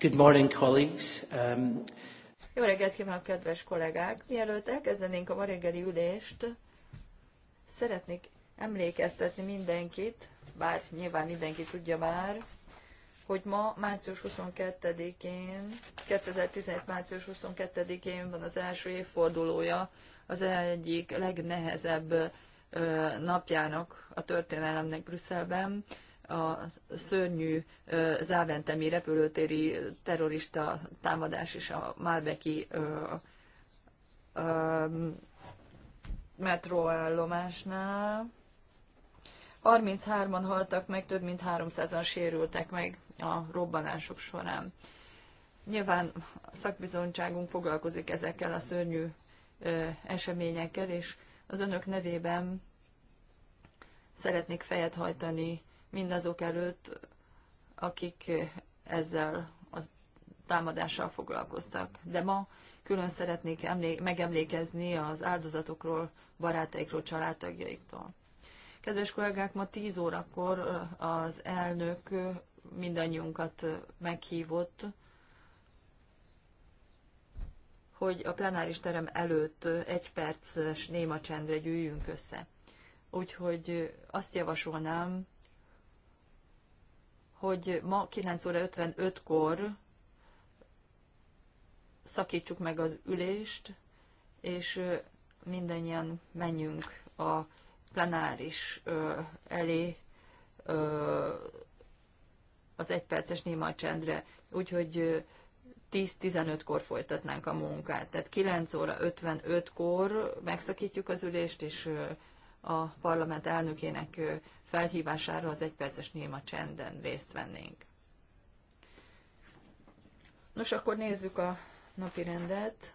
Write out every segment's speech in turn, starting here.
Good morning, colleagues. Um... Jó reggelt kívánok, kedves kollégák! Mielőtt elkezdenénk a ma reggeli ülést, szeretnék emlékeztetni mindenkit, bár nyilván mindenki tudja már, hogy ma március 22-én, 2017. március 22-én van az első évfordulója az egyik legnehezebb napjának a történelemnek Brüsszelben a szörnyű záventemi repülőtéri terrorista támadás és a Malbeki metróállomásnál. 33-an haltak meg, több mint 300-an sérültek meg a robbanások során. Nyilván a szakbizonyságunk foglalkozik ezekkel a szörnyű ö, eseményekkel, és az önök nevében szeretnék fejet hajtani mindazok előtt, akik ezzel a támadással foglalkoztak. De ma külön szeretnék emlé- megemlékezni az áldozatokról, barátaikról, családtagjaiktól. Kedves kollégák, ma 10 órakor az elnök mindannyiunkat meghívott, hogy a plenáris terem előtt egy perces néma csendre gyűjjünk össze. Úgyhogy azt javasolnám, hogy ma 9 óra 55-kor szakítsuk meg az ülést, és mindannyian menjünk a plenáris ö, elé ö, az egyperces néma csendre, úgyhogy 10-15-kor folytatnánk a munkát. Tehát 9 óra 55-kor megszakítjuk az ülést, és ö, a parlament elnökének felhívására az egyperces néma csenden részt vennénk. Nos, akkor nézzük a napi rendet.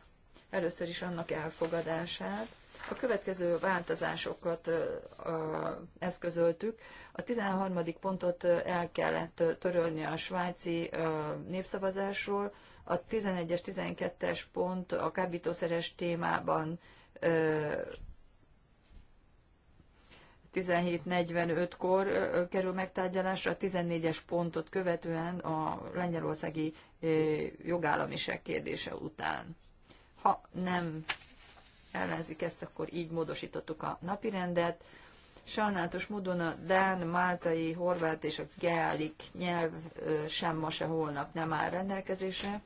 Először is annak elfogadását. A következő változásokat eszközöltük. A 13. pontot el kellett törölni a svájci népszavazásról, a 11-es, 12-es pont a kábítószeres témában 17.45-kor kerül megtárgyalásra, a 14-es pontot követően a lengyelországi jogállamiság kérdése után. Ha nem ellenzik ezt, akkor így módosítottuk a napirendet. Sajnálatos módon a Dán, Máltai, Horvát és a Geálik nyelv sem ma, se holnap nem áll rendelkezésre.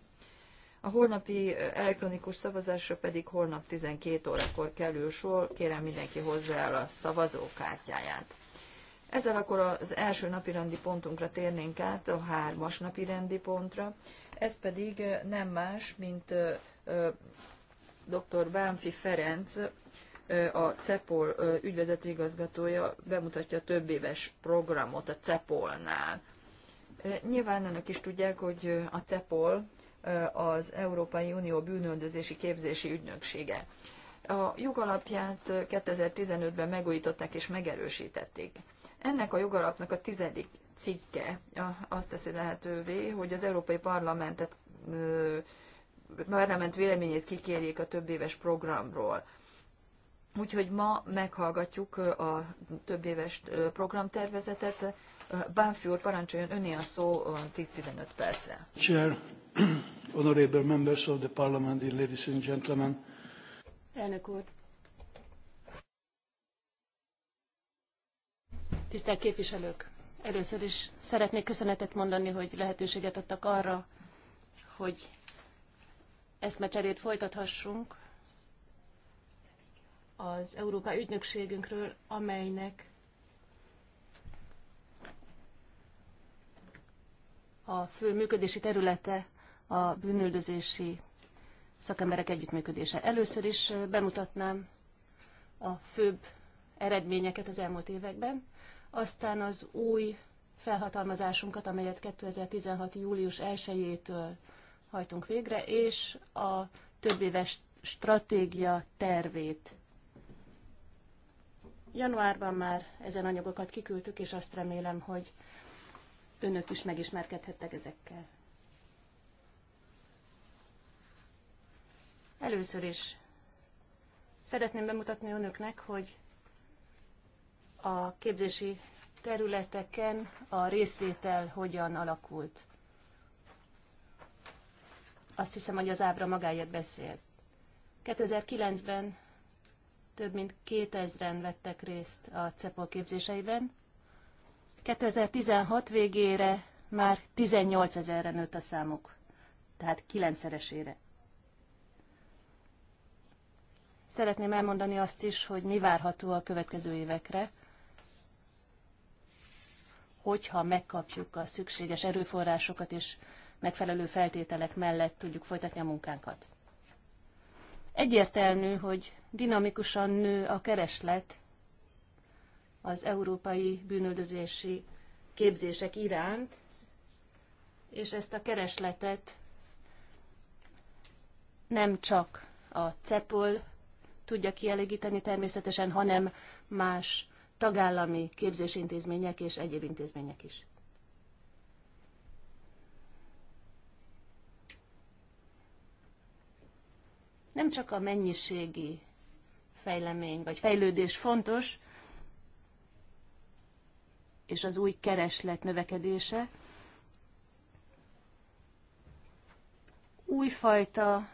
A holnapi elektronikus szavazásra pedig holnap 12 órakor kerül sor, kérem mindenki hozzá el a szavazókártyáját. Ezzel akkor az első napirendi pontunkra térnénk át, a hármas napirendi pontra. Ez pedig nem más, mint dr. Bánfi Ferenc, a CEPOL ügyvezető igazgatója bemutatja a több éves programot a CEPOL-nál. Nyilván önök is tudják, hogy a CEPOL az Európai Unió bűnöldözési képzési ügynöksége. A jogalapját 2015-ben megújították és megerősítették. Ennek a jogalapnak a tizedik cikke azt teszi lehetővé, hogy az Európai Parlamentet, Parlament véleményét kikérjék a több éves programról. Úgyhogy ma meghallgatjuk a több éves programtervezetet. Bánfi parancsoljon öné a szó 10-15 percre. Chair. honorable members of the parliament, ladies and gentlemen. Elnök úr, tisztelt képviselők! Először is szeretnék köszönetet mondani, hogy lehetőséget adtak arra, hogy eszmecserét folytathassunk az Európai ügynökségünkről, amelynek a fő működési területe a bűnöldözési szakemberek együttműködése. Először is bemutatnám a főbb eredményeket az elmúlt években, aztán az új felhatalmazásunkat, amelyet 2016. július 1-től hajtunk végre, és a több éves stratégia tervét. Januárban már ezen anyagokat kiküldtük, és azt remélem, hogy önök is megismerkedhettek ezekkel. Először is szeretném bemutatni önöknek, hogy a képzési területeken a részvétel hogyan alakult. Azt hiszem, hogy az ábra magáért beszélt. 2009-ben több mint 2000-en vettek részt a CEPOL képzéseiben. 2016 végére már 18 ezerre nőtt a számuk, tehát kilencszeresére. Szeretném elmondani azt is, hogy mi várható a következő évekre, hogyha megkapjuk a szükséges erőforrásokat és megfelelő feltételek mellett tudjuk folytatni a munkánkat. Egyértelmű, hogy dinamikusan nő a kereslet az európai bűnöldözési képzések iránt, és ezt a keresletet nem csak a CEPOL tudja kielégíteni természetesen, hanem más tagállami képzésintézmények és egyéb intézmények is. Nem csak a mennyiségi fejlemény vagy fejlődés fontos, és az új kereslet növekedése, újfajta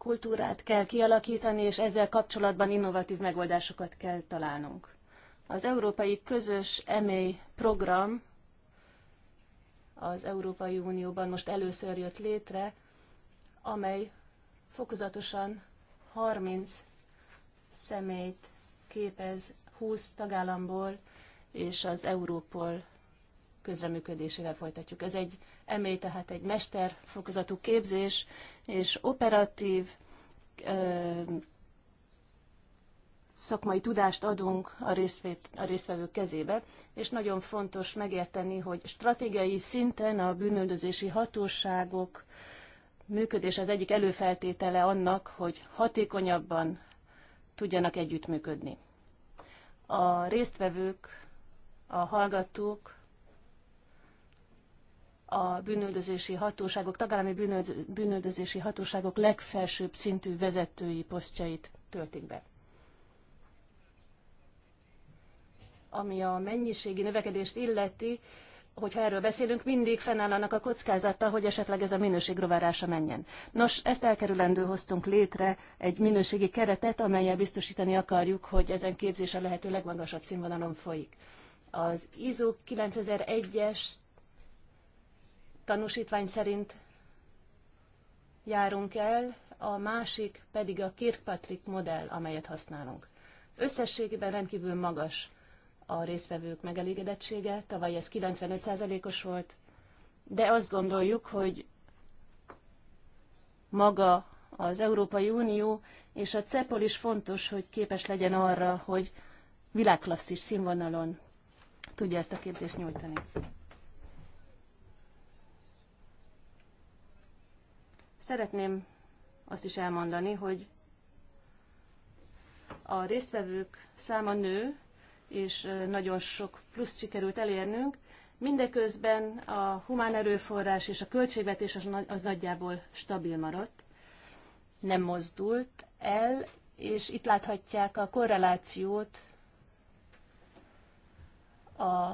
kultúrát kell kialakítani, és ezzel kapcsolatban innovatív megoldásokat kell találnunk. Az Európai Közös Emély Program az Európai Unióban most először jött létre, amely fokozatosan 30 személyt képez 20 tagállamból és az Európol közreműködésével folytatjuk. Ez egy emély, tehát egy mesterfokozatú képzés, és operatív ö, szakmai tudást adunk a, részvét, a résztvevők kezébe, és nagyon fontos megérteni, hogy stratégiai szinten a bűnöldözési hatóságok működés az egyik előfeltétele annak, hogy hatékonyabban tudjanak együttműködni. A résztvevők, a hallgatók a bűnöldözési hatóságok, tagállami bűnöldözési hatóságok legfelsőbb szintű vezetői posztjait töltik be. Ami a mennyiségi növekedést illeti, hogyha erről beszélünk, mindig fennáll annak a kockázata, hogy esetleg ez a minőség rovárása menjen. Nos, ezt elkerülendő hoztunk létre egy minőségi keretet, amelyel biztosítani akarjuk, hogy ezen képzés a lehető legmagasabb színvonalon folyik. Az ISO 9001-es tanúsítvány szerint járunk el, a másik pedig a Kirkpatrick modell, amelyet használunk. Összességében rendkívül magas a résztvevők megelégedettsége, tavaly ez 95%-os volt, de azt gondoljuk, hogy maga az Európai Unió és a CEPOL is fontos, hogy képes legyen arra, hogy világklasszis színvonalon tudja ezt a képzést nyújtani. Szeretném azt is elmondani, hogy a résztvevők száma nő, és nagyon sok plusz sikerült elérnünk. Mindeközben a humán erőforrás és a költségvetés az nagyjából stabil maradt, nem mozdult el, és itt láthatják a korrelációt a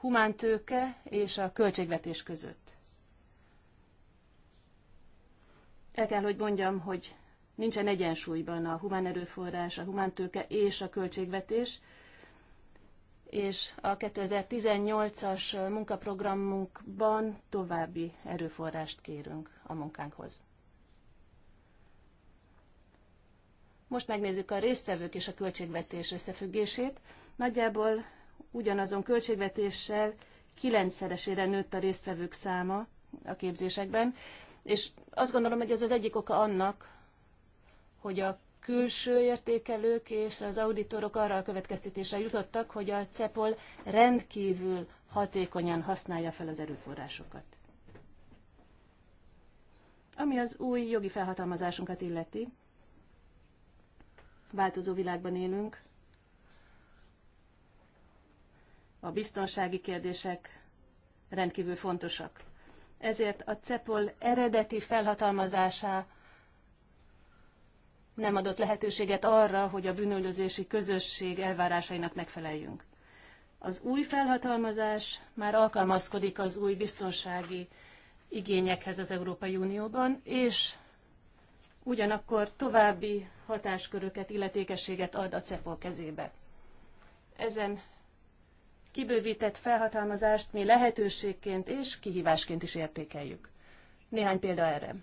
humántőke és a költségvetés között. el kell, hogy mondjam, hogy nincsen egyensúlyban a humán erőforrás, a humán tőke és a költségvetés, és a 2018-as munkaprogramunkban további erőforrást kérünk a munkánkhoz. Most megnézzük a résztvevők és a költségvetés összefüggését. Nagyjából ugyanazon költségvetéssel kilencszeresére nőtt a résztvevők száma a képzésekben, és azt gondolom, hogy ez az egyik oka annak, hogy a külső értékelők és az auditorok arra a következtetésre jutottak, hogy a CEPOL rendkívül hatékonyan használja fel az erőforrásokat. Ami az új jogi felhatalmazásunkat illeti, változó világban élünk, a biztonsági kérdések rendkívül fontosak ezért a CEPOL eredeti felhatalmazása nem adott lehetőséget arra, hogy a bűnöldözési közösség elvárásainak megfeleljünk. Az új felhatalmazás már alkalmazkodik az új biztonsági igényekhez az Európai Unióban, és ugyanakkor további hatásköröket, illetékességet ad a CEPOL kezébe. Ezen kibővített felhatalmazást mi lehetőségként és kihívásként is értékeljük. Néhány példa erre.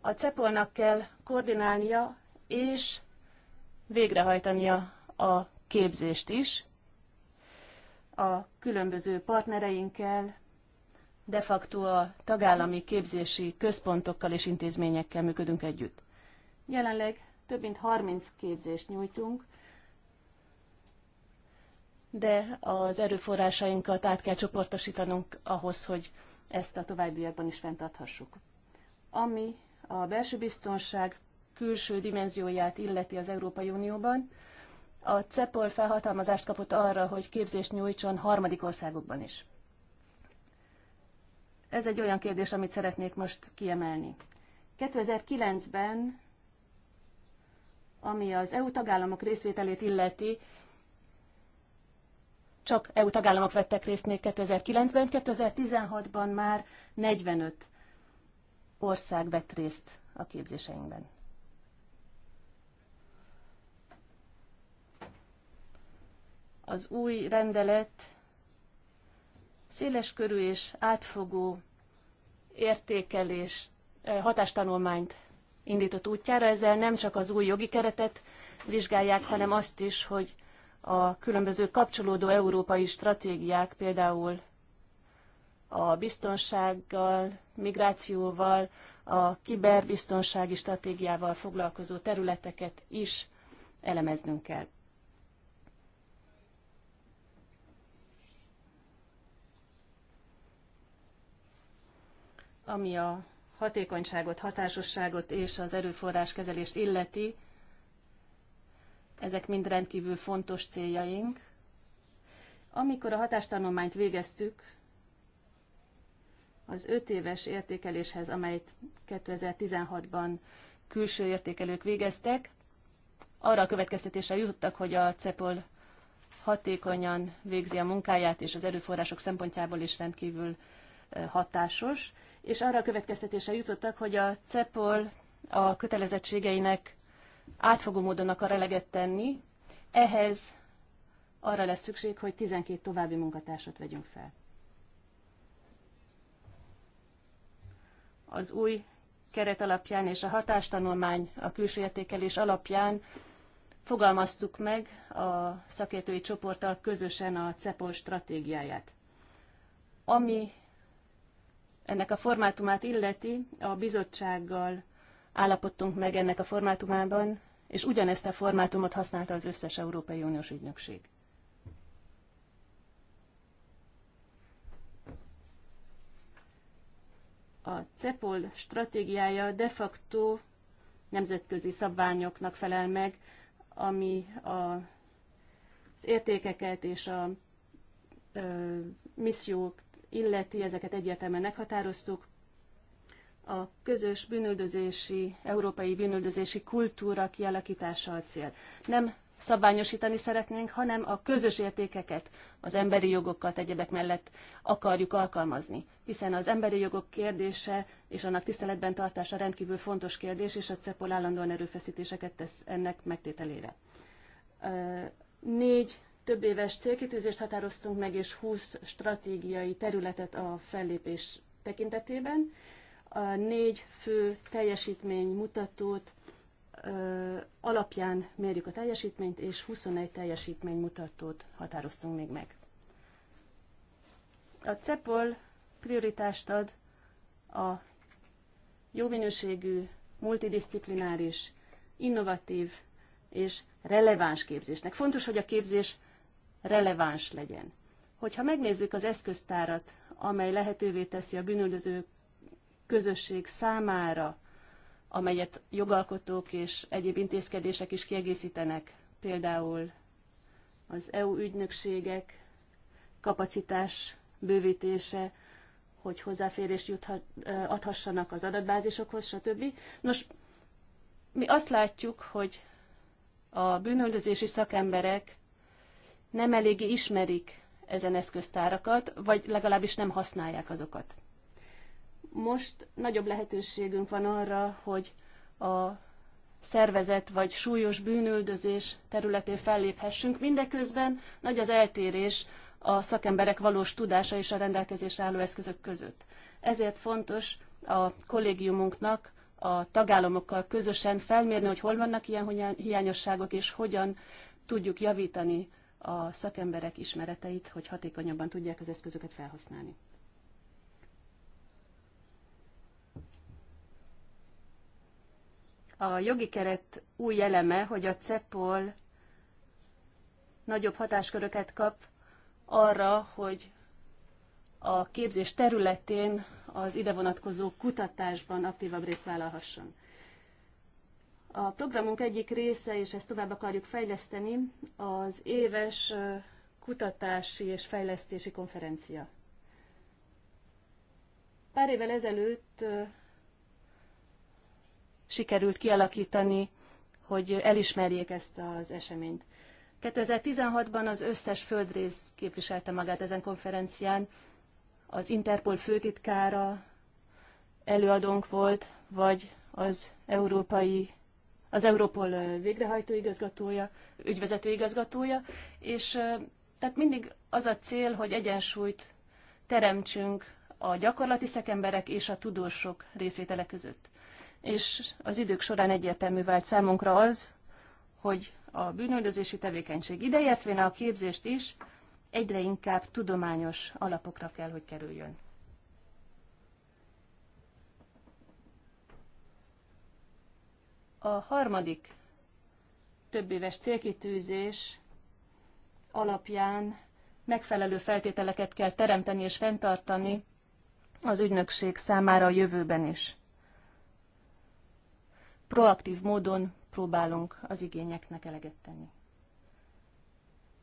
A CEPOL-nak kell koordinálnia és végrehajtania a képzést is a különböző partnereinkkel, de facto a tagállami képzési központokkal és intézményekkel működünk együtt. Jelenleg több mint 30 képzést nyújtunk, de az erőforrásainkat át kell csoportosítanunk ahhoz, hogy ezt a továbbiakban is fenntarthassuk. Ami a belső biztonság külső dimenzióját illeti az Európai Unióban, a CEPOL felhatalmazást kapott arra, hogy képzést nyújtson harmadik országokban is. Ez egy olyan kérdés, amit szeretnék most kiemelni. 2009-ben, ami az EU tagállamok részvételét illeti, csak EU tagállamok vettek részt még 2009-ben, 2016-ban már 45 ország vett részt a képzéseinkben. Az új rendelet széleskörű és átfogó értékelés, eh, hatástanulmányt indított útjára. Ezzel nem csak az új jogi keretet vizsgálják, hanem azt is, hogy a különböző kapcsolódó európai stratégiák, például a biztonsággal, migrációval, a kiberbiztonsági stratégiával foglalkozó területeket is elemeznünk kell. Ami a hatékonyságot, hatásosságot és az erőforrás kezelést illeti, ezek mind rendkívül fontos céljaink. Amikor a hatástanulmányt végeztük, az öt éves értékeléshez, amelyet 2016-ban külső értékelők végeztek, arra a következtetésre jutottak, hogy a CEPOL hatékonyan végzi a munkáját, és az erőforrások szempontjából is rendkívül hatásos, és arra a következtetésre jutottak, hogy a CEPOL a kötelezettségeinek átfogó módon akar eleget tenni, ehhez arra lesz szükség, hogy 12 további munkatársat vegyünk fel. Az új keret alapján és a hatástanulmány a külső értékelés alapján fogalmaztuk meg a szakértői csoporttal közösen a CEPOL stratégiáját. Ami ennek a formátumát illeti, a bizottsággal állapodtunk meg ennek a formátumában, és ugyanezt a formátumot használta az összes Európai Uniós ügynökség. A CEPOL stratégiája de facto nemzetközi szabványoknak felel meg, ami a, az értékeket és a ö, missziót illeti, ezeket egyértelműen meghatároztuk a közös bűnöldözési, európai bűnöldözési kultúra kialakítása a cél. Nem szabványosítani szeretnénk, hanem a közös értékeket az emberi jogokat egyebek mellett akarjuk alkalmazni. Hiszen az emberi jogok kérdése és annak tiszteletben tartása rendkívül fontos kérdés, és a CEPOL állandóan erőfeszítéseket tesz ennek megtételére. Négy több éves célkitűzést határoztunk meg, és 20 stratégiai területet a fellépés tekintetében a négy fő teljesítménymutatót alapján mérjük a teljesítményt, és 21 teljesítménymutatót határoztunk még meg. A CEPOL prioritást ad a jó minőségű, multidisciplináris, innovatív és releváns képzésnek. Fontos, hogy a képzés releváns legyen. Hogyha megnézzük az eszköztárat, amely lehetővé teszi a bűnöldözők közösség számára, amelyet jogalkotók és egyéb intézkedések is kiegészítenek, például az EU ügynökségek kapacitás bővítése, hogy hozzáférést juthat, adhassanak az adatbázisokhoz, stb. Nos, mi azt látjuk, hogy a bűnöldözési szakemberek nem eléggé ismerik ezen eszköztárakat, vagy legalábbis nem használják azokat. Most nagyobb lehetőségünk van arra, hogy a szervezet vagy súlyos bűnöldözés területén felléphessünk. Mindeközben nagy az eltérés a szakemberek valós tudása és a rendelkezésre álló eszközök között. Ezért fontos a kollégiumunknak a tagállamokkal közösen felmérni, hogy hol vannak ilyen hiányosságok, és hogyan tudjuk javítani a szakemberek ismereteit, hogy hatékonyabban tudják az eszközöket felhasználni. a jogi keret új eleme, hogy a CEPOL nagyobb hatásköröket kap arra, hogy a képzés területén az ide vonatkozó kutatásban aktívabb részt vállalhasson. A programunk egyik része, és ezt tovább akarjuk fejleszteni, az éves kutatási és fejlesztési konferencia. Pár évvel ezelőtt sikerült kialakítani, hogy elismerjék ezt az eseményt. 2016-ban az összes földrész képviselte magát ezen konferencián, az Interpol főtitkára előadónk volt, vagy az európai az Európol végrehajtó igazgatója, ügyvezető igazgatója, és tehát mindig az a cél, hogy egyensúlyt teremtsünk a gyakorlati szakemberek és a tudósok részvétele között és az idők során egyértelmű vált számunkra az, hogy a bűnöldözési tevékenység ideértvén a képzést is egyre inkább tudományos alapokra kell, hogy kerüljön. A harmadik többéves célkitűzés alapján megfelelő feltételeket kell teremteni és fenntartani az ügynökség számára a jövőben is proaktív módon próbálunk az igényeknek eleget tenni.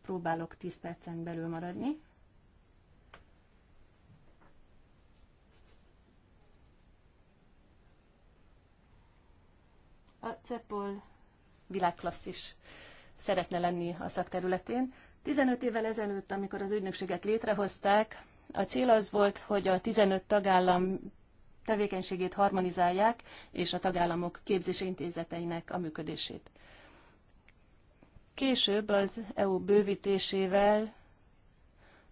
Próbálok 10 percen belül maradni. A CEPOL világklasszis szeretne lenni a szakterületén. 15 évvel ezelőtt, amikor az ügynökséget létrehozták, a cél az volt, hogy a 15 tagállam tevékenységét harmonizálják, és a tagállamok képzési intézeteinek a működését. Később az EU bővítésével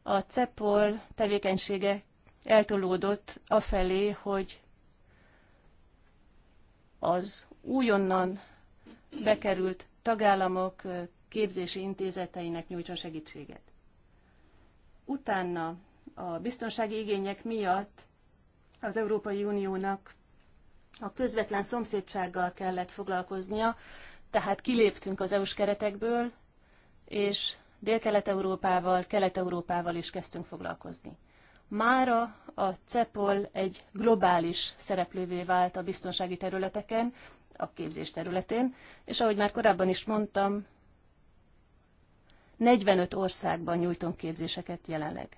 a CEPOL tevékenysége eltolódott afelé, hogy az újonnan bekerült tagállamok képzési intézeteinek nyújtson segítséget. Utána a biztonsági igények miatt az Európai Uniónak a közvetlen szomszédsággal kellett foglalkoznia, tehát kiléptünk az EU-s keretekből, és Dél-Kelet-Európával, Kelet-Európával is kezdtünk foglalkozni. Mára a CEPOL egy globális szereplővé vált a biztonsági területeken, a képzés területén, és ahogy már korábban is mondtam, 45 országban nyújtunk képzéseket jelenleg.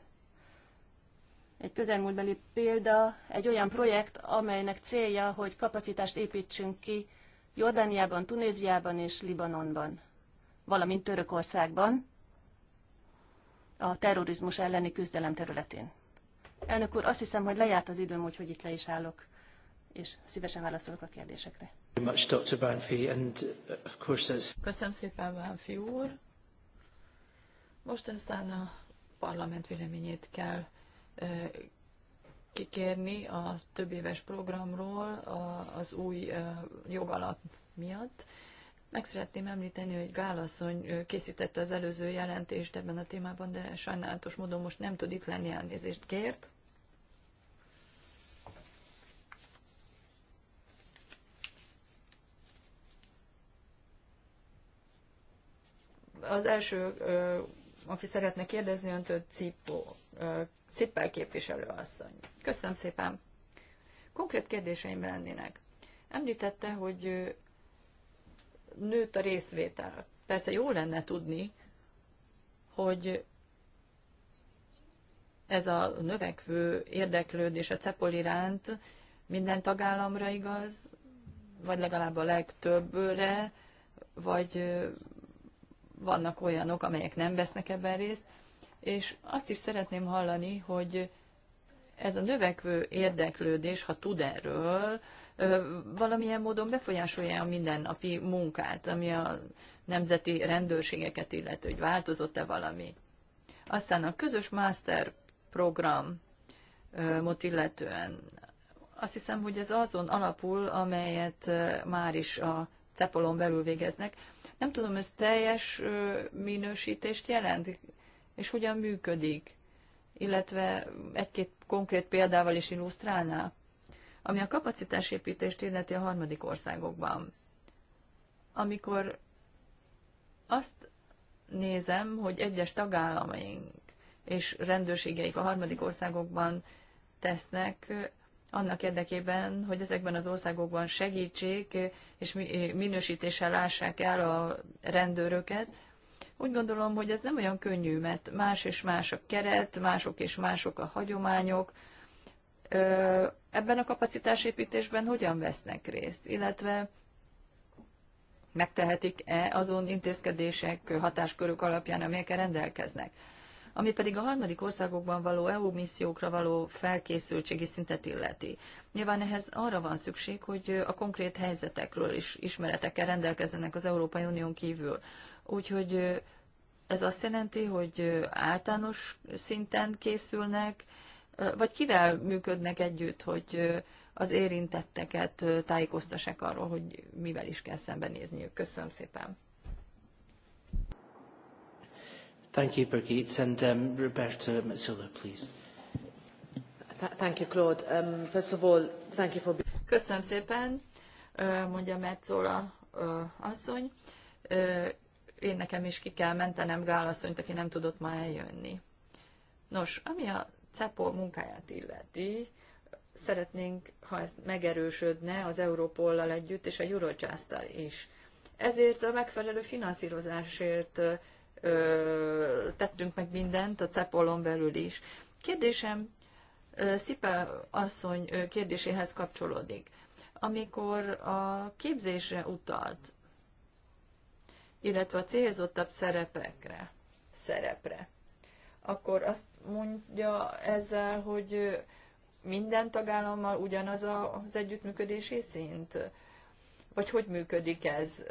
Egy közelmúltbeli példa egy olyan projekt, amelynek célja, hogy kapacitást építsünk ki Jordániában, Tunéziában és Libanonban, valamint Törökországban a terrorizmus elleni küzdelem területén. Elnök úr, azt hiszem, hogy lejárt az időm, úgyhogy itt le is állok, és szívesen válaszolok a kérdésekre. Uh, Köszönöm szépen, Bánfi úr. Most aztán a parlament véleményét kell kikérni a több éves programról az új jogalap miatt. Meg szeretném említeni, hogy Gálaszony készítette az előző jelentést ebben a témában, de sajnálatos módon most nem tud itt lenni, elnézést kért. Az első, aki szeretne kérdezni öntött Cipó Szippel képviselő asszony. Köszönöm szépen. Konkrét kérdéseim lennének. Említette, hogy nőtt a részvétel. Persze jó lenne tudni, hogy ez a növekvő érdeklődés a CEPOL iránt minden tagállamra igaz, vagy legalább a legtöbbre, vagy vannak olyanok, amelyek nem vesznek ebben részt és azt is szeretném hallani, hogy ez a növekvő érdeklődés, ha tud erről, valamilyen módon befolyásolja a mindennapi munkát, ami a nemzeti rendőrségeket illeti, hogy változott-e valami. Aztán a közös master programot illetően azt hiszem, hogy ez azon alapul, amelyet már is a cepolon belül végeznek. Nem tudom, ez teljes minősítést jelent? és hogyan működik, illetve egy-két konkrét példával is illusztrálná, ami a kapacitásépítést illeti a harmadik országokban. Amikor azt nézem, hogy egyes tagállamaink és rendőrségeik a harmadik országokban tesznek, annak érdekében, hogy ezekben az országokban segítsék és minősítéssel lássák el a rendőröket, úgy gondolom, hogy ez nem olyan könnyű, mert más és más a keret, mások és mások a hagyományok. Ebben a kapacitásépítésben hogyan vesznek részt, illetve megtehetik-e azon intézkedések, hatáskörök alapján, amelyekkel rendelkeznek. Ami pedig a harmadik országokban való EU missziókra való felkészültségi szintet illeti. Nyilván ehhez arra van szükség, hogy a konkrét helyzetekről is ismeretekkel rendelkezzenek az Európai Unión kívül. Úgyhogy ez azt jelenti, hogy általános szinten készülnek, vagy kivel működnek együtt, hogy az érintetteket tájékoztassák arról, hogy mivel is kell szembenézniük. Köszönöm szépen. Thank you, Birgit. And um, Roberto Mazzullo, please. Th thank you, Claude. Um, first of all, thank you for... Köszönöm szépen, mondja Metzola asszony én nekem is ki kell mentenem Gálasszonyt, aki nem tudott ma eljönni. Nos, ami a CEPOL munkáját illeti, szeretnénk, ha ez megerősödne az Európollal együtt, és a eurojust is. Ezért a megfelelő finanszírozásért ö, tettünk meg mindent a CEPOL-on belül is. Kérdésem Szipe asszony kérdéséhez kapcsolódik. Amikor a képzésre utalt, illetve a célzottabb szerepekre, szerepre, akkor azt mondja ezzel, hogy minden tagállammal ugyanaz az együttműködési szint? Vagy hogy működik ez?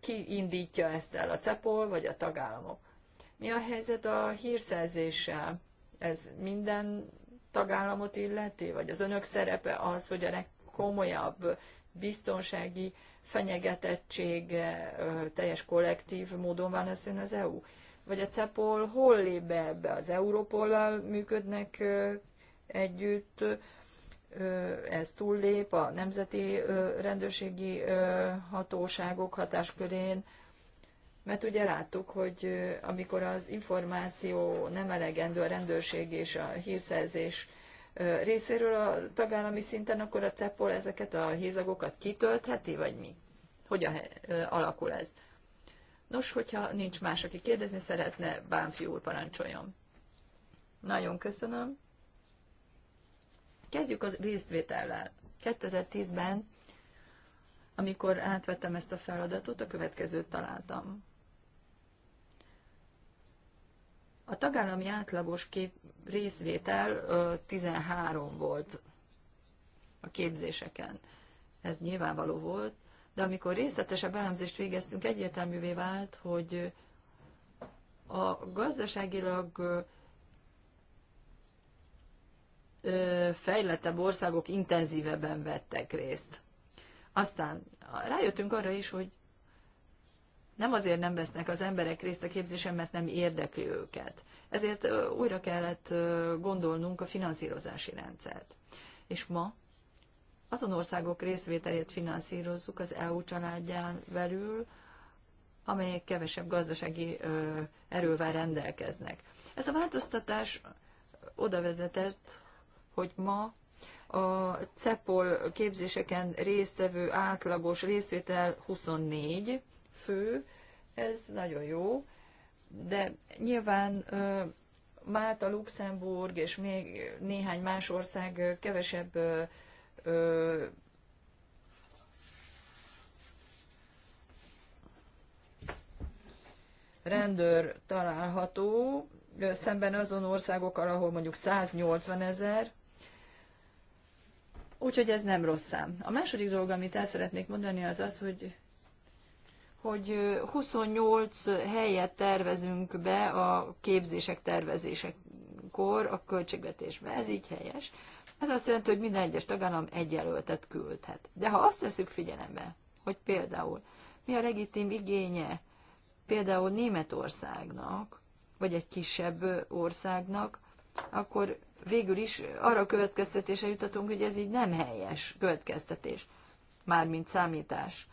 Ki indítja ezt el, a CEPOL vagy a tagállamok? Mi a helyzet a hírszerzéssel? Ez minden tagállamot illeti? Vagy az önök szerepe az, hogy a legkomolyabb biztonsági fenyegetettség teljes kollektív módon van eszön az EU? Vagy a CEPOL hol lép be ebbe? Az Európollal működnek együtt, ez túllép a nemzeti rendőrségi hatóságok hatáskörén, mert ugye láttuk, hogy amikor az információ nem elegendő a rendőrség és a hírszerzés részéről a tagállami szinten, akkor a CEPOL ezeket a hézagokat kitöltheti, vagy mi? Hogyan alakul ez? Nos, hogyha nincs más, aki kérdezni szeretne, Bánfi úr parancsoljon. Nagyon köszönöm. Kezdjük az résztvétellel. 2010-ben, amikor átvettem ezt a feladatot, a következőt találtam. A tagállami átlagos kép részvétel 13 volt a képzéseken. Ez nyilvánvaló volt, de amikor részletesebb elemzést végeztünk, egyértelművé vált, hogy a gazdaságilag fejlettebb országok intenzívebben vettek részt. Aztán rájöttünk arra is, hogy nem azért nem vesznek az emberek részt a képzésen, mert nem érdekli őket. Ezért újra kellett gondolnunk a finanszírozási rendszert. És ma azon országok részvételét finanszírozzuk az EU családján belül, amelyek kevesebb gazdasági erővel rendelkeznek. Ez a változtatás oda vezetett, hogy ma a CEPOL képzéseken résztvevő átlagos részvétel 24, fő, ez nagyon jó, de nyilván Málta, Luxemburg és még néhány más ország kevesebb rendőr található, szemben azon országokkal, ahol mondjuk 180 ezer, úgyhogy ez nem rossz szám. A második dolog, amit el szeretnék mondani, az az, hogy hogy 28 helyet tervezünk be a képzések tervezésekor a költségvetésbe. Ez így helyes. Ez azt jelenti, hogy minden egyes tagállam egy jelöltet küldhet. De ha azt veszük figyelembe, hogy például mi a legitim igénye például Németországnak, vagy egy kisebb országnak, akkor végül is arra a következtetése jutatunk, hogy ez így nem helyes következtetés, mármint számítás.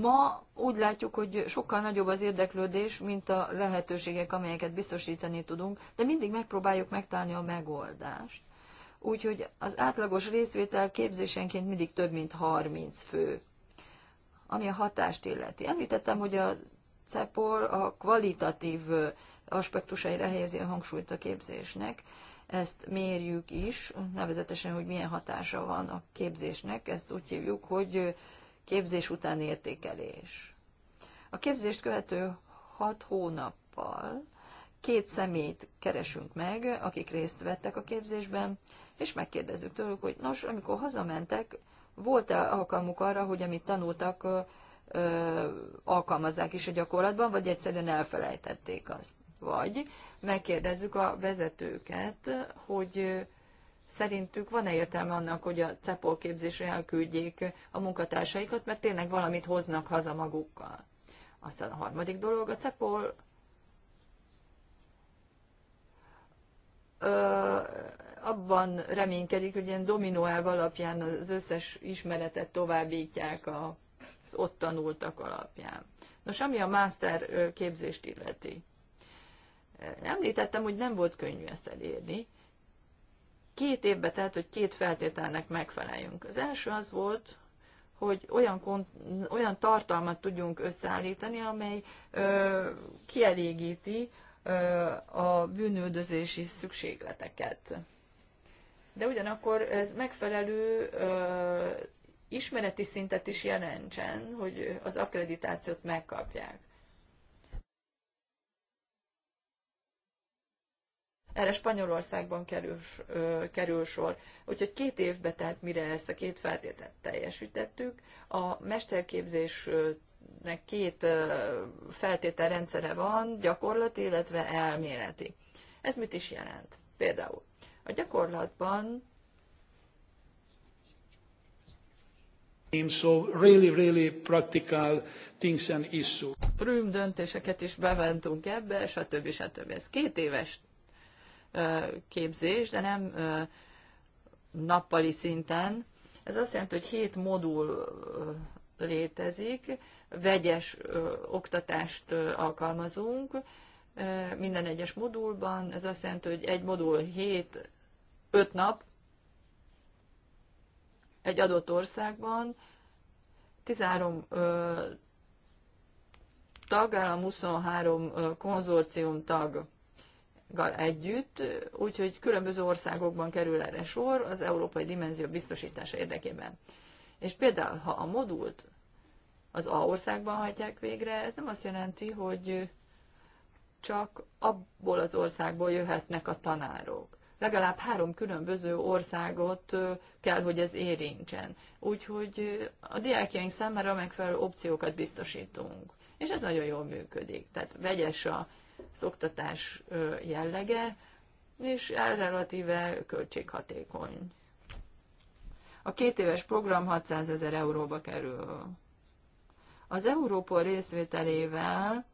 Ma úgy látjuk, hogy sokkal nagyobb az érdeklődés, mint a lehetőségek, amelyeket biztosítani tudunk, de mindig megpróbáljuk megtalálni a megoldást. Úgyhogy az átlagos részvétel képzésenként mindig több mint 30 fő, ami a hatást illeti. Említettem, hogy a CEPOL a kvalitatív aspektusaira helyezi a hangsúlyt a képzésnek. Ezt mérjük is, nevezetesen, hogy milyen hatása van a képzésnek. Ezt úgy hívjuk, hogy képzés után értékelés. A képzést követő hat hónappal két szemét keresünk meg, akik részt vettek a képzésben, és megkérdezzük tőlük, hogy nos, amikor hazamentek, volt-e alkalmuk arra, hogy amit tanultak, ö, alkalmazzák is a gyakorlatban, vagy egyszerűen elfelejtették azt. Vagy megkérdezzük a vezetőket, hogy szerintük van-e értelme annak, hogy a CEPOL képzésre elküldjék a munkatársaikat, mert tényleg valamit hoznak haza magukkal. Aztán a harmadik dolog, a CEPOL ö, abban reménykedik, hogy ilyen dominóelv alapján az összes ismeretet továbbítják a, az ott tanultak alapján. Nos, ami a master képzést illeti. Említettem, hogy nem volt könnyű ezt elérni, két évbe telt, hogy két feltételnek megfeleljünk. Az első az volt, hogy olyan, olyan tartalmat tudjunk összeállítani, amely ö, kielégíti ö, a bűnöldözési szükségleteket. De ugyanakkor ez megfelelő ö, ismereti szintet is jelentsen, hogy az akkreditációt megkapják. Erre Spanyolországban kerül, ö, kerül sor. Úgyhogy két évbe telt, mire ezt a két feltételt teljesítettük. A mesterképzésnek két rendszere van, gyakorlati, illetve elméleti. Ez mit is jelent? Például a gyakorlatban So really, really practical things and issues. Prüm döntéseket is beventünk ebbe, stb. stb. Ez két éves képzés, de nem nappali szinten. Ez azt jelenti, hogy hét modul létezik, vegyes oktatást alkalmazunk minden egyes modulban. Ez azt jelenti, hogy egy modul hét, öt nap egy adott országban, 13 tagállam, 23 konzorcium tag együtt, úgyhogy különböző országokban kerül erre sor az európai dimenzió biztosítása érdekében. És például, ha a modult az A országban hagyják végre, ez nem azt jelenti, hogy csak abból az országból jöhetnek a tanárok. Legalább három különböző országot kell, hogy ez érintsen. Úgyhogy a diákjaink számára megfelelő opciókat biztosítunk. És ez nagyon jól működik. Tehát vegyes a szoktatás jellege, és relatíve költséghatékony. A két éves program 600 ezer euróba kerül. Az Európol részvételével,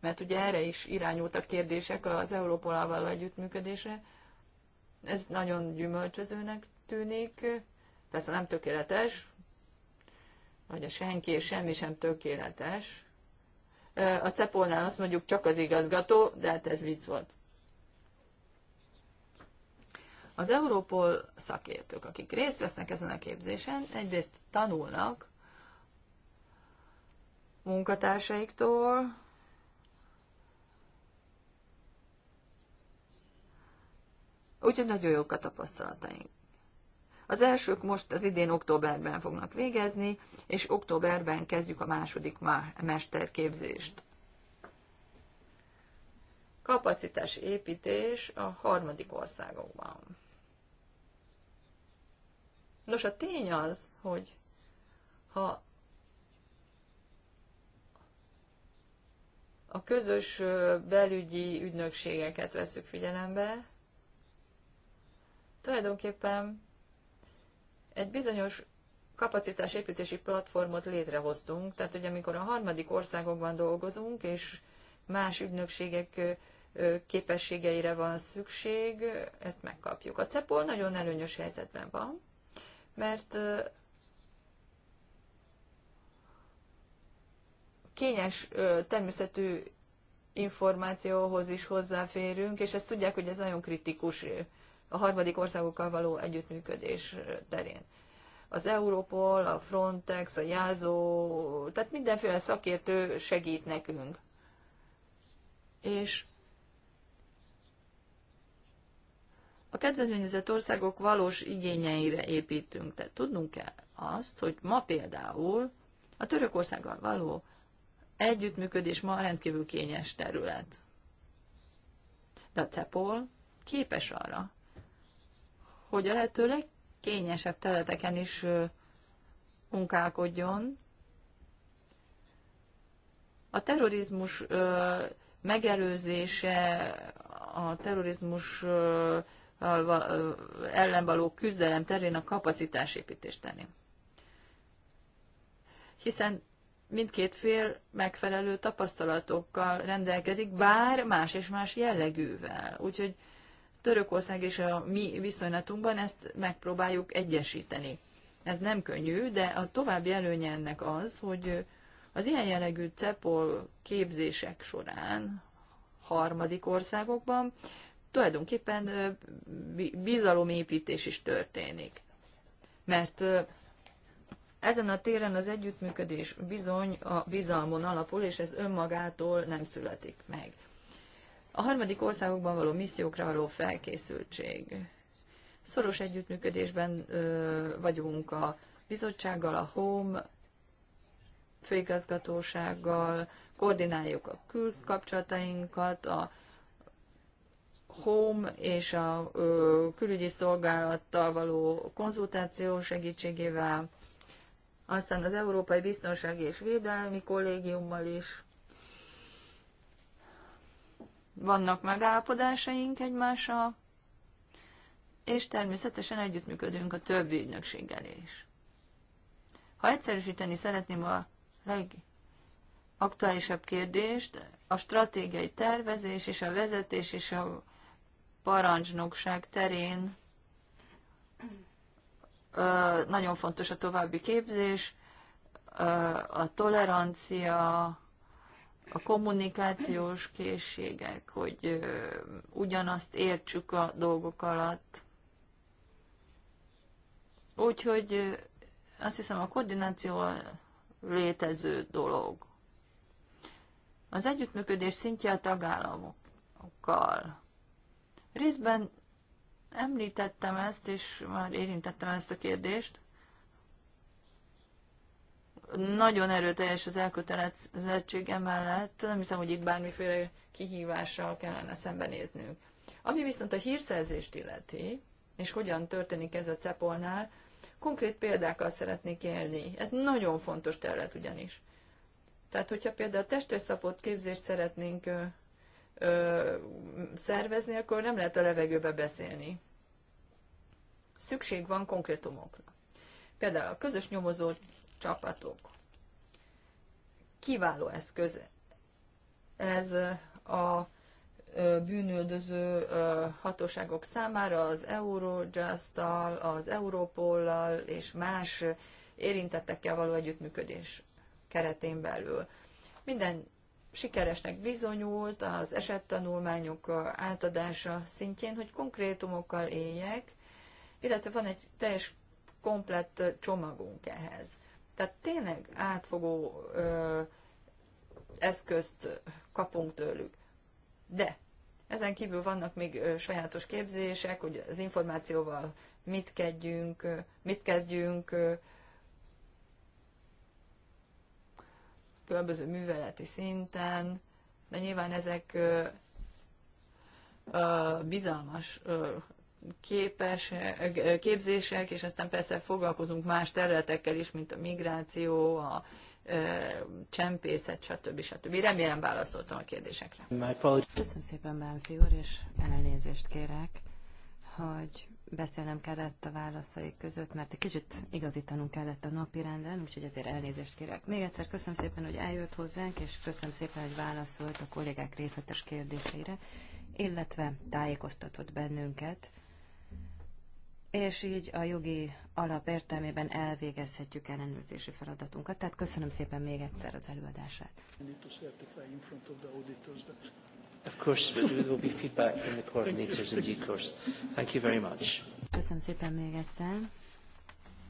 mert ugye erre is irányultak kérdések az Európolával való együttműködésre, ez nagyon gyümölcsözőnek tűnik, persze nem tökéletes, vagy a senki és semmi sem tökéletes, a Cepolnál azt mondjuk csak az igazgató, de hát ez vicc volt. Az Európol szakértők, akik részt vesznek ezen a képzésen, egyrészt tanulnak munkatársaiktól, úgyhogy nagyon jók a tapasztalataink. Az elsők most az idén októberben fognak végezni, és októberben kezdjük a második mesterképzést. Kapacitás építés a harmadik országokban. Nos, a tény az, hogy ha a közös belügyi ügynökségeket veszük figyelembe, tulajdonképpen egy bizonyos kapacitásépítési platformot létrehoztunk, tehát hogy amikor a harmadik országokban dolgozunk, és más ügynökségek képességeire van szükség, ezt megkapjuk. A CEPOL nagyon előnyös helyzetben van, mert kényes természetű információhoz is hozzáférünk, és ezt tudják, hogy ez nagyon kritikus a harmadik országokkal való együttműködés terén. Az Europol, a Frontex, a Jázó, tehát mindenféle szakértő segít nekünk. És a kedvezményezett országok valós igényeire építünk, tehát tudnunk kell azt, hogy ma például a Törökországgal való együttműködés ma rendkívül kényes terület. De a CEPOL képes arra, hogy a lehető legkényesebb területeken is munkálkodjon. A terrorizmus megelőzése, a terrorizmus ellen való küzdelem terén a kapacitásépítést tenni. Hiszen mindkét fél megfelelő tapasztalatokkal rendelkezik, bár más és más jellegűvel. Úgyhogy Törökország és a mi viszonylatunkban ezt megpróbáljuk egyesíteni. Ez nem könnyű, de a további előnye ennek az, hogy az ilyen jellegű CEPOL képzések során harmadik országokban tulajdonképpen bizalomépítés is történik. Mert ezen a téren az együttműködés bizony a bizalmon alapul, és ez önmagától nem születik meg. A harmadik országokban való missziókra való felkészültség. Szoros együttműködésben ö, vagyunk a bizottsággal, a HOME főigazgatósággal, koordináljuk a külkapcsolatainkat, a HOME és a ö, külügyi szolgálattal való konzultáció segítségével, aztán az Európai Biztonsági és Védelmi Kollégiummal is vannak megállapodásaink egymással, és természetesen együttműködünk a többi ügynökséggel is. Ha egyszerűsíteni szeretném a legaktuálisabb kérdést, a stratégiai tervezés és a vezetés és a parancsnokság terén nagyon fontos a további képzés, a tolerancia, a kommunikációs készségek, hogy ugyanazt értsük a dolgok alatt. Úgyhogy azt hiszem a koordináció a létező dolog. Az együttműködés szintje a tagállamokkal. Részben említettem ezt, és már érintettem ezt a kérdést nagyon erőteljes az elkötelezettség emellett, nem hiszem, hogy itt bármiféle kihívással kellene szembenéznünk. Ami viszont a hírszerzést illeti, és hogyan történik ez a cepolnál, konkrét példákkal szeretnék élni. Ez nagyon fontos terület ugyanis. Tehát, hogyha például testészapot képzést szeretnénk ö, ö, szervezni, akkor nem lehet a levegőbe beszélni. Szükség van konkrétumokra. Például a közös nyomozó csapatok. Kiváló eszköz ez a bűnöldöző hatóságok számára az eurojust az Europollal és más érintettekkel való együttműködés keretén belül. Minden sikeresnek bizonyult az esettanulmányok átadása szintjén, hogy konkrétumokkal éljek, illetve van egy teljes komplett csomagunk ehhez. Tehát tényleg átfogó ö, eszközt kapunk tőlük. De ezen kívül vannak még ö, sajátos képzések, hogy az információval mit kezdjünk, ö, mit kezdjünk ö, különböző műveleti szinten, de nyilván ezek ö, ö, bizalmas ö, képes, képzések, és aztán persze foglalkozunk más területekkel is, mint a migráció, a csempészet, stb. stb. Remélem válaszoltam a kérdésekre. Köszönöm szépen, Bánfi úr, és elnézést kérek, hogy beszélnem kellett a válaszai között, mert egy kicsit igazítanunk kellett a napi renden, úgyhogy ezért elnézést kérek. Még egyszer köszönöm szépen, hogy eljött hozzánk, és köszönöm szépen, hogy válaszolt a kollégák részletes kérdéseire, illetve tájékoztatott bennünket és így a jogi alap értelmében elvégezhetjük ellenőrzési feladatunkat. Tehát köszönöm szépen még egyszer az előadását. Of course, but there will be feedback from the coordinators in due course. Thank you very much. Köszönöm szépen még egyszer.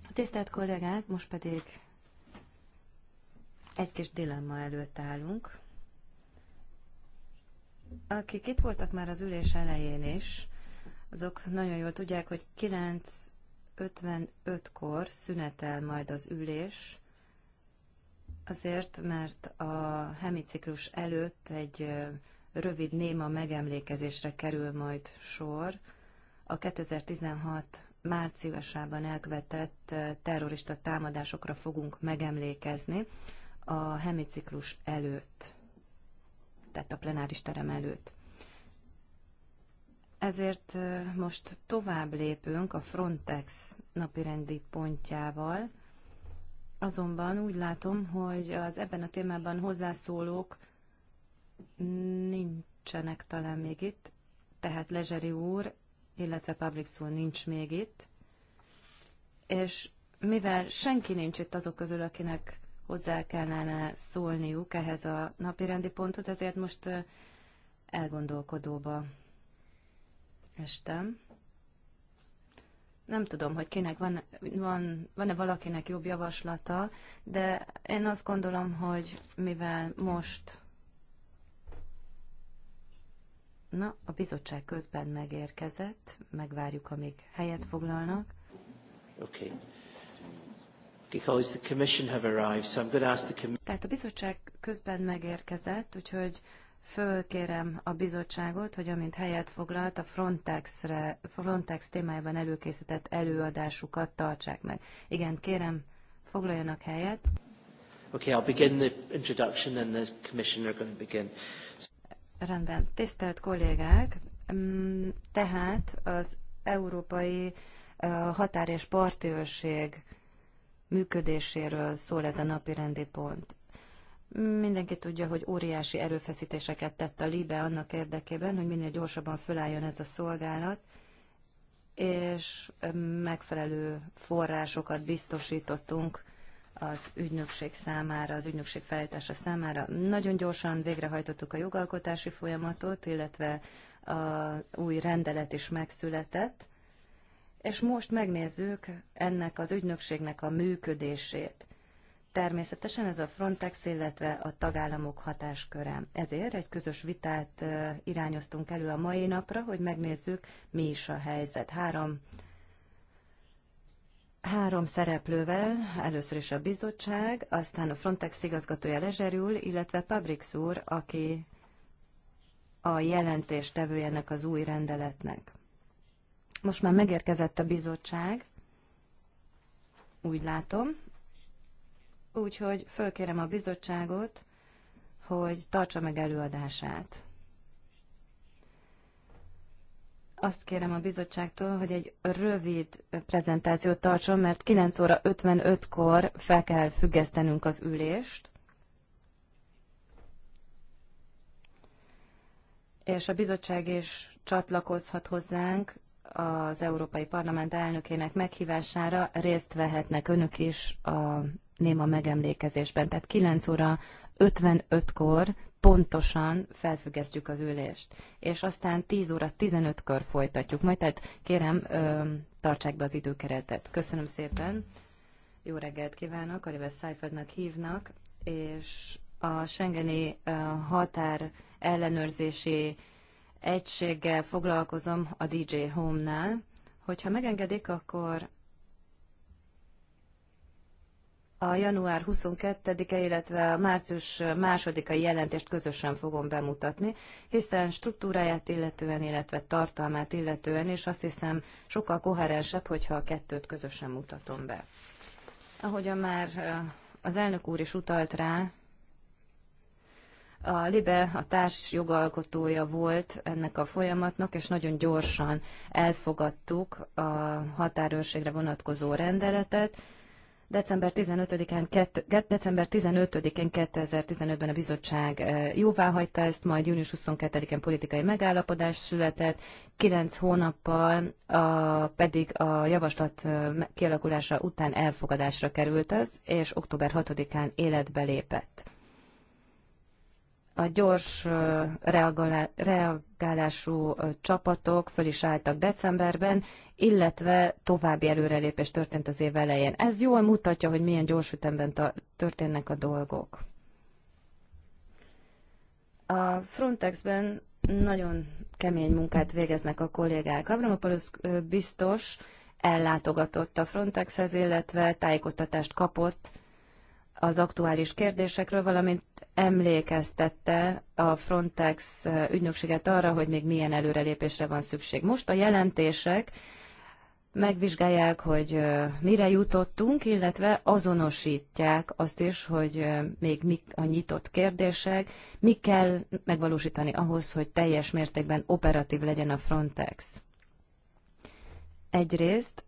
A tisztelt kollégák, most pedig egy kis dilemma előtt állunk. Akik itt voltak már az ülés elején is, azok nagyon jól tudják, hogy 9.55-kor szünetel majd az ülés, azért, mert a hemiciklus előtt egy rövid néma megemlékezésre kerül majd sor a 2016 márciusában elkövetett terrorista támadásokra fogunk megemlékezni a hemiciklus előtt, tehát a plenáris terem előtt. Ezért most tovább lépünk a Frontex napirendi pontjával, azonban úgy látom, hogy az ebben a témában hozzászólók nincsenek talán még itt, tehát Lezseri úr, illetve Public úr nincs még itt, és mivel senki nincs itt azok közül, akinek hozzá kellene szólniuk ehhez a napirendi ponthoz, ezért most elgondolkodóba estem. Nem tudom, hogy kinek van, van, van-e valakinek jobb javaslata, de én azt gondolom, hogy mivel most Na, a bizottság közben megérkezett, megvárjuk, amíg helyet foglalnak. Okay. Because the commission have arrived, so I'm going to ask the Tehát a bizottság közben megérkezett, úgyhogy Fölkérem a bizottságot, hogy amint helyet foglalt, a Frontexre, Frontex témájában előkészített előadásukat tartsák meg. Igen, kérem, foglaljanak helyet. Okay, I'll begin the introduction and the commissioner going to begin. Rendben. Tisztelt kollégák, mm, tehát az Európai Határ és Parti működéséről szól ez a napi rendi pont. Mindenki tudja, hogy óriási erőfeszítéseket tett a Libe annak érdekében, hogy minél gyorsabban fölálljon ez a szolgálat, és megfelelő forrásokat biztosítottunk az ügynökség számára, az ügynökség felállítása számára. Nagyon gyorsan végrehajtottuk a jogalkotási folyamatot, illetve a új rendelet is megszületett, és most megnézzük ennek az ügynökségnek a működését. Természetesen ez a Frontex, illetve a tagállamok hatásköre. Ezért egy közös vitát irányoztunk elő a mai napra, hogy megnézzük, mi is a helyzet. Három három szereplővel, először is a bizottság, aztán a Frontex igazgatója Lezserül, illetve Pabrix úr, aki a jelentés ennek az új rendeletnek. Most már megérkezett a bizottság, úgy látom, úgyhogy fölkérem a bizottságot, hogy tartsa meg előadását. Azt kérem a bizottságtól, hogy egy rövid prezentációt tartson, mert 9 óra 55-kor fel kell függesztenünk az ülést. És a bizottság is csatlakozhat hozzánk az Európai Parlament elnökének meghívására, részt vehetnek önök is a néma megemlékezésben. Tehát 9 óra 55-kor pontosan felfüggesztjük az ülést, és aztán 10 óra 15 kor folytatjuk. Majd tehát kérem, ö, tartsák be az időkeretet. Köszönöm szépen, jó reggelt kívánok, Oliver Seifertnek hívnak, és a Schengeni ö, határ ellenőrzési egységgel foglalkozom a DJ Home-nál. Hogyha megengedik, akkor a január 22-e, illetve a március 2-a jelentést közösen fogom bemutatni, hiszen struktúráját illetően, illetve tartalmát illetően, és azt hiszem sokkal koherensebb, hogyha a kettőt közösen mutatom be. Ahogyan már az elnök úr is utalt rá, a Libe a társ jogalkotója volt ennek a folyamatnak, és nagyon gyorsan elfogadtuk a határőrségre vonatkozó rendeletet, December 15-én, december 15-én 2015-ben a bizottság eh, jóváhagyta ezt, majd június 22-én politikai megállapodás született, 9 hónappal a, pedig a javaslat eh, kialakulása után elfogadásra került ez, és október 6-án életbe lépett. A gyors eh, reagálás kvalifikálású csapatok föl is álltak decemberben, illetve további előrelépés történt az év elején. Ez jól mutatja, hogy milyen gyors ütemben történnek a dolgok. A Frontexben nagyon kemény munkát végeznek a kollégák. Abramopoulos biztos ellátogatott a Frontexhez, illetve tájékoztatást kapott az aktuális kérdésekről, valamint emlékeztette a Frontex ügynökséget arra, hogy még milyen előrelépésre van szükség. Most a jelentések megvizsgálják, hogy mire jutottunk, illetve azonosítják azt is, hogy még mik a nyitott kérdések, mi kell megvalósítani ahhoz, hogy teljes mértékben operatív legyen a Frontex. Egyrészt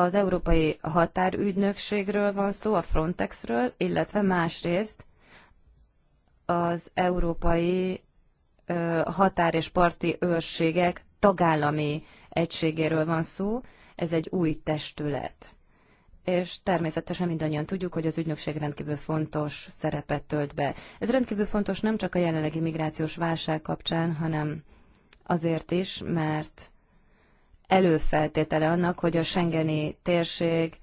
az Európai Határügynökségről van szó, a Frontexről, illetve másrészt az Európai Határ és Parti Őrségek tagállami egységéről van szó, ez egy új testület. És természetesen mindannyian tudjuk, hogy az ügynökség rendkívül fontos szerepet tölt be. Ez rendkívül fontos nem csak a jelenlegi migrációs válság kapcsán, hanem azért is, mert előfeltétele annak, hogy a Schengeni térség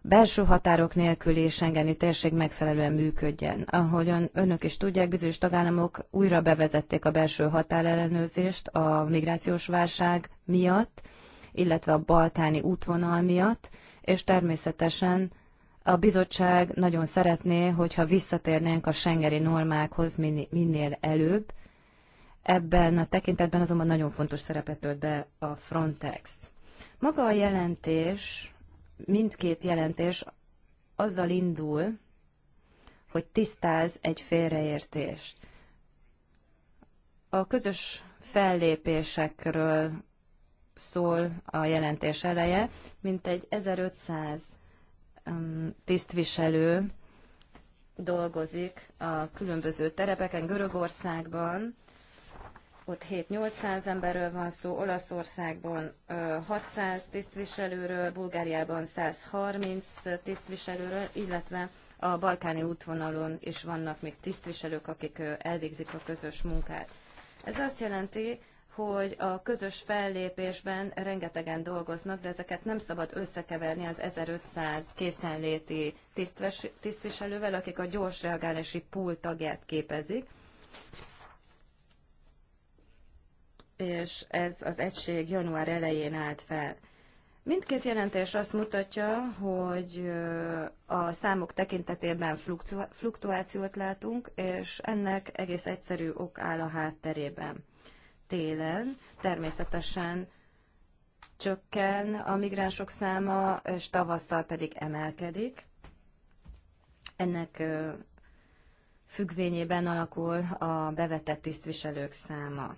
belső határok nélküli Schengeni térség megfelelően működjen. Ahogyan önök is tudják, bizonyos tagállamok újra bevezették a belső határellenőrzést a migrációs válság miatt, illetve a balkáni útvonal miatt, és természetesen a bizottság nagyon szeretné, hogyha visszatérnénk a Schengeni normákhoz minél előbb, Ebben a tekintetben azonban nagyon fontos szerepet tölt be a Frontex. Maga a jelentés, mindkét jelentés azzal indul, hogy tisztáz egy félreértést. A közös fellépésekről szól a jelentés eleje, mint egy 1500 um, tisztviselő dolgozik a különböző terepeken Görögországban, ott 7-800 emberről van szó, Olaszországban 600 tisztviselőről, Bulgáriában 130 tisztviselőről, illetve a balkáni útvonalon is vannak még tisztviselők, akik elvégzik a közös munkát. Ez azt jelenti, hogy a közös fellépésben rengetegen dolgoznak, de ezeket nem szabad összekeverni az 1500 készenléti tisztviselővel, akik a gyors reagálási pool tagját képezik és ez az egység január elején állt fel. Mindkét jelentés azt mutatja, hogy a számok tekintetében fluktuációt látunk, és ennek egész egyszerű ok áll a hátterében. Télen természetesen csökken a migránsok száma, és tavasszal pedig emelkedik. Ennek függvényében alakul a bevetett tisztviselők száma.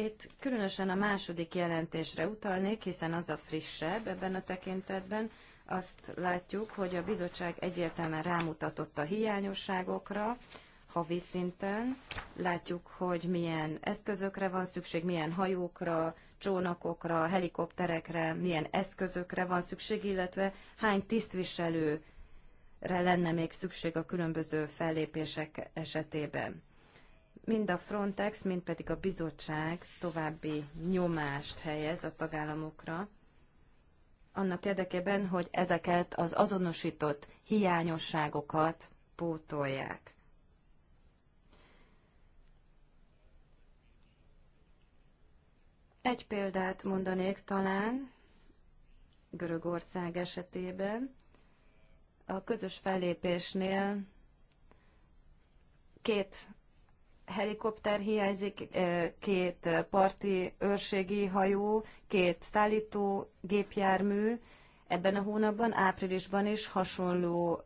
Itt különösen a második jelentésre utalnék, hiszen az a frissebb ebben a tekintetben. Azt látjuk, hogy a bizottság egyértelműen rámutatott a hiányosságokra, havi szinten. Látjuk, hogy milyen eszközökre van szükség, milyen hajókra, csónakokra, helikopterekre, milyen eszközökre van szükség, illetve hány tisztviselőre lenne még szükség a különböző fellépések esetében mind a Frontex, mind pedig a bizottság további nyomást helyez a tagállamokra, annak érdekében, hogy ezeket az azonosított hiányosságokat pótolják. Egy példát mondanék talán Görögország esetében. A közös fellépésnél két helikopter hiányzik, két parti őrségi hajó, két szállító gépjármű. Ebben a hónapban, áprilisban is hasonló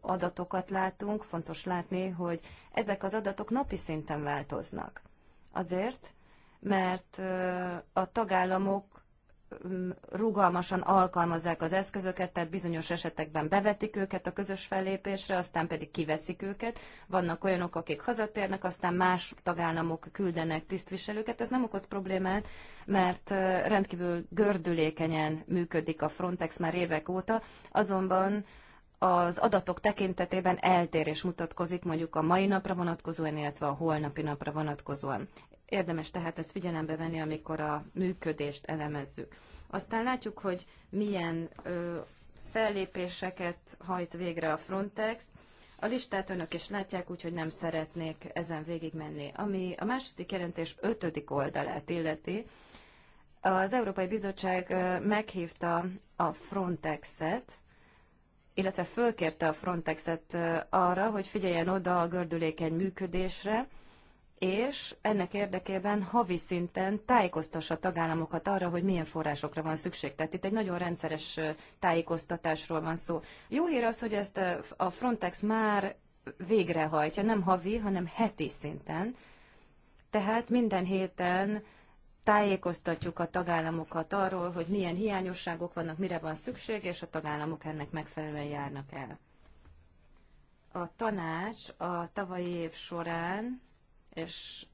adatokat látunk. Fontos látni, hogy ezek az adatok napi szinten változnak. Azért, mert a tagállamok rugalmasan alkalmazzák az eszközöket, tehát bizonyos esetekben bevetik őket a közös fellépésre, aztán pedig kiveszik őket. Vannak olyanok, akik hazatérnek, aztán más tagállamok küldenek tisztviselőket. Ez nem okoz problémát, mert rendkívül gördülékenyen működik a Frontex már évek óta, azonban az adatok tekintetében eltérés mutatkozik mondjuk a mai napra vonatkozóan, illetve a holnapi napra vonatkozóan. Érdemes tehát ezt figyelembe venni, amikor a működést elemezzük. Aztán látjuk, hogy milyen ö, fellépéseket hajt végre a Frontex. A listát önök is látják, úgyhogy nem szeretnék ezen végigmenni. Ami a második jelentés ötödik oldalát illeti, az Európai Bizottság meghívta a Frontexet, illetve fölkérte a Frontexet arra, hogy figyeljen oda a gördülékeny működésre, és ennek érdekében havi szinten tájékoztassa a tagállamokat arra, hogy milyen forrásokra van szükség. Tehát itt egy nagyon rendszeres tájékoztatásról van szó. Jó hír az, hogy ezt a Frontex már végrehajtja, nem havi, hanem heti szinten. Tehát minden héten tájékoztatjuk a tagállamokat arról, hogy milyen hiányosságok vannak, mire van szükség, és a tagállamok ennek megfelelően járnak el. A tanács a tavalyi év során és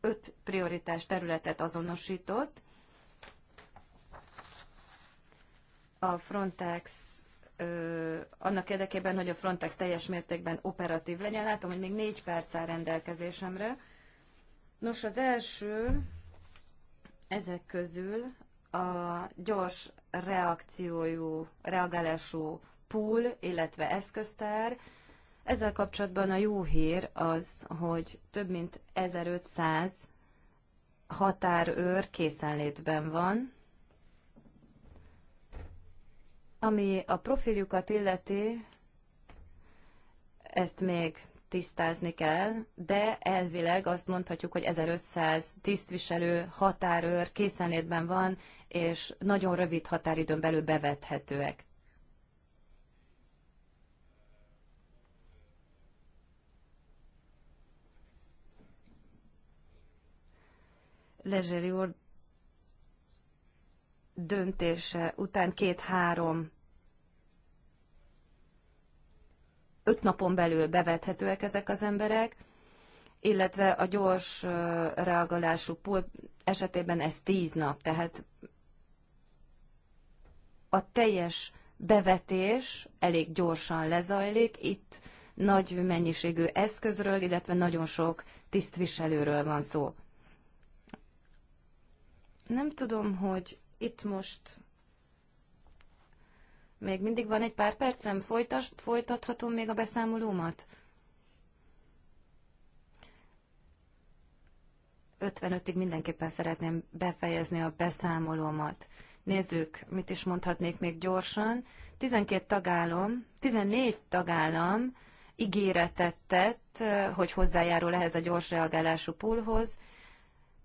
öt prioritás területet azonosított. A Frontex annak érdekében, hogy a Frontex teljes mértékben operatív legyen. Látom, hogy még négy perc áll rendelkezésemre. Nos, az első ezek közül a gyors reakciójú, reagálású pool, illetve eszköztár, ezzel kapcsolatban a jó hír az, hogy több mint 1500 határőr készenlétben van, ami a profiljukat illeti, ezt még tisztázni kell, de elvileg azt mondhatjuk, hogy 1500 tisztviselő, határőr készenlétben van, és nagyon rövid határidőn belül bevethetőek. Lezseri úr döntése után két-három öt napon belül bevethetőek ezek az emberek, illetve a gyors reagálású pult esetében ez tíz nap, tehát a teljes bevetés elég gyorsan lezajlik, itt nagy mennyiségű eszközről, illetve nagyon sok tisztviselőről van szó. Nem tudom, hogy itt most még mindig van egy pár percem? Folytas, folytathatom még a beszámolómat? 55-ig mindenképpen szeretném befejezni a beszámolómat. Nézzük, mit is mondhatnék még gyorsan. 12 tagállam, 14 tagállam ígéretet tett, eh, hogy hozzájárul ehhez a gyors reagálású poolhoz,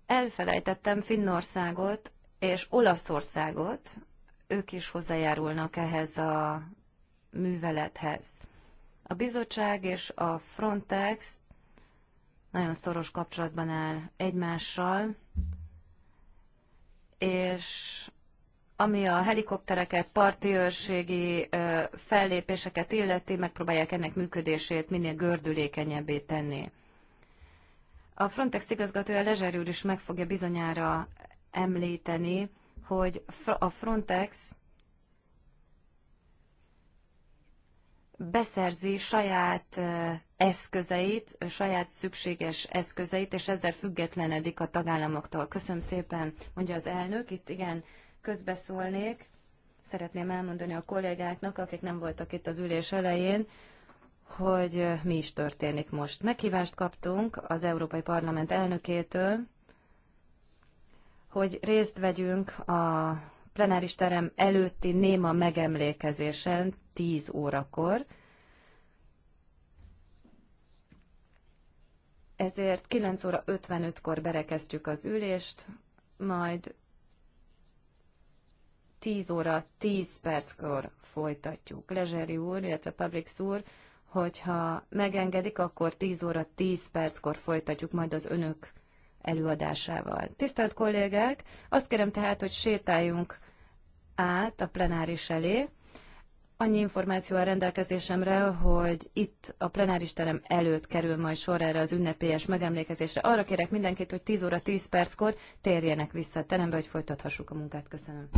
Elfelejtettem Finnországot és Olaszországot, ők is hozzájárulnak ehhez a művelethez. A bizottság és a Frontex nagyon szoros kapcsolatban áll egymással, és ami a helikoptereket, parti őrségi fellépéseket illeti, megpróbálják ennek működését minél gördülékenyebbé tenni. A Frontex igazgatója Lezser úr is meg fogja bizonyára említeni, hogy a Frontex beszerzi saját eszközeit, saját szükséges eszközeit, és ezzel függetlenedik a tagállamoktól. Köszönöm szépen, mondja az elnök. Itt igen, közbeszólnék. Szeretném elmondani a kollégáknak, akik nem voltak itt az ülés elején, hogy mi is történik most. Meghívást kaptunk az Európai Parlament elnökétől, hogy részt vegyünk a plenáris terem előtti néma megemlékezésen 10 órakor. Ezért 9 óra 55-kor berekeztjük az ülést, majd 10 óra 10 perckor folytatjuk. Lezseri úr, illetve Publix úr hogyha megengedik, akkor 10 óra 10 perckor folytatjuk majd az önök előadásával. Tisztelt kollégák, azt kérem tehát, hogy sétáljunk át a plenáris elé. Annyi információ a rendelkezésemre, hogy itt a plenáris terem előtt kerül majd sor erre az ünnepélyes megemlékezésre. Arra kérek mindenkit, hogy 10 óra 10 perckor térjenek vissza a terembe, hogy folytathassuk a munkát. Köszönöm.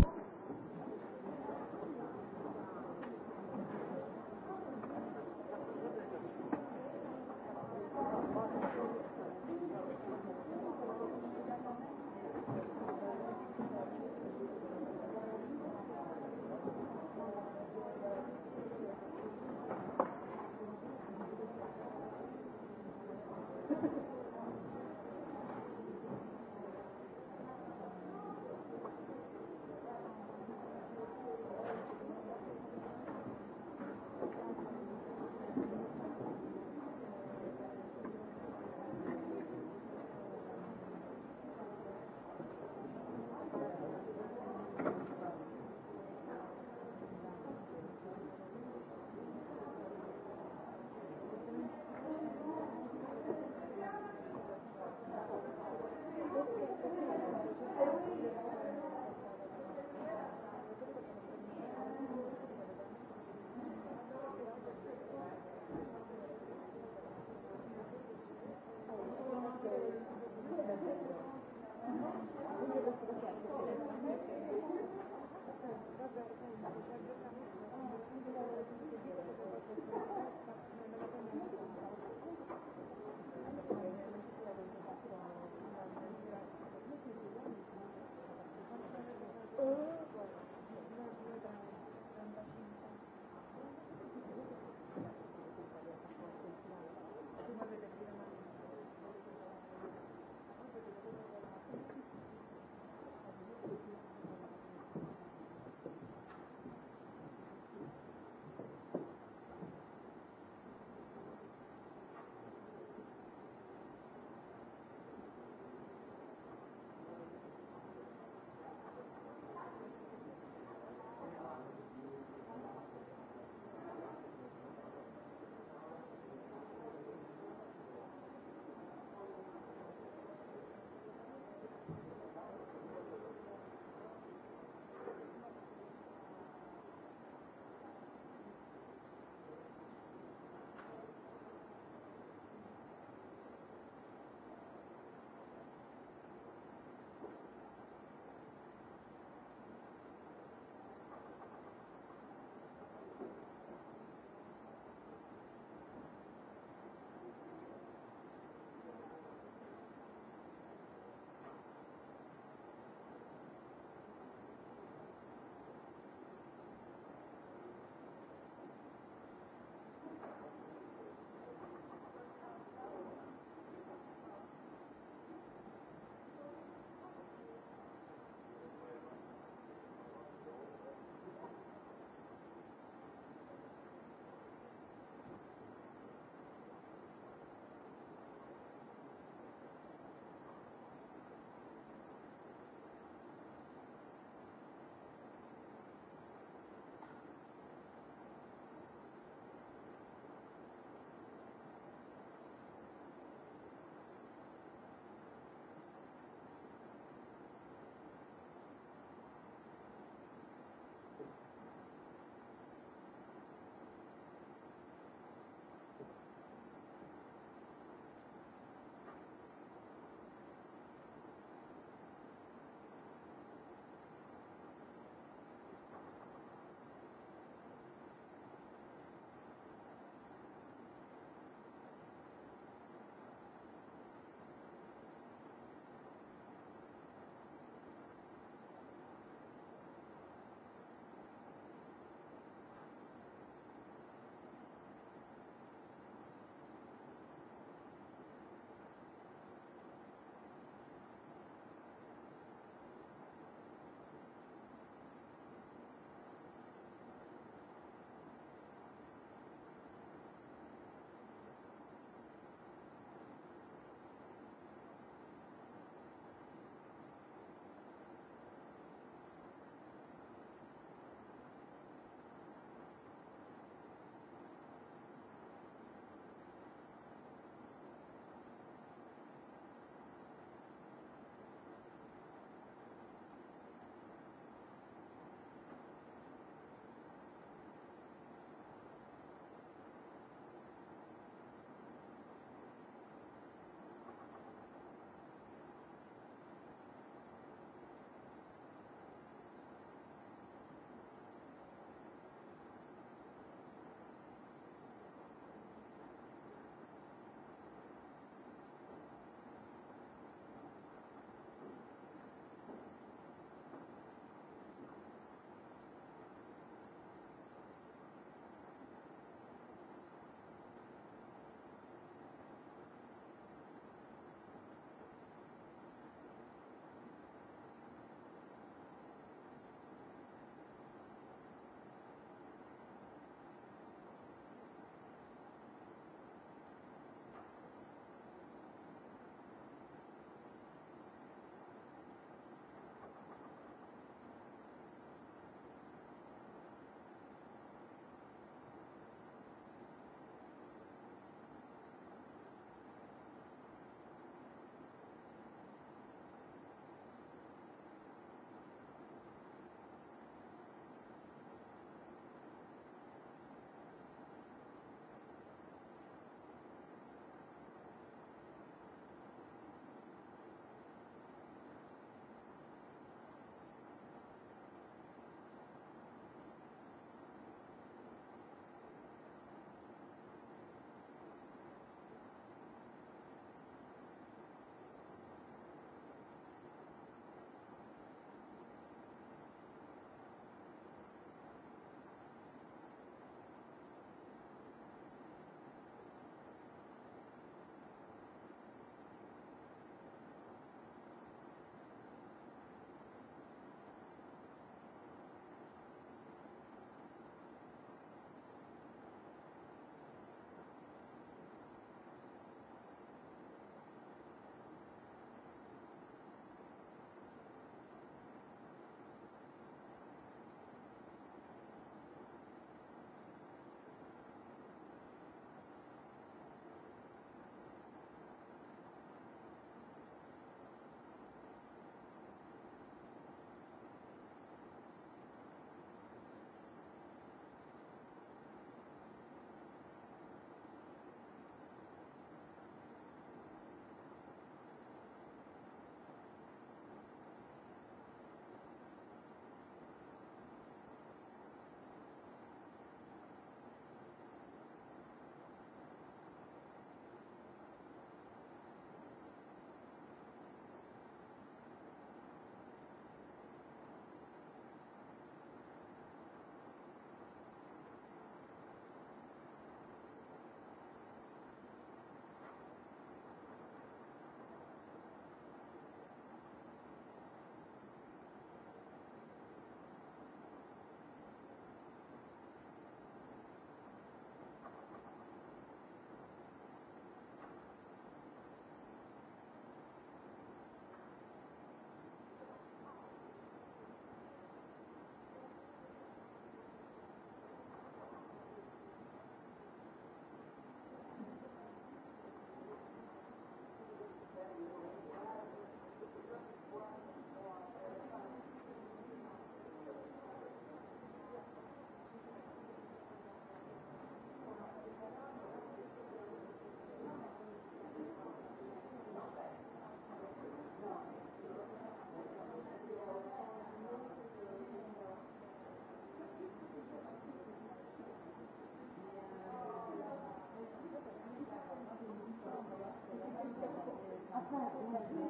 Köszönöm.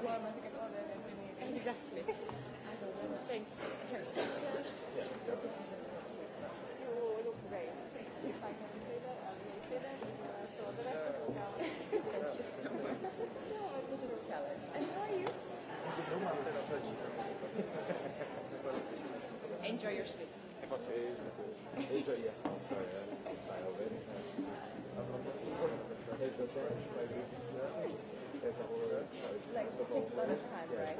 the law Exactly. I don't You look great. Thank you so much. it was just a challenge. Enjoy your sleep. Enjoy your sleep. Like, takes a lot of time, right?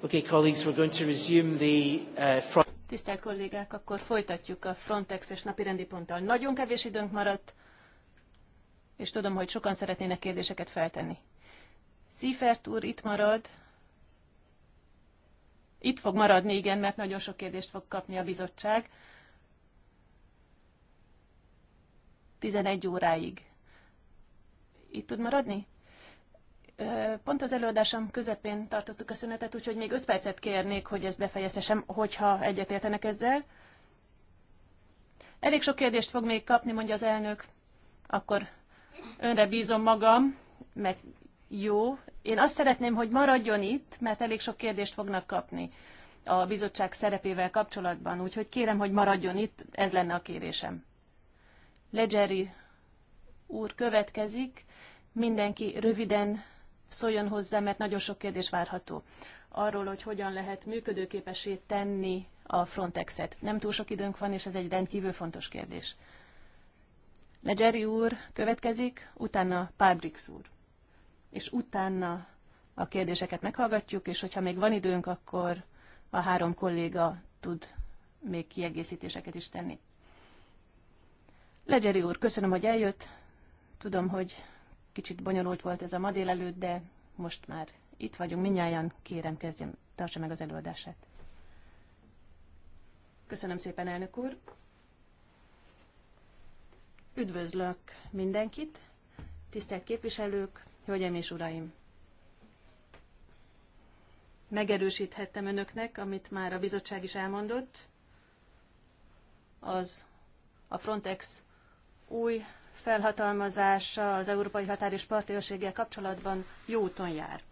Okay, colleagues, we're going to resume the uh, front... Tisztelt kollégák, akkor folytatjuk a Frontex és napirendi ponttal. Nagyon kevés időnk maradt, és tudom, hogy sokan szeretnének kérdéseket feltenni. Szifert úr itt marad. Itt fog maradni, igen, mert nagyon sok kérdést fog kapni a bizottság. 11 óráig. Itt tud maradni? Pont az előadásom közepén tartottuk a szünetet, úgyhogy még 5 percet kérnék, hogy ezt befejezhessem, hogyha egyetértenek ezzel. Elég sok kérdést fog még kapni, mondja az elnök. Akkor önre bízom magam, meg jó. Én azt szeretném, hogy maradjon itt, mert elég sok kérdést fognak kapni a bizottság szerepével kapcsolatban, úgyhogy kérem, hogy maradjon itt, ez lenne a kérésem. Legeri úr következik, mindenki röviden szóljon hozzá, mert nagyon sok kérdés várható arról, hogy hogyan lehet működőképessé tenni a Frontexet. Nem túl sok időnk van, és ez egy rendkívül fontos kérdés. Legeri úr következik, utána Pábrix úr. És utána a kérdéseket meghallgatjuk, és hogyha még van időnk, akkor a három kolléga tud még kiegészítéseket is tenni. Legeri úr, köszönöm, hogy eljött. Tudom, hogy Kicsit bonyolult volt ez a ma délelőtt, de most már itt vagyunk. Minnyáján kérem, kezdjem, tartsa meg az előadását. Köszönöm szépen, elnök úr. Üdvözlök mindenkit, tisztelt képviselők, hölgyeim és uraim! Megerősíthettem önöknek, amit már a bizottság is elmondott, az a Frontex új felhatalmazása az Európai Határ és Parti kapcsolatban jó úton jár.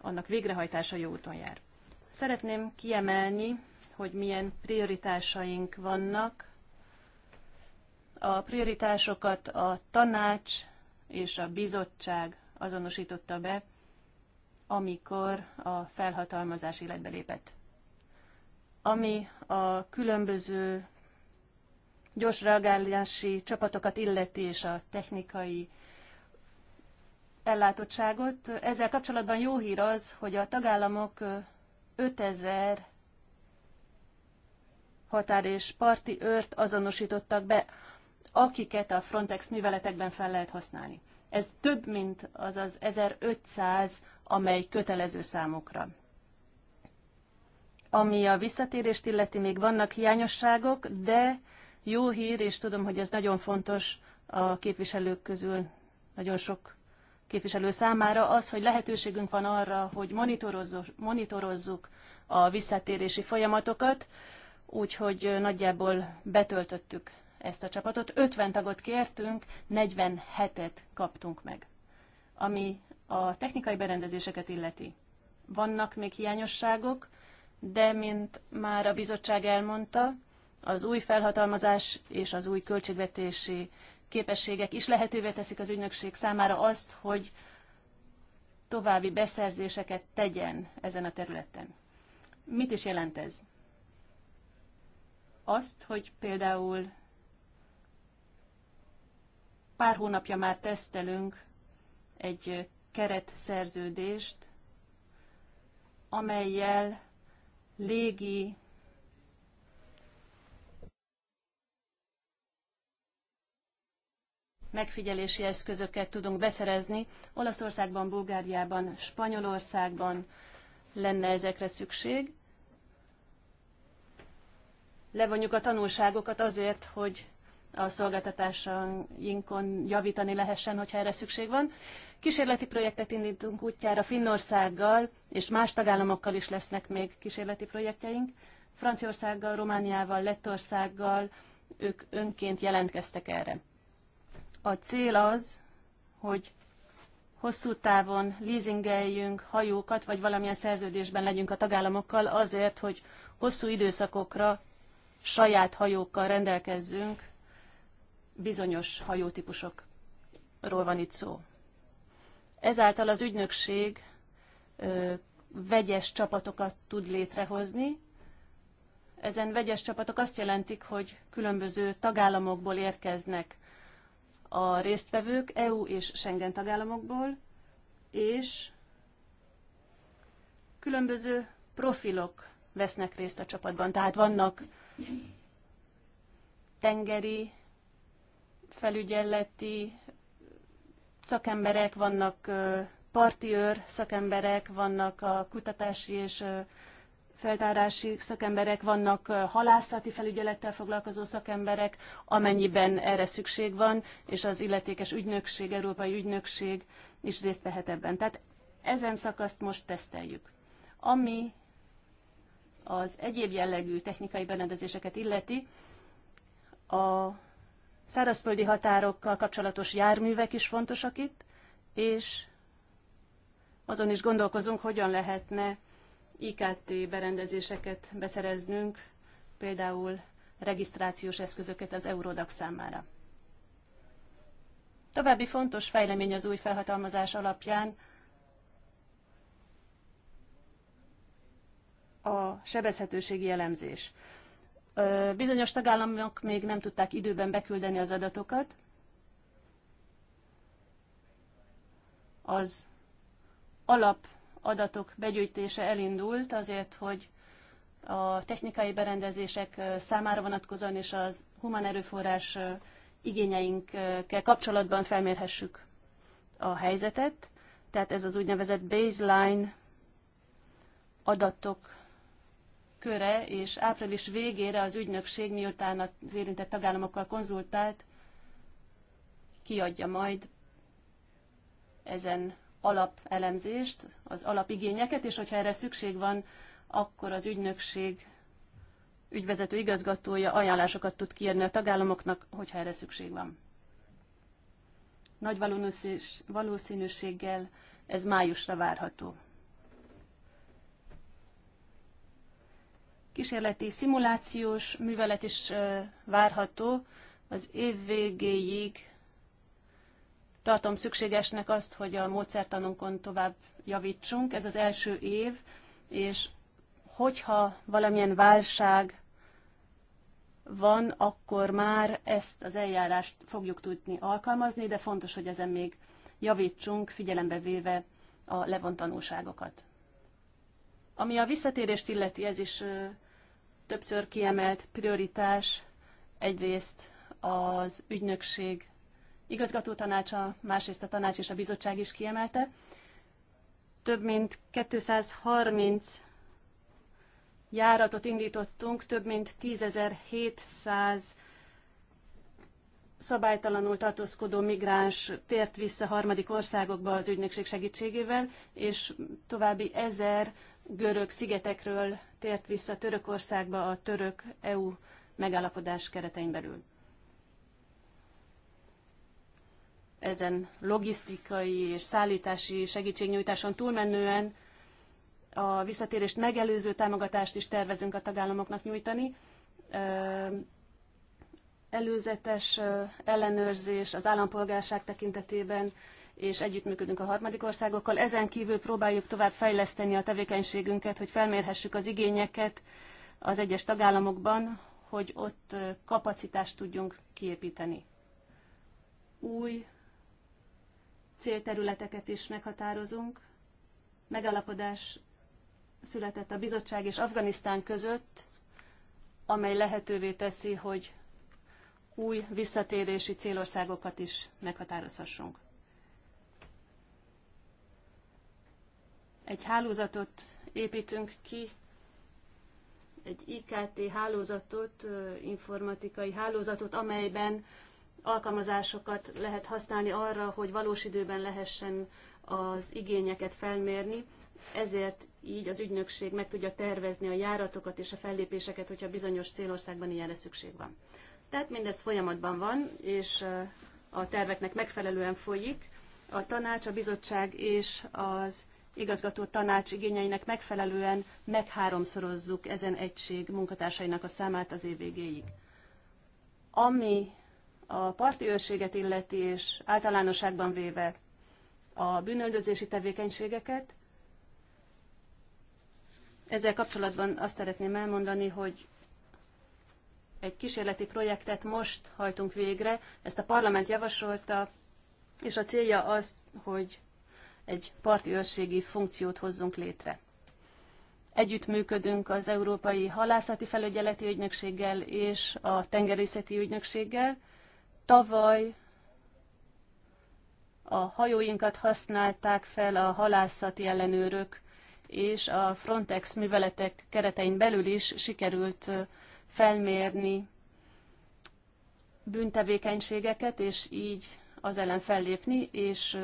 Annak végrehajtása jó úton jár. Szeretném kiemelni, hogy milyen prioritásaink vannak. A prioritásokat a tanács és a bizottság azonosította be, amikor a felhatalmazás életbe lépett. Ami a különböző gyors reagálási csapatokat illeti és a technikai ellátottságot. Ezzel kapcsolatban jó hír az, hogy a tagállamok 5000 határ és parti őrt azonosítottak be, akiket a Frontex műveletekben fel lehet használni. Ez több, mint az az 1500, amely kötelező számokra. Ami a visszatérést illeti, még vannak hiányosságok, de jó hír, és tudom, hogy ez nagyon fontos a képviselők közül, nagyon sok képviselő számára, az, hogy lehetőségünk van arra, hogy monitorozzuk, a visszatérési folyamatokat, úgyhogy nagyjából betöltöttük ezt a csapatot. 50 tagot kértünk, 47-et kaptunk meg. Ami a technikai berendezéseket illeti. Vannak még hiányosságok, de mint már a bizottság elmondta, az új felhatalmazás és az új költségvetési képességek is lehetővé teszik az ügynökség számára azt, hogy további beszerzéseket tegyen ezen a területen. Mit is jelent ez? Azt, hogy például pár hónapja már tesztelünk egy keretszerződést, amelyel légi megfigyelési eszközöket tudunk beszerezni. Olaszországban, Bulgáriában, Spanyolországban lenne ezekre szükség. Levonjuk a tanulságokat azért, hogy a szolgáltatásainkon javítani lehessen, hogyha erre szükség van. Kísérleti projektet indítunk útjára Finnországgal, és más tagállamokkal is lesznek még kísérleti projektjeink. Franciaországgal, Romániával, Lettországgal, ők önként jelentkeztek erre. A cél az, hogy hosszú távon leasingeljünk hajókat, vagy valamilyen szerződésben legyünk a tagállamokkal azért, hogy hosszú időszakokra saját hajókkal rendelkezzünk, bizonyos hajótípusokról van itt szó. Ezáltal az ügynökség ö, vegyes csapatokat tud létrehozni. Ezen vegyes csapatok azt jelentik, hogy különböző tagállamokból érkeznek a résztvevők EU és Schengen tagállamokból, és különböző profilok vesznek részt a csapatban. Tehát vannak tengeri, felügyeleti szakemberek, vannak partiőr szakemberek, vannak a kutatási és feltárási szakemberek, vannak halászati felügyelettel foglalkozó szakemberek, amennyiben erre szükség van, és az illetékes ügynökség, Európai Ügynökség is részt vehet ebben. Tehát ezen szakaszt most teszteljük. Ami az egyéb jellegű technikai berendezéseket illeti, a szárazföldi határokkal kapcsolatos járművek is fontosak itt, és azon is gondolkozunk, hogyan lehetne IKT berendezéseket beszereznünk, például regisztrációs eszközöket az Eurodax számára. További fontos fejlemény az új felhatalmazás alapján a sebezhetőségi elemzés. Bizonyos tagállamok még nem tudták időben beküldeni az adatokat. Az alap adatok begyűjtése elindult azért, hogy a technikai berendezések számára vonatkozóan és az human erőforrás igényeinkkel kapcsolatban felmérhessük a helyzetet. Tehát ez az úgynevezett baseline adatok köre, és április végére az ügynökség, miután az érintett tagállamokkal konzultált, kiadja majd ezen alapelemzést, az alapigényeket, és hogyha erre szükség van, akkor az ügynökség ügyvezető igazgatója ajánlásokat tud kiadni a tagállamoknak, hogyha erre szükség van. Nagy valószínűséggel ez májusra várható. Kísérleti szimulációs művelet is várható. Az év végéig Tartom szükségesnek azt, hogy a módszertanunkon tovább javítsunk. Ez az első év, és hogyha valamilyen válság van, akkor már ezt az eljárást fogjuk tudni alkalmazni, de fontos, hogy ezen még javítsunk, figyelembe véve a levon tanulságokat. Ami a visszatérést illeti, ez is többször kiemelt prioritás egyrészt az ügynökség igazgató tanácsa, másrészt a tanács és a bizottság is kiemelte. Több mint 230 járatot indítottunk, több mint 10.700 szabálytalanul tartózkodó migráns tért vissza harmadik országokba az ügynökség segítségével, és további ezer görög szigetekről tért vissza Törökországba a török EU megállapodás keretein belül. ezen logisztikai és szállítási segítségnyújtáson túlmenően a visszatérést megelőző támogatást is tervezünk a tagállamoknak nyújtani. Előzetes ellenőrzés az állampolgárság tekintetében, és együttműködünk a harmadik országokkal. Ezen kívül próbáljuk tovább fejleszteni a tevékenységünket, hogy felmérhessük az igényeket az egyes tagállamokban, hogy ott kapacitást tudjunk kiépíteni. Új célterületeket is meghatározunk. Megalapodás született a bizottság és Afganisztán között, amely lehetővé teszi, hogy új visszatérési célországokat is meghatározhassunk. Egy hálózatot építünk ki, egy IKT hálózatot, informatikai hálózatot, amelyben alkalmazásokat lehet használni arra, hogy valós időben lehessen az igényeket felmérni, ezért így az ügynökség meg tudja tervezni a járatokat és a fellépéseket, hogyha bizonyos célországban ilyenre szükség van. Tehát mindez folyamatban van, és a terveknek megfelelően folyik. A tanács, a bizottság és az igazgató tanács igényeinek megfelelően megháromszorozzuk ezen egység munkatársainak a számát az év végéig. Ami a parti őrséget illeti, és általánosságban véve a bűnöldözési tevékenységeket. Ezzel kapcsolatban azt szeretném elmondani, hogy egy kísérleti projektet most hajtunk végre, ezt a parlament javasolta, és a célja az, hogy egy parti őrségi funkciót hozzunk létre. Együttműködünk az Európai Halászati Felügyeleti Ügynökséggel és a Tengerészeti Ügynökséggel, Tavaly a hajóinkat használták fel a halászati ellenőrök, és a Frontex műveletek keretein belül is sikerült felmérni bűntevékenységeket, és így az ellen fellépni, és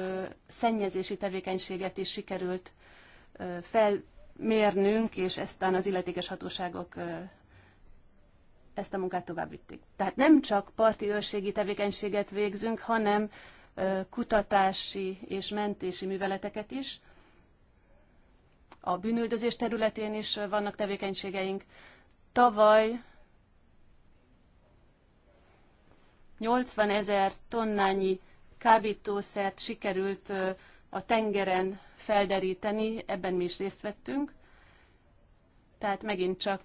szennyezési tevékenységet is sikerült felmérnünk, és eztán az illetékes hatóságok ezt a munkát tovább vitték. Tehát nem csak parti őrségi tevékenységet végzünk, hanem kutatási és mentési műveleteket is. A bűnüldözés területén is vannak tevékenységeink. Tavaly 80 ezer tonnányi kábítószert sikerült a tengeren felderíteni, ebben mi is részt vettünk. Tehát megint csak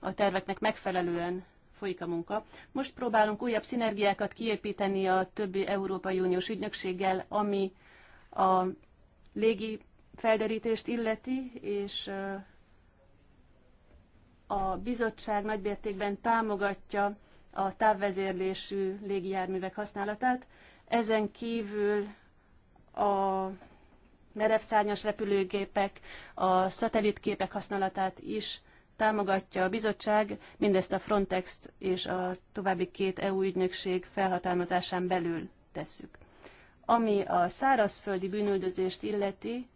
a terveknek megfelelően folyik a munka. Most próbálunk újabb szinergiákat kiépíteni a többi Európai Uniós ügynökséggel, ami a légi felderítést illeti, és a bizottság nagybértékben támogatja a távvezérlésű légijárművek használatát. Ezen kívül a merevszárnyas repülőgépek, a szatellitképek használatát is támogatja a bizottság, mindezt a Frontex és a további két EU ügynökség felhatalmazásán belül tesszük. Ami a szárazföldi bűnöldözést illeti,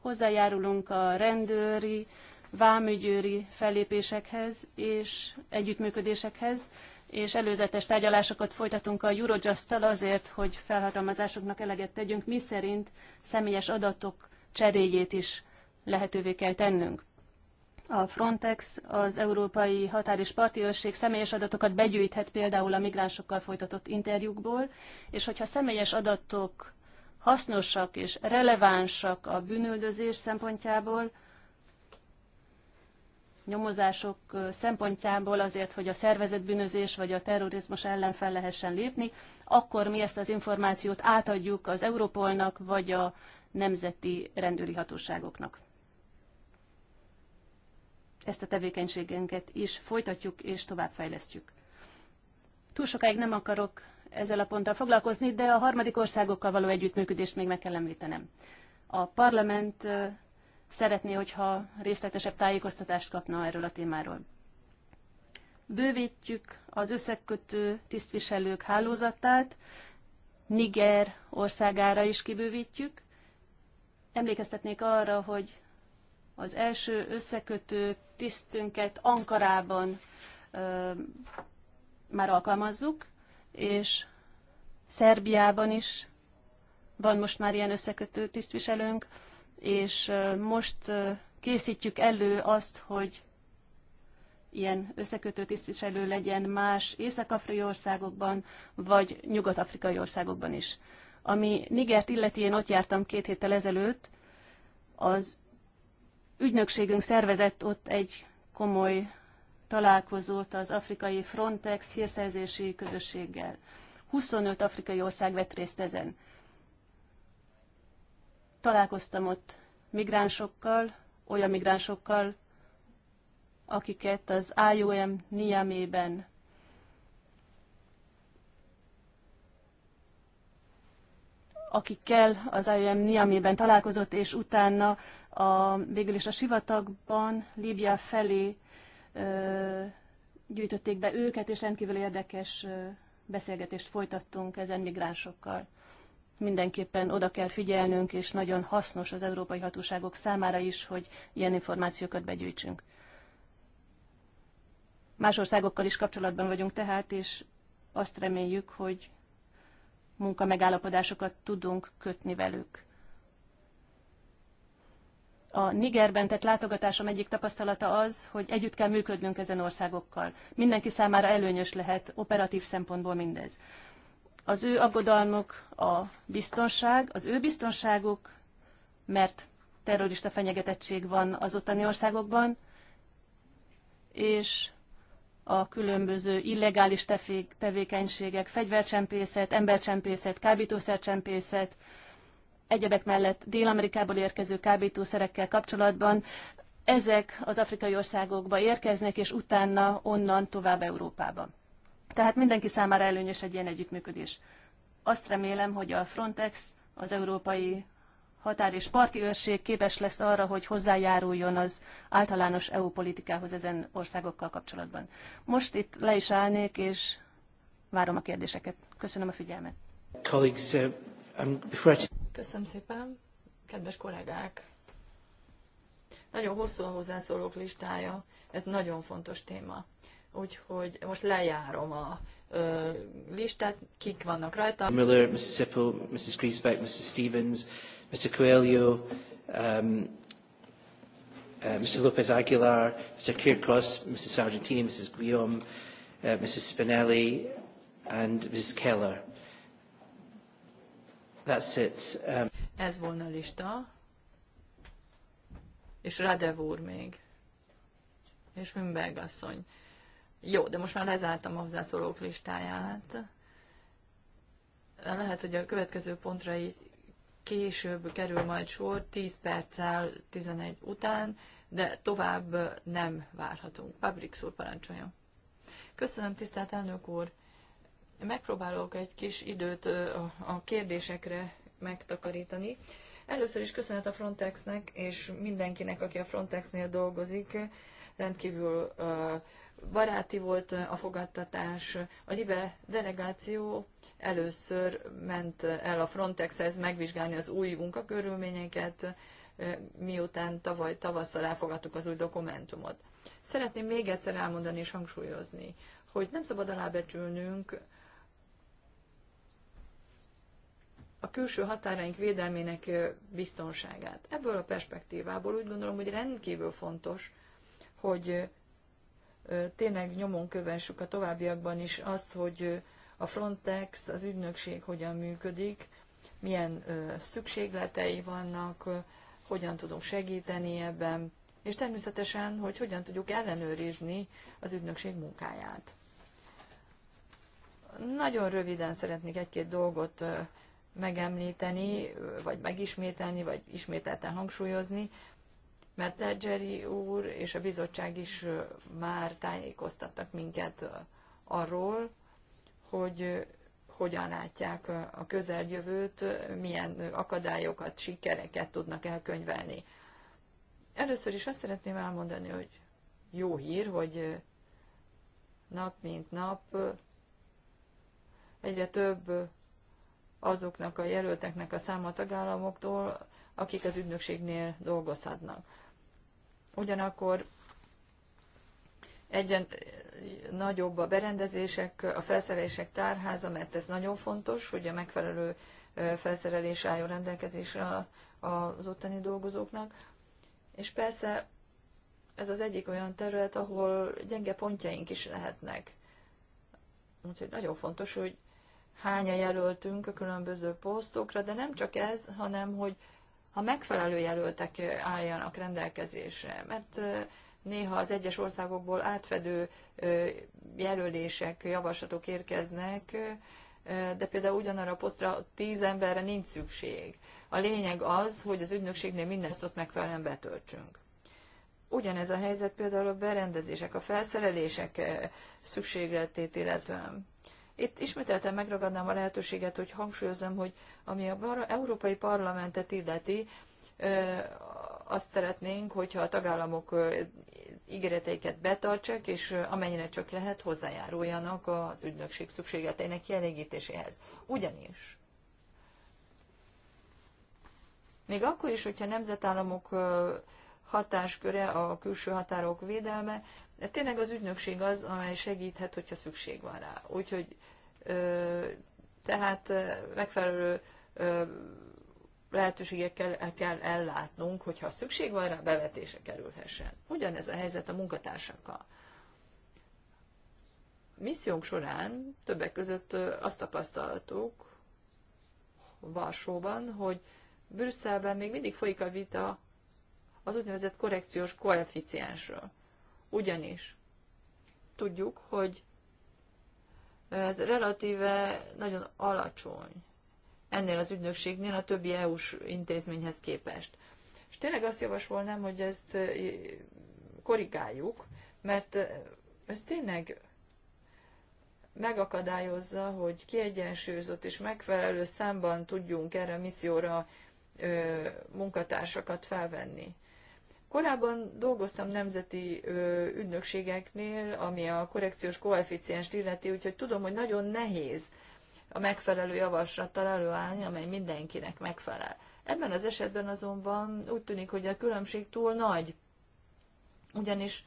hozzájárulunk a rendőri, vámügyőri fellépésekhez és együttműködésekhez, és előzetes tárgyalásokat folytatunk a eurojust azért, hogy felhatalmazásoknak eleget tegyünk, mi szerint személyes adatok cseréjét is lehetővé kell tennünk. A Frontex, az Európai Határ és Parti Őrség személyes adatokat begyűjthet például a migránsokkal folytatott interjúkból, és hogyha személyes adatok hasznosak és relevánsak a bűnöldözés szempontjából, nyomozások szempontjából azért, hogy a szervezetbűnözés vagy a terrorizmus ellen fel lehessen lépni, akkor mi ezt az információt átadjuk az Európolnak vagy a nemzeti rendőri hatóságoknak ezt a tevékenységünket is folytatjuk és továbbfejlesztjük. Túl sokáig nem akarok ezzel a ponttal foglalkozni, de a harmadik országokkal való együttműködést még meg kell említenem. A parlament szeretné, hogyha részletesebb tájékoztatást kapna erről a témáról. Bővítjük az összekötő tisztviselők hálózatát, Niger országára is kibővítjük. Emlékeztetnék arra, hogy az első összekötő tisztünket Ankarában ö, már alkalmazzuk, és Szerbiában is van most már ilyen összekötő tisztviselőnk, és ö, most ö, készítjük elő azt, hogy ilyen összekötő tisztviselő legyen más észak-afrikai országokban, vagy nyugat-afrikai országokban is. Ami Nigert illeti, én ott jártam két héttel ezelőtt, az ügynökségünk szervezett ott egy komoly találkozót az afrikai Frontex hírszerzési közösséggel. 25 afrikai ország vett részt ezen. Találkoztam ott migránsokkal, olyan migránsokkal, akiket az IOM Niamében akikkel az IOM Niamében találkozott, és utána a, végül is a sivatagban Líbia felé ö, gyűjtötték be őket, és rendkívül érdekes ö, beszélgetést folytattunk ezen migránsokkal. Mindenképpen oda kell figyelnünk, és nagyon hasznos az európai hatóságok számára is, hogy ilyen információkat begyűjtsünk. Más országokkal is kapcsolatban vagyunk tehát, és azt reméljük, hogy munkamegállapodásokat tudunk kötni velük a Nigerben tett látogatásom egyik tapasztalata az, hogy együtt kell működnünk ezen országokkal. Mindenki számára előnyös lehet operatív szempontból mindez. Az ő aggodalmuk a biztonság, az ő biztonságuk, mert terrorista fenyegetettség van az ottani országokban, és a különböző illegális tevékenységek, fegyvercsempészet, embercsempészet, kábítószercsempészet, egyebek mellett Dél-Amerikából érkező kábítószerekkel kapcsolatban ezek az afrikai országokba érkeznek, és utána onnan tovább Európába. Tehát mindenki számára előnyös egy ilyen együttműködés. Azt remélem, hogy a Frontex, az Európai Határ és Parti Őrség képes lesz arra, hogy hozzájáruljon az általános EU politikához ezen országokkal kapcsolatban. Most itt le is állnék, és várom a kérdéseket. Köszönöm a figyelmet. Uh, um, Köszönöm szépen, kedves kollégák! Nagyon hosszú a hozzászólók listája, ez nagyon fontos téma. Úgyhogy most lejárom a ö, listát, kik vannak rajta. Miller, Mrs. Sippel, Mrs. Griesbeck, Mrs. Stevens, Mr. Coelho, um, uh, Mr. Lopez Aguilar, Mr. Kirkos, Mrs. Sargentini, Mrs. Guillaume, uh, Mrs. Spinelli, and Mrs. Keller. That's it. Um... Ez volna a lista. És Radev úr még. És Mümberg asszony. Jó, de most már lezártam a hozzászólók listáját. Lehet, hogy a következő pontra így később kerül majd sor, 10 perccel 11 után, de tovább nem várhatunk. Pabrik úr, parancsoljon. Köszönöm, tisztelt elnök úr! Megpróbálok egy kis időt a kérdésekre megtakarítani. Először is köszönet a Frontexnek és mindenkinek, aki a Frontexnél dolgozik. Rendkívül baráti volt a fogadtatás. A Libe delegáció először ment el a Frontexhez megvizsgálni az új munkakörülményeket, miután tavaly tavasszal elfogadtuk az új dokumentumot. Szeretném még egyszer elmondani és hangsúlyozni, hogy nem szabad alábecsülnünk a külső határaink védelmének biztonságát. Ebből a perspektívából úgy gondolom, hogy rendkívül fontos, hogy tényleg nyomon kövessük a továbbiakban is azt, hogy a Frontex, az ügynökség hogyan működik, milyen szükségletei vannak, hogyan tudunk segíteni ebben, és természetesen, hogy hogyan tudjuk ellenőrizni az ügynökség munkáját. Nagyon röviden szeretnék egy-két dolgot megemlíteni, vagy megismételni, vagy ismételten hangsúlyozni, mert Ledgeri úr és a bizottság is már tájékoztattak minket arról, hogy hogyan látják a közeljövőt, milyen akadályokat, sikereket tudnak elkönyvelni. Először is azt szeretném elmondani, hogy jó hír, hogy nap mint nap egyre több azoknak a jelölteknek a száma tagállamoktól, akik az ügynökségnél dolgozhatnak. Ugyanakkor egyre nagyobb a berendezések, a felszerelések tárháza, mert ez nagyon fontos, hogy a megfelelő felszerelés álljon rendelkezésre az ottani dolgozóknak. És persze ez az egyik olyan terület, ahol gyenge pontjaink is lehetnek. Úgyhogy nagyon fontos, hogy hányan jelöltünk a különböző posztokra, de nem csak ez, hanem hogy ha megfelelő jelöltek álljanak rendelkezésre, mert néha az egyes országokból átfedő jelölések, javaslatok érkeznek, de például ugyanarra a posztra tíz emberre nincs szükség. A lényeg az, hogy az ügynökségnél minden ott megfelelően betöltsünk. Ugyanez a helyzet például a berendezések, a felszerelések szükségletét illetően. Itt ismételten megragadnám a lehetőséget, hogy hangsúlyozom, hogy ami a Európai Parlamentet illeti, azt szeretnénk, hogyha a tagállamok ígéreteiket betartsák, és amennyire csak lehet, hozzájáruljanak az ügynökség szükségleteinek kielégítéséhez. Ugyanis még akkor is, hogyha nemzetállamok hatásköre, a külső határok védelme, tényleg az ügynökség az, amely segíthet, hogyha szükség van rá. Úgyhogy tehát megfelelő lehetőségekkel kell ellátnunk, hogyha szükség van rá, bevetése kerülhessen. Ugyanez a helyzet a munkatársakkal. Missziónk során többek között azt tapasztaltuk Varsóban, hogy Brüsszelben még mindig folyik a vita az úgynevezett korrekciós koeficiensről. Ugyanis tudjuk, hogy ez relatíve nagyon alacsony ennél az ügynökségnél a többi EU-s intézményhez képest. És tényleg azt javasolnám, hogy ezt korrigáljuk, mert ez tényleg megakadályozza, hogy kiegyensúlyozott és megfelelő számban tudjunk erre a misszióra munkatársakat felvenni. Korábban dolgoztam nemzeti ö, ügynökségeknél, ami a korrekciós koeficienst illeti, úgyhogy tudom, hogy nagyon nehéz a megfelelő javaslattal előállni, amely mindenkinek megfelel. Ebben az esetben azonban úgy tűnik, hogy a különbség túl nagy, ugyanis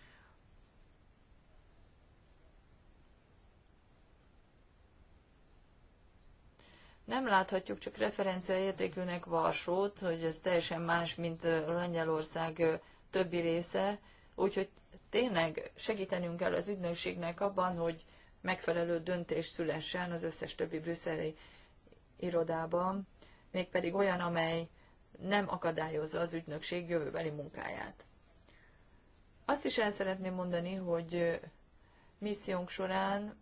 nem láthatjuk csak referenciaértékűnek Varsót, hogy ez teljesen más, mint Lengyelország többi része, úgyhogy tényleg segítenünk kell az ügynökségnek abban, hogy megfelelő döntés szülessen az összes többi brüsszeli irodában, mégpedig olyan, amely nem akadályozza az ügynökség jövőbeli munkáját. Azt is el szeretném mondani, hogy missziónk során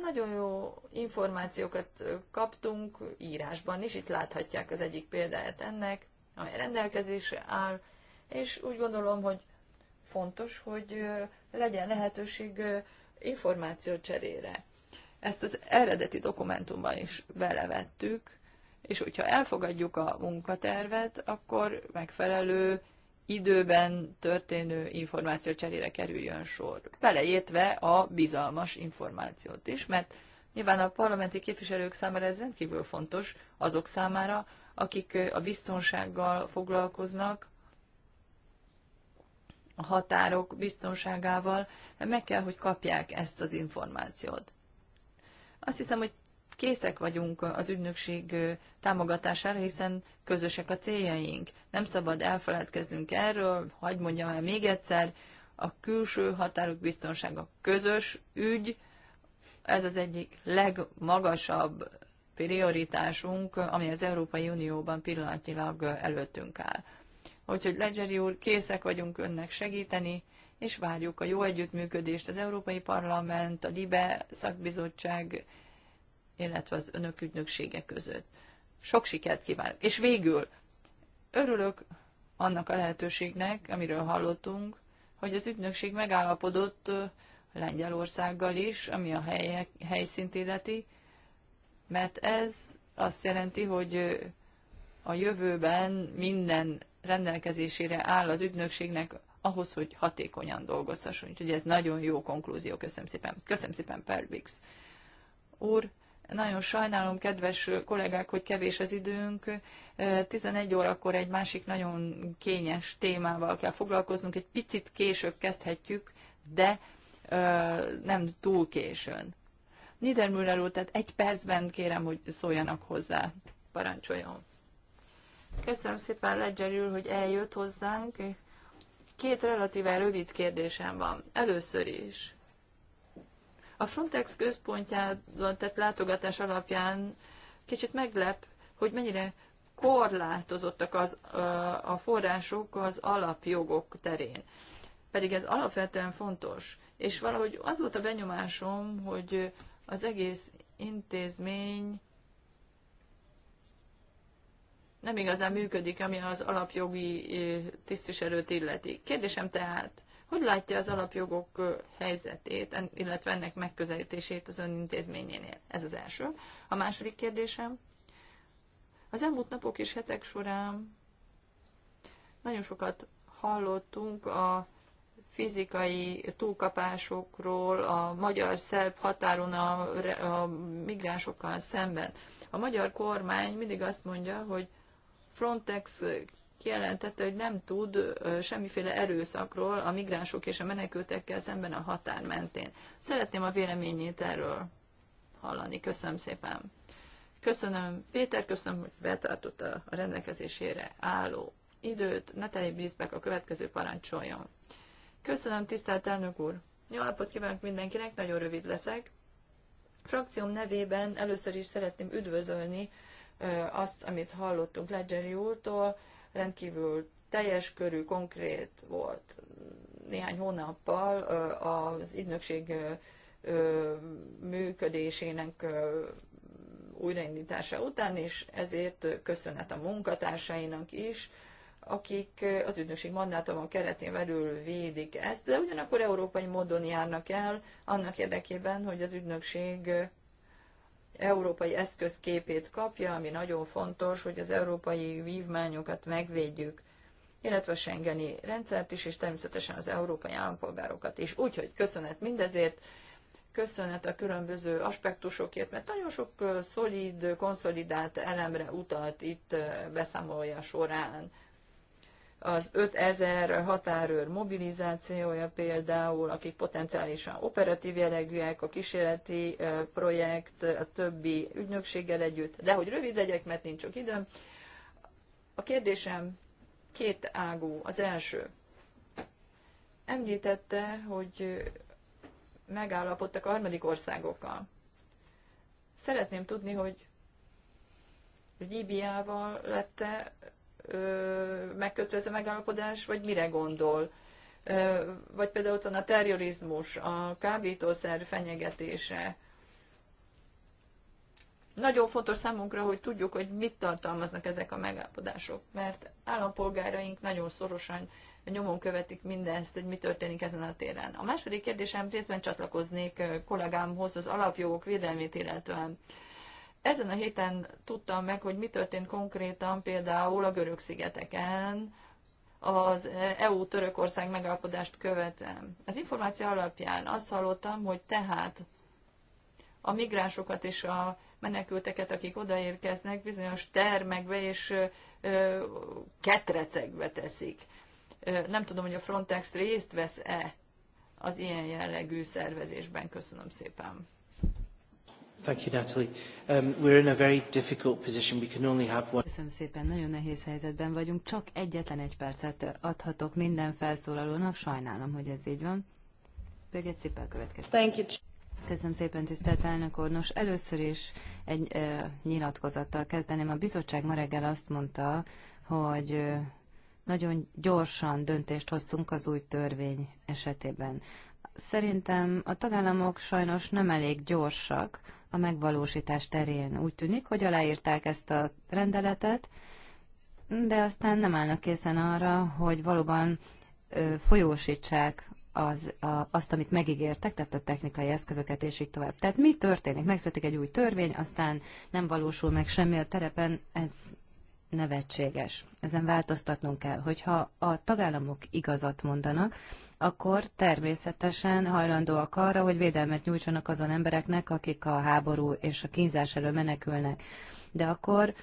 nagyon jó információkat kaptunk írásban is, itt láthatják az egyik példáját ennek amely rendelkezésre áll, és úgy gondolom, hogy fontos, hogy legyen lehetőség információ cserére. Ezt az eredeti dokumentumban is belevettük, és hogyha elfogadjuk a munkatervet, akkor megfelelő időben történő információ cserére kerüljön sor. Beleértve a bizalmas információt is, mert nyilván a parlamenti képviselők számára ez rendkívül fontos azok számára, akik a biztonsággal foglalkoznak, a határok biztonságával, meg kell, hogy kapják ezt az információt. Azt hiszem, hogy készek vagyunk az ügynökség támogatására, hiszen közösek a céljaink. Nem szabad elfeledkeznünk erről, hagyd mondjam el még egyszer, a külső határok biztonsága közös ügy, ez az egyik legmagasabb prioritásunk, ami az Európai Unióban pillanatnyilag előttünk áll. Úgyhogy Ledgeri úr, készek vagyunk önnek segíteni, és várjuk a jó együttműködést az Európai Parlament, a LIBE szakbizottság, illetve az önök ügynöksége között. Sok sikert kívánok! És végül örülök annak a lehetőségnek, amiről hallottunk, hogy az ügynökség megállapodott Lengyelországgal is, ami a helyek, helyszínt illeti, mert ez azt jelenti, hogy a jövőben minden rendelkezésére áll az ügynökségnek ahhoz, hogy hatékonyan dolgozhasson. Úgyhogy ez nagyon jó konklúzió. Köszönöm szépen. Köszönöm szépen, Perbix. Úr, nagyon sajnálom, kedves kollégák, hogy kevés az időnk. 11 órakor egy másik nagyon kényes témával kell foglalkoznunk. Egy picit később kezdhetjük, de nem túl későn. Niedermüller úr, tehát egy percben kérem, hogy szóljanak hozzá. Parancsoljon. Köszönöm szépen Ledger úr, hogy eljött hozzánk. Két relatíve rövid kérdésem van. Először is. A Frontex központjában tett látogatás alapján kicsit meglep, hogy mennyire korlátozottak az, a források az alapjogok terén. Pedig ez alapvetően fontos. És valahogy az volt a benyomásom, hogy az egész intézmény nem igazán működik, ami az alapjogi tisztviselőt illeti. Kérdésem tehát, hogy látja az alapjogok helyzetét, illetve ennek megközelítését az ön intézményénél? Ez az első. A második kérdésem. Az elmúlt napok és hetek során nagyon sokat hallottunk a fizikai túlkapásokról a magyar-szerb határon a, a migránsokkal szemben. A magyar kormány mindig azt mondja, hogy Frontex kijelentette, hogy nem tud semmiféle erőszakról a migránsok és a menekültekkel szemben a határ mentén. Szeretném a véleményét erről hallani. Köszönöm szépen. Köszönöm, Péter, köszönöm, hogy betartotta a rendelkezésére álló időt. Ne Bízbek a következő parancsoljon. Köszönöm, tisztelt elnök úr! Jó napot kívánok mindenkinek, nagyon rövid leszek. Frakcióm nevében először is szeretném üdvözölni azt, amit hallottunk Ledgeri úrtól, rendkívül teljes körű, konkrét volt néhány hónappal az ügynökség működésének újraindítása után, és ezért köszönet a munkatársainak is, akik az ügynökség mandátumon keretén belül védik ezt, de ugyanakkor európai módon járnak el annak érdekében, hogy az ügynökség európai eszközképét kapja, ami nagyon fontos, hogy az európai vívmányokat megvédjük, illetve a Schengeni rendszert is, és természetesen az európai állampolgárokat is. Úgyhogy köszönet mindezért, köszönet a különböző aspektusokért, mert nagyon sok szolid, konszolidált elemre utalt itt beszámolja során az 5000 határőr mobilizációja például, akik potenciálisan operatív jellegűek, a kísérleti projekt, a többi ügynökséggel együtt, de hogy rövid legyek, mert nincs sok időm. A kérdésem két ágú. Az első. Említette, hogy megállapodtak a harmadik országokkal. Szeretném tudni, hogy Líbiával lette megkötve ez a megállapodás, vagy mire gondol? Vagy például ott van a terrorizmus, a kábítószer fenyegetése. Nagyon fontos számunkra, hogy tudjuk, hogy mit tartalmaznak ezek a megállapodások, mert állampolgáraink nagyon szorosan nyomon követik mindezt, hogy mi történik ezen a téren. A második kérdésem részben csatlakoznék kollégámhoz az alapjogok védelmét illetően. Ezen a héten tudtam meg, hogy mi történt konkrétan például a görög szigeteken az EU-Törökország megállapodást követem. Az információ alapján azt hallottam, hogy tehát a migránsokat és a menekülteket, akik odaérkeznek, bizonyos termekbe és ö, ketrecekbe teszik. nem tudom, hogy a Frontex részt vesz-e az ilyen jellegű szervezésben. Köszönöm szépen. Thank you, Natalie. Um, we're in a very difficult position. We can only have one. Köszönöm szépen, nagyon nehéz helyzetben vagyunk. Csak egyetlen egy percet adhatok minden felszólalónak. Sajnálom, hogy ez így van. Birgit szépen következik. Thank you. Köszönöm szépen, tisztelt elnök úr. Nos, először is egy ö, nyilatkozattal kezdeném. A bizottság ma reggel azt mondta, hogy ö, nagyon gyorsan döntést hoztunk az új törvény esetében. Szerintem a tagállamok sajnos nem elég gyorsak a megvalósítás terén. Úgy tűnik, hogy aláírták ezt a rendeletet, de aztán nem állnak készen arra, hogy valóban ö, folyósítsák az, a, azt, amit megígértek, tehát a technikai eszközöket, és így tovább. Tehát mi történik? Megszületik egy új törvény, aztán nem valósul meg semmi a terepen, ez nevetséges. Ezen változtatnunk kell. Hogyha a tagállamok igazat mondanak, akkor természetesen hajlandóak arra, hogy védelmet nyújtsanak azon embereknek, akik a háború és a kínzás elől menekülnek. De akkor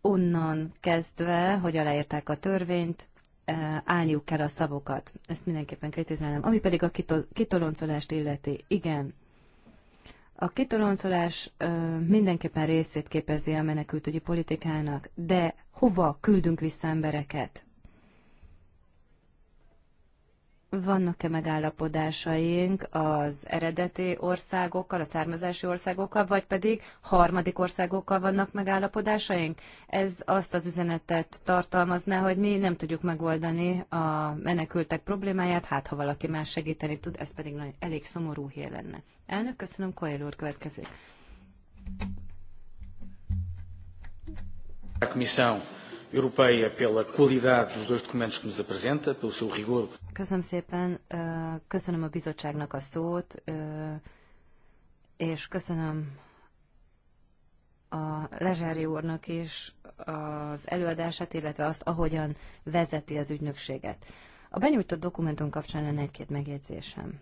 onnan kezdve, hogy aláírták a törvényt, eh, állniuk kell a szavokat. Ezt mindenképpen kritizálnám. Ami pedig a kitoloncolást illeti, igen, a kitoloncolás mindenképpen részét képezi a menekültügyi politikának, de hova küldünk vissza embereket? vannak-e megállapodásaink az eredeti országokkal, a származási országokkal, vagy pedig harmadik országokkal vannak megállapodásaink? Ez azt az üzenetet tartalmazná, hogy mi nem tudjuk megoldani a menekültek problémáját, hát ha valaki más segíteni tud, ez pedig nagy, elég szomorú hír lenne. Elnök, köszönöm, Koyer úr következik. Missão. Europeia pela qualidade dos dois documentos que nos apresenta, pelo seu rigor. Köszönöm szépen, eh, köszönöm a bizottságnak a szót, eh, és köszönöm a Lezsári úrnak is az előadását, illetve azt, ahogyan vezeti az ügynökséget. A benyújtott dokumentum kapcsán lenne egy-két megjegyzésem.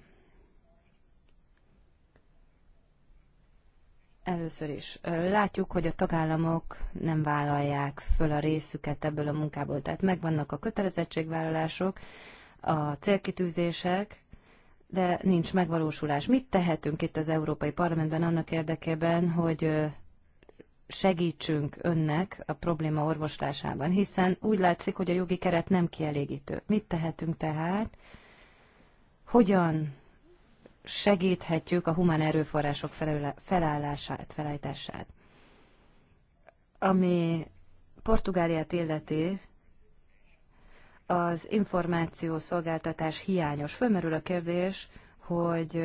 Először is látjuk, hogy a tagállamok nem vállalják föl a részüket ebből a munkából, tehát megvannak a kötelezettségvállalások, a célkitűzések, de nincs megvalósulás. Mit tehetünk itt az Európai Parlamentben annak érdekében, hogy segítsünk önnek a probléma orvoslásában, hiszen úgy látszik, hogy a jogi keret nem kielégítő. Mit tehetünk tehát? Hogyan segíthetjük a humán erőforrások felállását, felállítását. Ami Portugáliát illeti, az szolgáltatás hiányos. Fölmerül a kérdés, hogy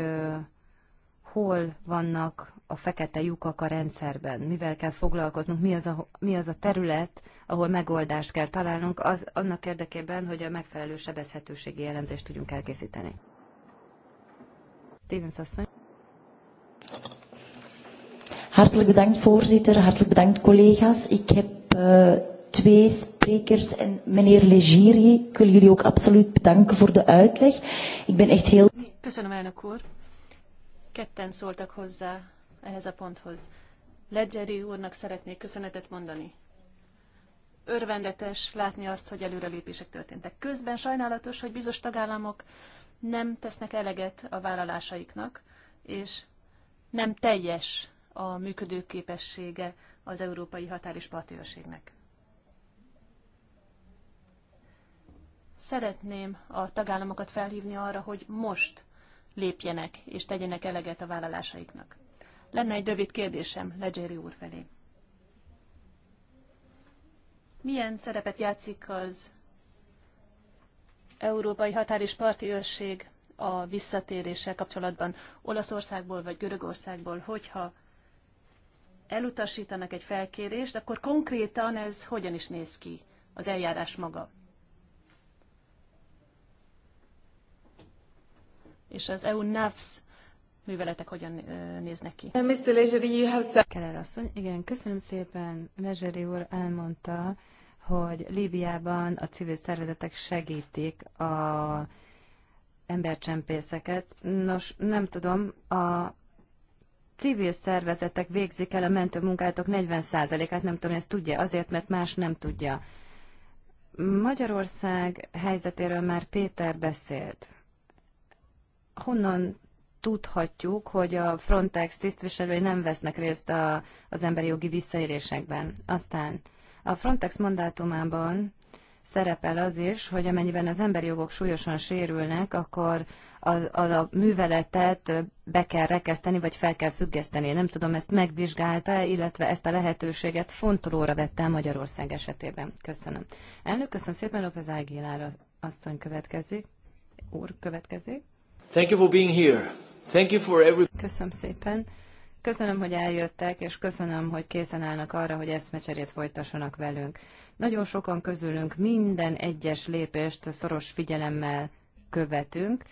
hol vannak a fekete lyukak a rendszerben, mivel kell foglalkoznunk, mi az a, mi az a terület, ahol megoldást kell találnunk, az, annak érdekében, hogy a megfelelő sebezhetőségi jellemzést tudjunk elkészíteni. Stevens asszony. Hartelijk bedankt voorzitter, hartelijk bedankt collega's. Ik heb uh, twee sprekers en meneer Legiri, ik wil jullie ook absoluut bedanken voor de uitleg. Ik ben echt heel... Köszönöm elnök úr. Ketten szóltak hozzá ehhez a ponthoz. Legeri úrnak szeretnék köszönetet mondani. Örvendetes látni azt, hogy előrelépések történtek. Közben sajnálatos, hogy bizonyos tagállamok nem tesznek eleget a vállalásaiknak, és nem teljes a működőképessége az európai határ és partnerségnek. Szeretném a tagállamokat felhívni arra, hogy most lépjenek és tegyenek eleget a vállalásaiknak. Lenne egy rövid kérdésem Legeri úr felé. Milyen szerepet játszik az Európai Határ és Parti Őrség a visszatéréssel kapcsolatban Olaszországból vagy Görögországból, hogyha elutasítanak egy felkérést, akkor konkrétan ez hogyan is néz ki az eljárás maga? És az EU NAVS műveletek hogyan néznek ki? Mr. Legeri, you have... Keller asszony, igen, köszönöm szépen. Legeri úr elmondta, hogy Líbiában a civil szervezetek segítik a embercsempészeket. Nos, nem tudom, a civil szervezetek végzik el a munkátok 40%-át, nem tudom, ezt tudja, azért, mert más nem tudja. Magyarország helyzetéről már Péter beszélt. Honnan tudhatjuk, hogy a Frontex tisztviselői nem vesznek részt a, az emberi jogi visszaélésekben. Aztán a Frontex mandátumában szerepel az is, hogy amennyiben az emberi jogok súlyosan sérülnek, akkor a, a, a műveletet be kell rekeszteni, vagy fel kell függeszteni. Nem tudom, ezt megvizsgálta, illetve ezt a lehetőséget fontolóra vette Magyarország esetében. Köszönöm. Elnök, köszönöm szépen, López Ágilár asszony következik. Úr következik. Thank you for being here. Thank you for every... Köszönöm szépen. Köszönöm, hogy eljöttek, és köszönöm, hogy készen állnak arra, hogy eszmecserét folytassanak velünk. Nagyon sokan közülünk minden egyes lépést szoros figyelemmel követünk.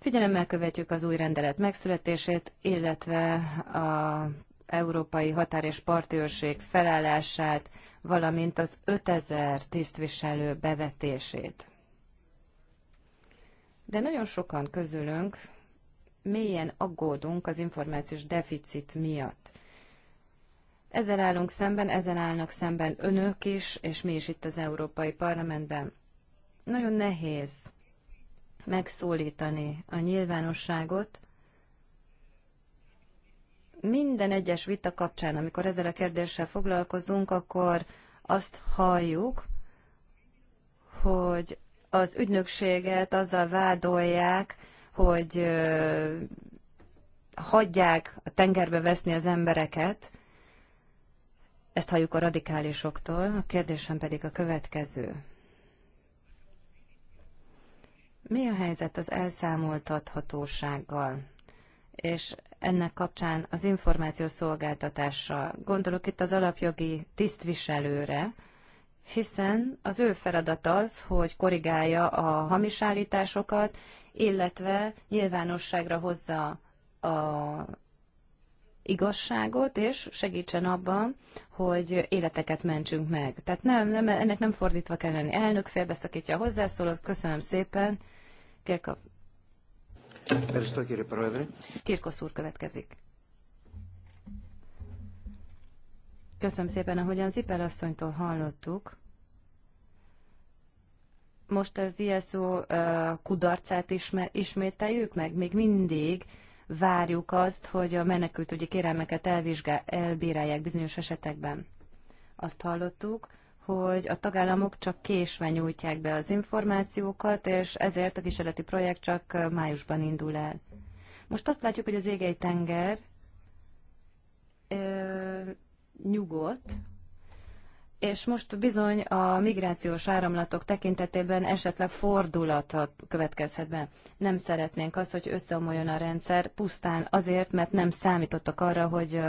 Figyelemmel követjük az új rendelet megszületését, illetve a Európai Határ és Partőrség felállását, valamint az 5000 tisztviselő bevetését. De nagyon sokan közülünk mélyen aggódunk az információs deficit miatt. Ezzel állunk szemben, ezzel állnak szemben önök is, és mi is itt az Európai Parlamentben. Nagyon nehéz megszólítani a nyilvánosságot. Minden egyes vita kapcsán, amikor ezzel a kérdéssel foglalkozunk, akkor azt halljuk, hogy az ügynökséget azzal vádolják, hogy hagyják a tengerbe veszni az embereket, ezt halljuk a radikálisoktól, a kérdésem pedig a következő. Mi a helyzet az elszámoltathatósággal? És ennek kapcsán az információszolgáltatásra. Gondolok itt az alapjogi tisztviselőre, hiszen az ő feladata az, hogy korrigálja a állításokat, illetve nyilvánosságra hozza a igazságot, és segítsen abban, hogy életeket mentsünk meg. Tehát nem, nem ennek nem fordítva kell lenni. Elnök félbeszakítja a hozzászólót, köszönöm szépen. Kirka... Kirkosz úr következik. Köszönöm szépen, ahogyan Zipel asszonytól hallottuk, most az ISO kudarcát isme, ismételjük meg? Még mindig várjuk azt, hogy a menekült, ugye, kérelmeket elvizsgál, elbírálják bizonyos esetekben. Azt hallottuk, hogy a tagállamok csak késve nyújtják be az információkat, és ezért a kísérleti projekt csak májusban indul el. Most azt látjuk, hogy az égei tenger ö, nyugodt, és most bizony a migrációs áramlatok tekintetében esetleg fordulatot következhet be. Nem szeretnénk azt, hogy összeomoljon a rendszer, pusztán azért, mert nem számítottak arra, hogy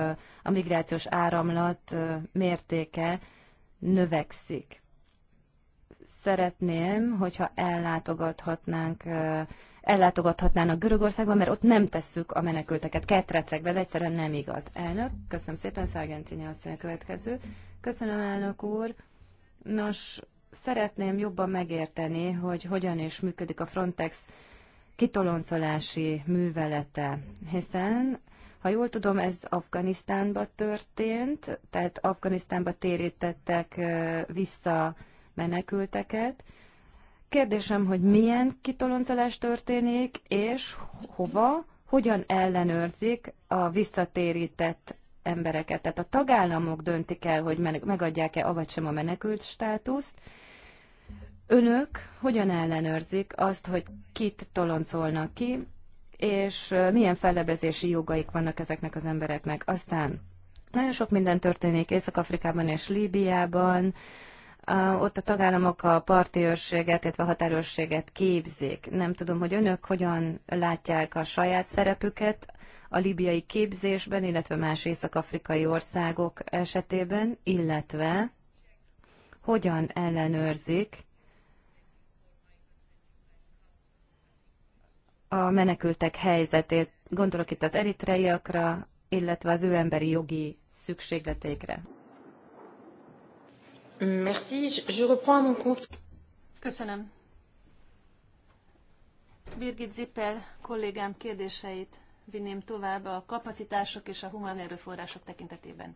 a migrációs áramlat mértéke növekszik. Szeretném, hogyha ellátogathatnánk ellátogathatnának Görögországban, mert ott nem tesszük a menekülteket ketrecekbe, ez egyszerűen nem igaz. Elnök, köszönöm szépen, Szargentini azt a következő. Köszönöm, elnök úr. Nos, szeretném jobban megérteni, hogy hogyan is működik a Frontex kitoloncolási művelete, hiszen ha jól tudom, ez Afganisztánba történt, tehát Afganisztánba térítettek vissza menekülteket. Kérdésem, hogy milyen kitoloncolás történik, és hova, hogyan ellenőrzik a visszatérített embereket. Tehát a tagállamok döntik el, hogy megadják-e avagy sem a menekült státuszt. Önök hogyan ellenőrzik azt, hogy kit toloncolnak ki, és milyen fellebezési jogaik vannak ezeknek az embereknek. Aztán nagyon sok minden történik Észak-Afrikában és Líbiában. Ott a tagállamok a parti őrséget, illetve a határőrséget képzik. Nem tudom, hogy önök hogyan látják a saját szerepüket a libiai képzésben, illetve más észak-afrikai országok esetében, illetve hogyan ellenőrzik a menekültek helyzetét, gondolok itt az eritreiakra, illetve az ő emberi jogi szükségleteikre. Merci, je reprends mon compte. Köszönöm. Birgit Zippel kollégám kérdéseit vinném tovább a kapacitások és a humán erőforrások tekintetében.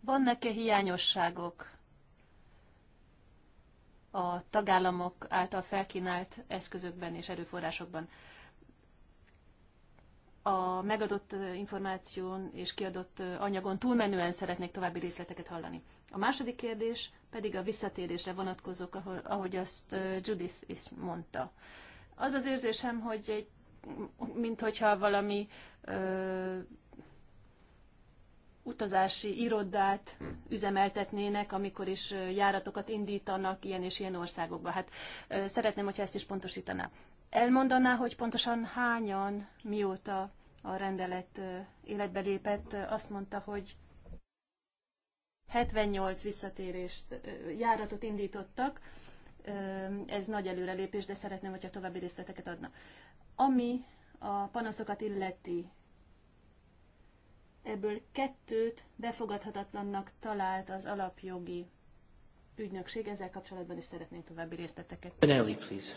Vannak-e hiányosságok a tagállamok által felkínált eszközökben és erőforrásokban? A megadott információn és kiadott anyagon túlmenően szeretnék további részleteket hallani. A második kérdés pedig a visszatérésre vonatkozók, ahogy azt Judith is mondta. Az az érzésem, hogy egy mint hogyha valami ö, utazási irodát üzemeltetnének, amikor is járatokat indítanak ilyen és ilyen országokba. Hát ö, szeretném, hogyha ezt is pontosítaná. Elmondaná, hogy pontosan hányan, mióta a rendelet ö, életbe lépett, ö, azt mondta, hogy 78 visszatérést, ö, járatot indítottak. Ez nagy előrelépés, de szeretném, hogyha további részleteket adna. Ami a panaszokat illeti, ebből kettőt befogadhatatlannak talált az alapjogi ügynökség. Ezzel kapcsolatban is szeretnénk további részleteket. Spinelli, please.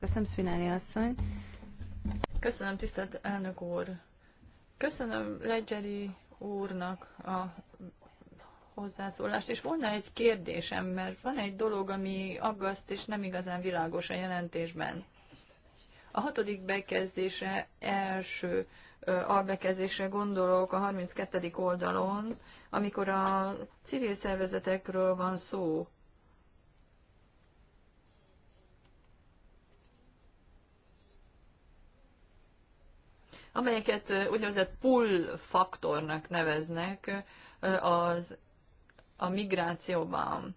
Köszönöm, Svinelli asszony. Köszönöm, tisztelt elnök úr. Köszönöm Legyeri úrnak a hozzászólást, és volna egy kérdésem, mert van egy dolog, ami aggaszt és nem igazán világos a jelentésben. A hatodik bekezdése első albekezdésre gondolok a 32. oldalon, amikor a civil szervezetekről van szó. amelyeket úgynevezett pull faktornak neveznek az, a migrációban.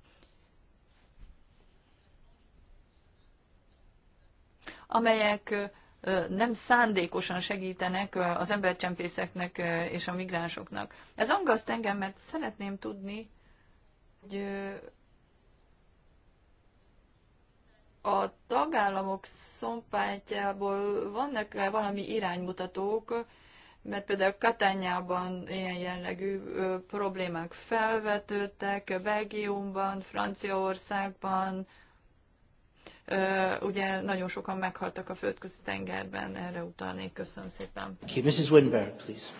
amelyek nem szándékosan segítenek az embercsempészeknek és a migránsoknak. Ez angaszt engem, mert szeretném tudni, hogy a tagállamok szompátjából vannak -e valami iránymutatók, mert például Katányában ilyen jellegű problémák felvetődtek, Belgiumban, Franciaországban, ugye nagyon sokan meghaltak a földközi tengerben, erre utalnék. Köszönöm szépen. Okay, Mrs. Winberg, please.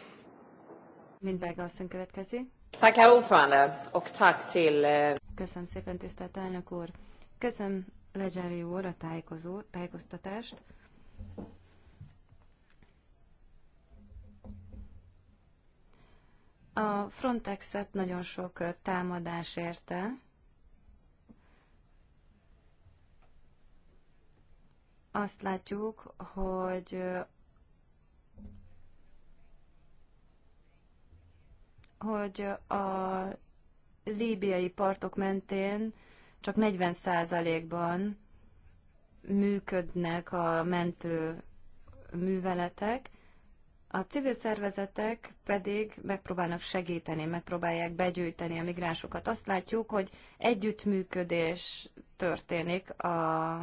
Winberg asszony következik. Tack, herr ordförande, och tack till... Eh, Köszönöm szépen, tisztelt elnök úr. Köszönöm, Legeri úr, a tájékozó, tájékoztatást. A Frontexet nagyon sok eh, támadás érte, azt látjuk, hogy hogy a líbiai partok mentén csak 40%-ban működnek a mentő műveletek, a civil szervezetek pedig megpróbálnak segíteni, megpróbálják begyűjteni a migránsokat. Azt látjuk, hogy együttműködés történik a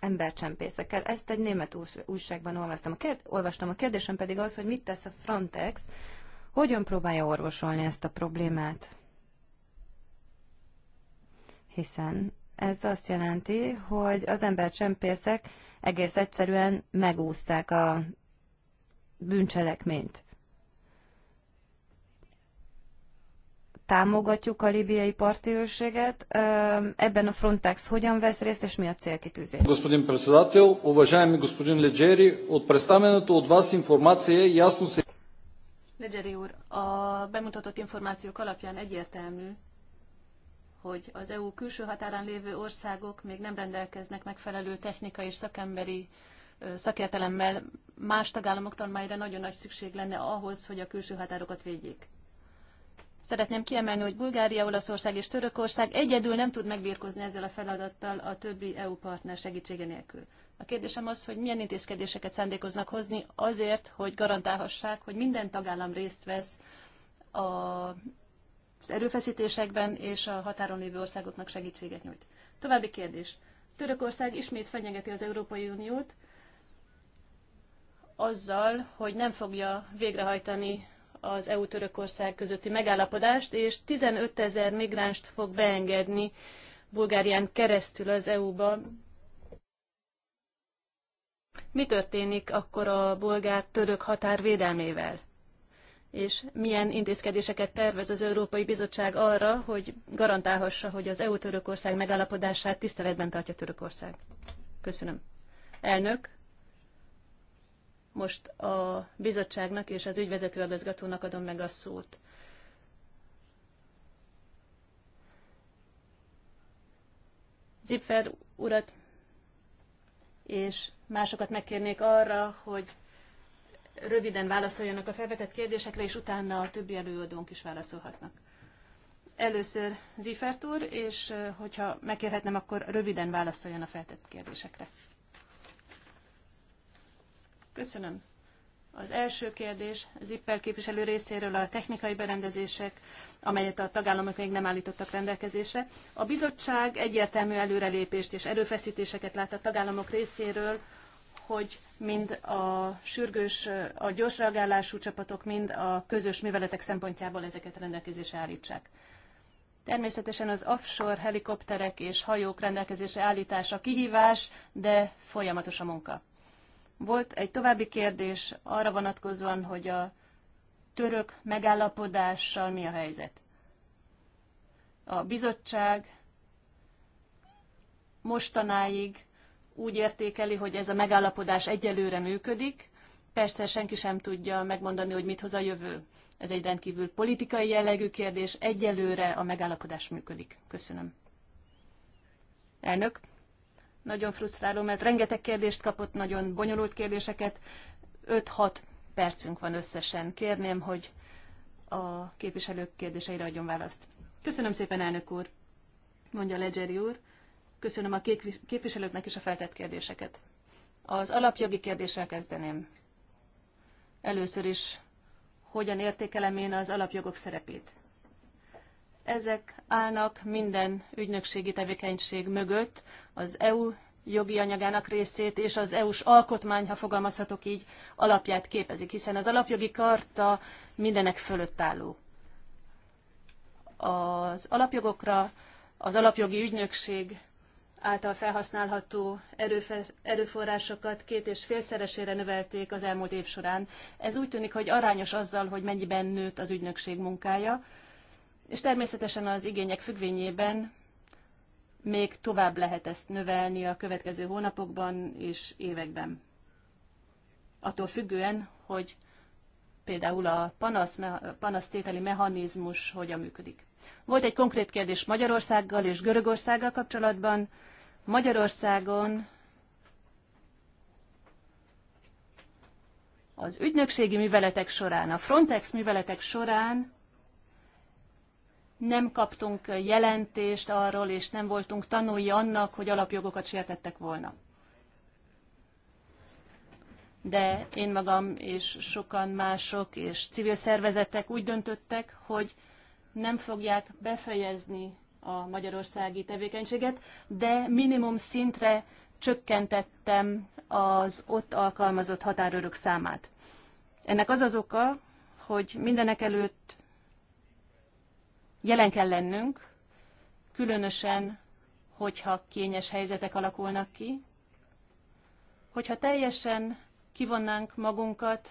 embercsempészekkel. Ezt egy német újságban olvastam. A kérd- olvastam. A kérdésem pedig az, hogy mit tesz a Frontex, hogyan próbálja orvosolni ezt a problémát. Hiszen ez azt jelenti, hogy az embercsempészek egész egyszerűen megúszták a bűncselekményt. támogatjuk a libiai parti őrséget. Ebben a Frontex hogyan vesz részt, és mi a célkitűzés? Господин председател, уважаеми господин Леджери, от представената от вас информация ясно се... Legyeri úr, a bemutatott információk alapján egyértelmű, hogy az EU külső határán lévő országok még nem rendelkeznek megfelelő technikai és szakemberi szakértelemmel. Más nagyon nagy szükség lenne ahhoz, hogy a külső határokat védjék. Szeretném kiemelni, hogy Bulgária, Olaszország és Törökország egyedül nem tud megbírkozni ezzel a feladattal a többi EU partner segítsége nélkül. A kérdésem az, hogy milyen intézkedéseket szándékoznak hozni azért, hogy garantálhassák, hogy minden tagállam részt vesz a az erőfeszítésekben és a határon lévő országoknak segítséget nyújt. További kérdés. Törökország ismét fenyegeti az Európai Uniót azzal, hogy nem fogja végrehajtani az EU-Törökország közötti megállapodást, és 15 ezer migránst fog beengedni Bulgárián keresztül az EU-ba. Mi történik akkor a bolgár-török határ védelmével? és milyen intézkedéseket tervez az Európai Bizottság arra, hogy garantálhassa, hogy az EU-Törökország megállapodását tiszteletben tartja Törökország. Köszönöm. Elnök, most a bizottságnak és az ügyvezető igazgatónak adom meg a szót. Zipfer urat és másokat megkérnék arra, hogy röviden válaszoljanak a felvetett kérdésekre, és utána a többi előadónk is válaszolhatnak. Először Zifert úr, és hogyha megkérhetném, akkor röviden válaszoljon a feltett kérdésekre. Köszönöm. Az első kérdés Zipper képviselő részéről a technikai berendezések, amelyet a tagállamok még nem állítottak rendelkezésre. A bizottság egyértelmű előrelépést és erőfeszítéseket lát a tagállamok részéről, hogy mind a sürgős, a gyors reagálású csapatok, mind a közös műveletek szempontjából ezeket rendelkezésre állítsák. Természetesen az offshore helikopterek és hajók rendelkezésre állítása kihívás, de folyamatos a munka. Volt egy további kérdés arra vonatkozóan, hogy a török megállapodással mi a helyzet. A bizottság mostanáig úgy értékeli, hogy ez a megállapodás egyelőre működik. Persze senki sem tudja megmondani, hogy mit hoz a jövő. Ez egy rendkívül politikai jellegű kérdés. Egyelőre a megállapodás működik. Köszönöm. Elnök, nagyon frusztráló, mert rengeteg kérdést kapott, nagyon bonyolult kérdéseket. 5-6 percünk van összesen. Kérném, hogy a képviselők kérdéseire adjon választ. Köszönöm szépen, elnök úr, mondja Legeri úr. Köszönöm a képviselőknek is a feltett kérdéseket. Az alapjogi kérdéssel kezdeném. Először is, hogyan értékelem én az alapjogok szerepét? Ezek állnak minden ügynökségi tevékenység mögött, az EU jogi anyagának részét és az EU-s alkotmány, ha fogalmazhatok így, alapját képezik, hiszen az alapjogi karta mindenek fölött álló. Az alapjogokra az alapjogi ügynökség által felhasználható erőforrásokat két és félszeresére növelték az elmúlt év során. Ez úgy tűnik, hogy arányos azzal, hogy mennyiben nőtt az ügynökség munkája, és természetesen az igények függvényében még tovább lehet ezt növelni a következő hónapokban és években. Attól függően, hogy például a panasz, panasztételi mechanizmus hogyan működik. Volt egy konkrét kérdés Magyarországgal és Görögországgal kapcsolatban. Magyarországon az ügynökségi műveletek során, a Frontex műveletek során nem kaptunk jelentést arról, és nem voltunk tanúi annak, hogy alapjogokat sértettek volna. De én magam és sokan mások és civil szervezetek úgy döntöttek, hogy nem fogják befejezni a magyarországi tevékenységet, de minimum szintre csökkentettem az ott alkalmazott határőrök számát. Ennek az az oka, hogy mindenek előtt jelen kell lennünk, különösen, hogyha kényes helyzetek alakulnak ki, hogyha teljesen kivonnánk magunkat,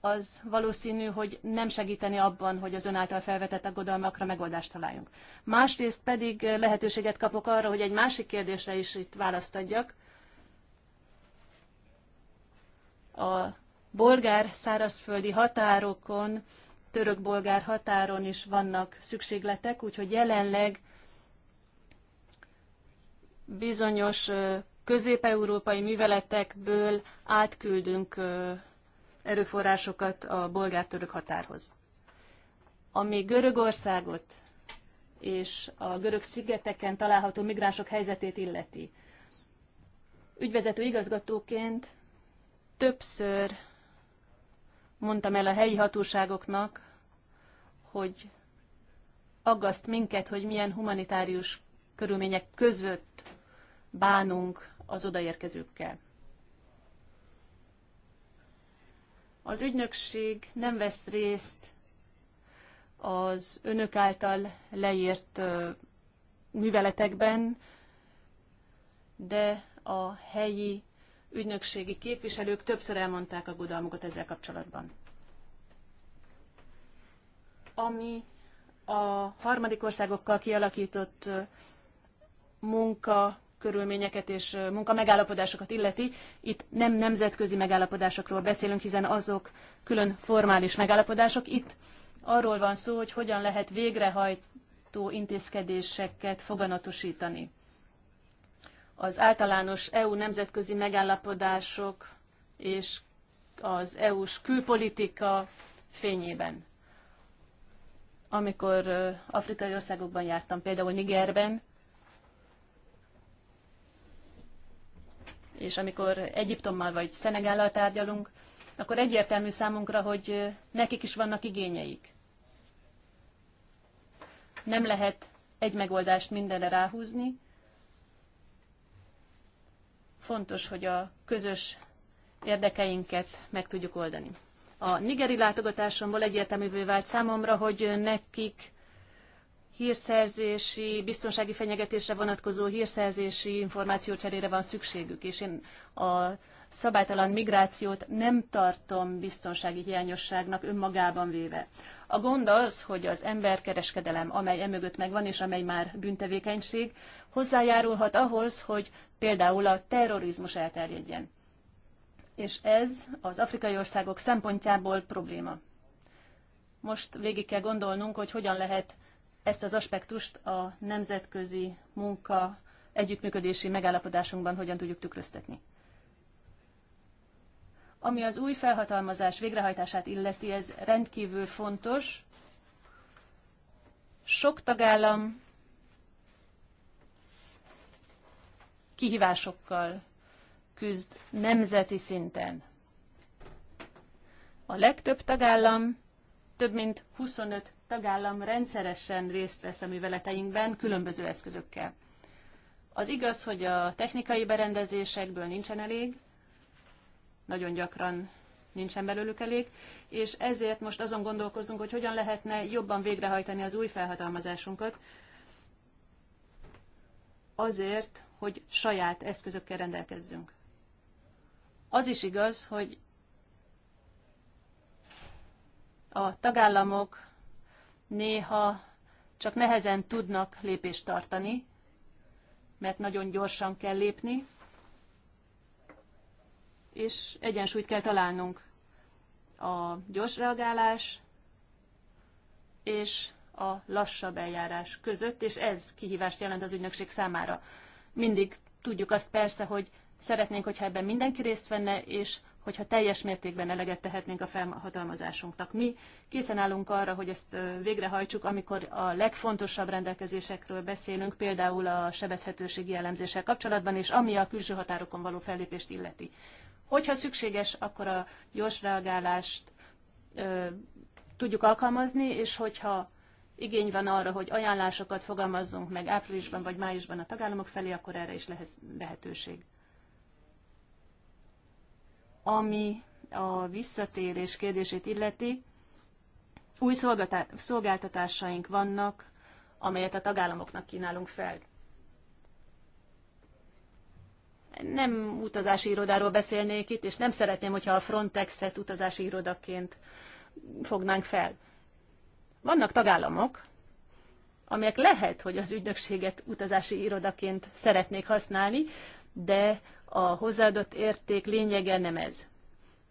az valószínű, hogy nem segíteni abban, hogy az ön által felvetett aggodalmakra megoldást találjunk. Másrészt pedig lehetőséget kapok arra, hogy egy másik kérdésre is itt választ adjak. A bolgár szárazföldi határokon török-bolgár határon is vannak szükségletek, úgyhogy jelenleg bizonyos közép-európai műveletekből átküldünk erőforrásokat a bolgár-török határhoz. Ami Görögországot és a görög szigeteken található migránsok helyzetét illeti. Ügyvezető igazgatóként többször mondtam el a helyi hatóságoknak, hogy aggaszt minket, hogy milyen humanitárius körülmények között bánunk az odaérkezőkkel. Az ügynökség nem vesz részt az önök által leírt műveletekben, de a helyi ügynökségi képviselők többször elmondták a gudalmukat ezzel kapcsolatban ami a harmadik országokkal kialakított munka körülményeket és munkamegállapodásokat illeti. Itt nem nemzetközi megállapodásokról beszélünk, hiszen azok külön formális megállapodások. Itt arról van szó, hogy hogyan lehet végrehajtó intézkedéseket foganatosítani. Az általános EU nemzetközi megállapodások és az EU-s külpolitika fényében amikor afrikai országokban jártam, például Nigerben, és amikor Egyiptommal vagy Szenegállal tárgyalunk, akkor egyértelmű számunkra, hogy nekik is vannak igényeik. Nem lehet egy megoldást mindenre ráhúzni. Fontos, hogy a közös érdekeinket meg tudjuk oldani. A nigeri látogatásomból egyértelművé vált számomra, hogy nekik hírszerzési, biztonsági fenyegetésre vonatkozó hírszerzési információcserére van szükségük, és én a szabálytalan migrációt nem tartom biztonsági hiányosságnak önmagában véve. A gond az, hogy az emberkereskedelem, amely emögött megvan, és amely már bűntevékenység, hozzájárulhat ahhoz, hogy például a terrorizmus elterjedjen és ez az afrikai országok szempontjából probléma. Most végig kell gondolnunk, hogy hogyan lehet ezt az aspektust a nemzetközi munka együttműködési megállapodásunkban hogyan tudjuk tükröztetni. Ami az új felhatalmazás végrehajtását illeti, ez rendkívül fontos. Sok tagállam kihívásokkal küzd nemzeti szinten. A legtöbb tagállam, több mint 25 tagállam rendszeresen részt vesz a műveleteinkben különböző eszközökkel. Az igaz, hogy a technikai berendezésekből nincsen elég, nagyon gyakran nincsen belőlük elég, és ezért most azon gondolkozunk, hogy hogyan lehetne jobban végrehajtani az új felhatalmazásunkat, azért, hogy saját eszközökkel rendelkezzünk. Az is igaz, hogy a tagállamok néha csak nehezen tudnak lépést tartani, mert nagyon gyorsan kell lépni, és egyensúlyt kell találnunk a gyors reagálás és a lassabb eljárás között, és ez kihívást jelent az ügynökség számára. Mindig tudjuk azt persze, hogy Szeretnénk, hogyha ebben mindenki részt venne, és hogyha teljes mértékben eleget tehetnénk a felhatalmazásunknak. Mi készen állunk arra, hogy ezt végrehajtsuk, amikor a legfontosabb rendelkezésekről beszélünk, például a sebezhetőségi jellemzéssel kapcsolatban, és ami a külső határokon való fellépést illeti. Hogyha szükséges, akkor a gyors reagálást ö, tudjuk alkalmazni, és hogyha igény van arra, hogy ajánlásokat fogalmazzunk meg áprilisban vagy májusban a tagállamok felé, akkor erre is lehet lehetőség. Ami a visszatérés kérdését illeti, új szolgáltatásaink vannak, amelyet a tagállamoknak kínálunk fel. Nem utazási irodáról beszélnék itt, és nem szeretném, hogyha a Frontex-et utazási irodaként fognánk fel. Vannak tagállamok, amelyek lehet, hogy az ügynökséget utazási irodaként szeretnék használni, de a hozzáadott érték lényege nem ez.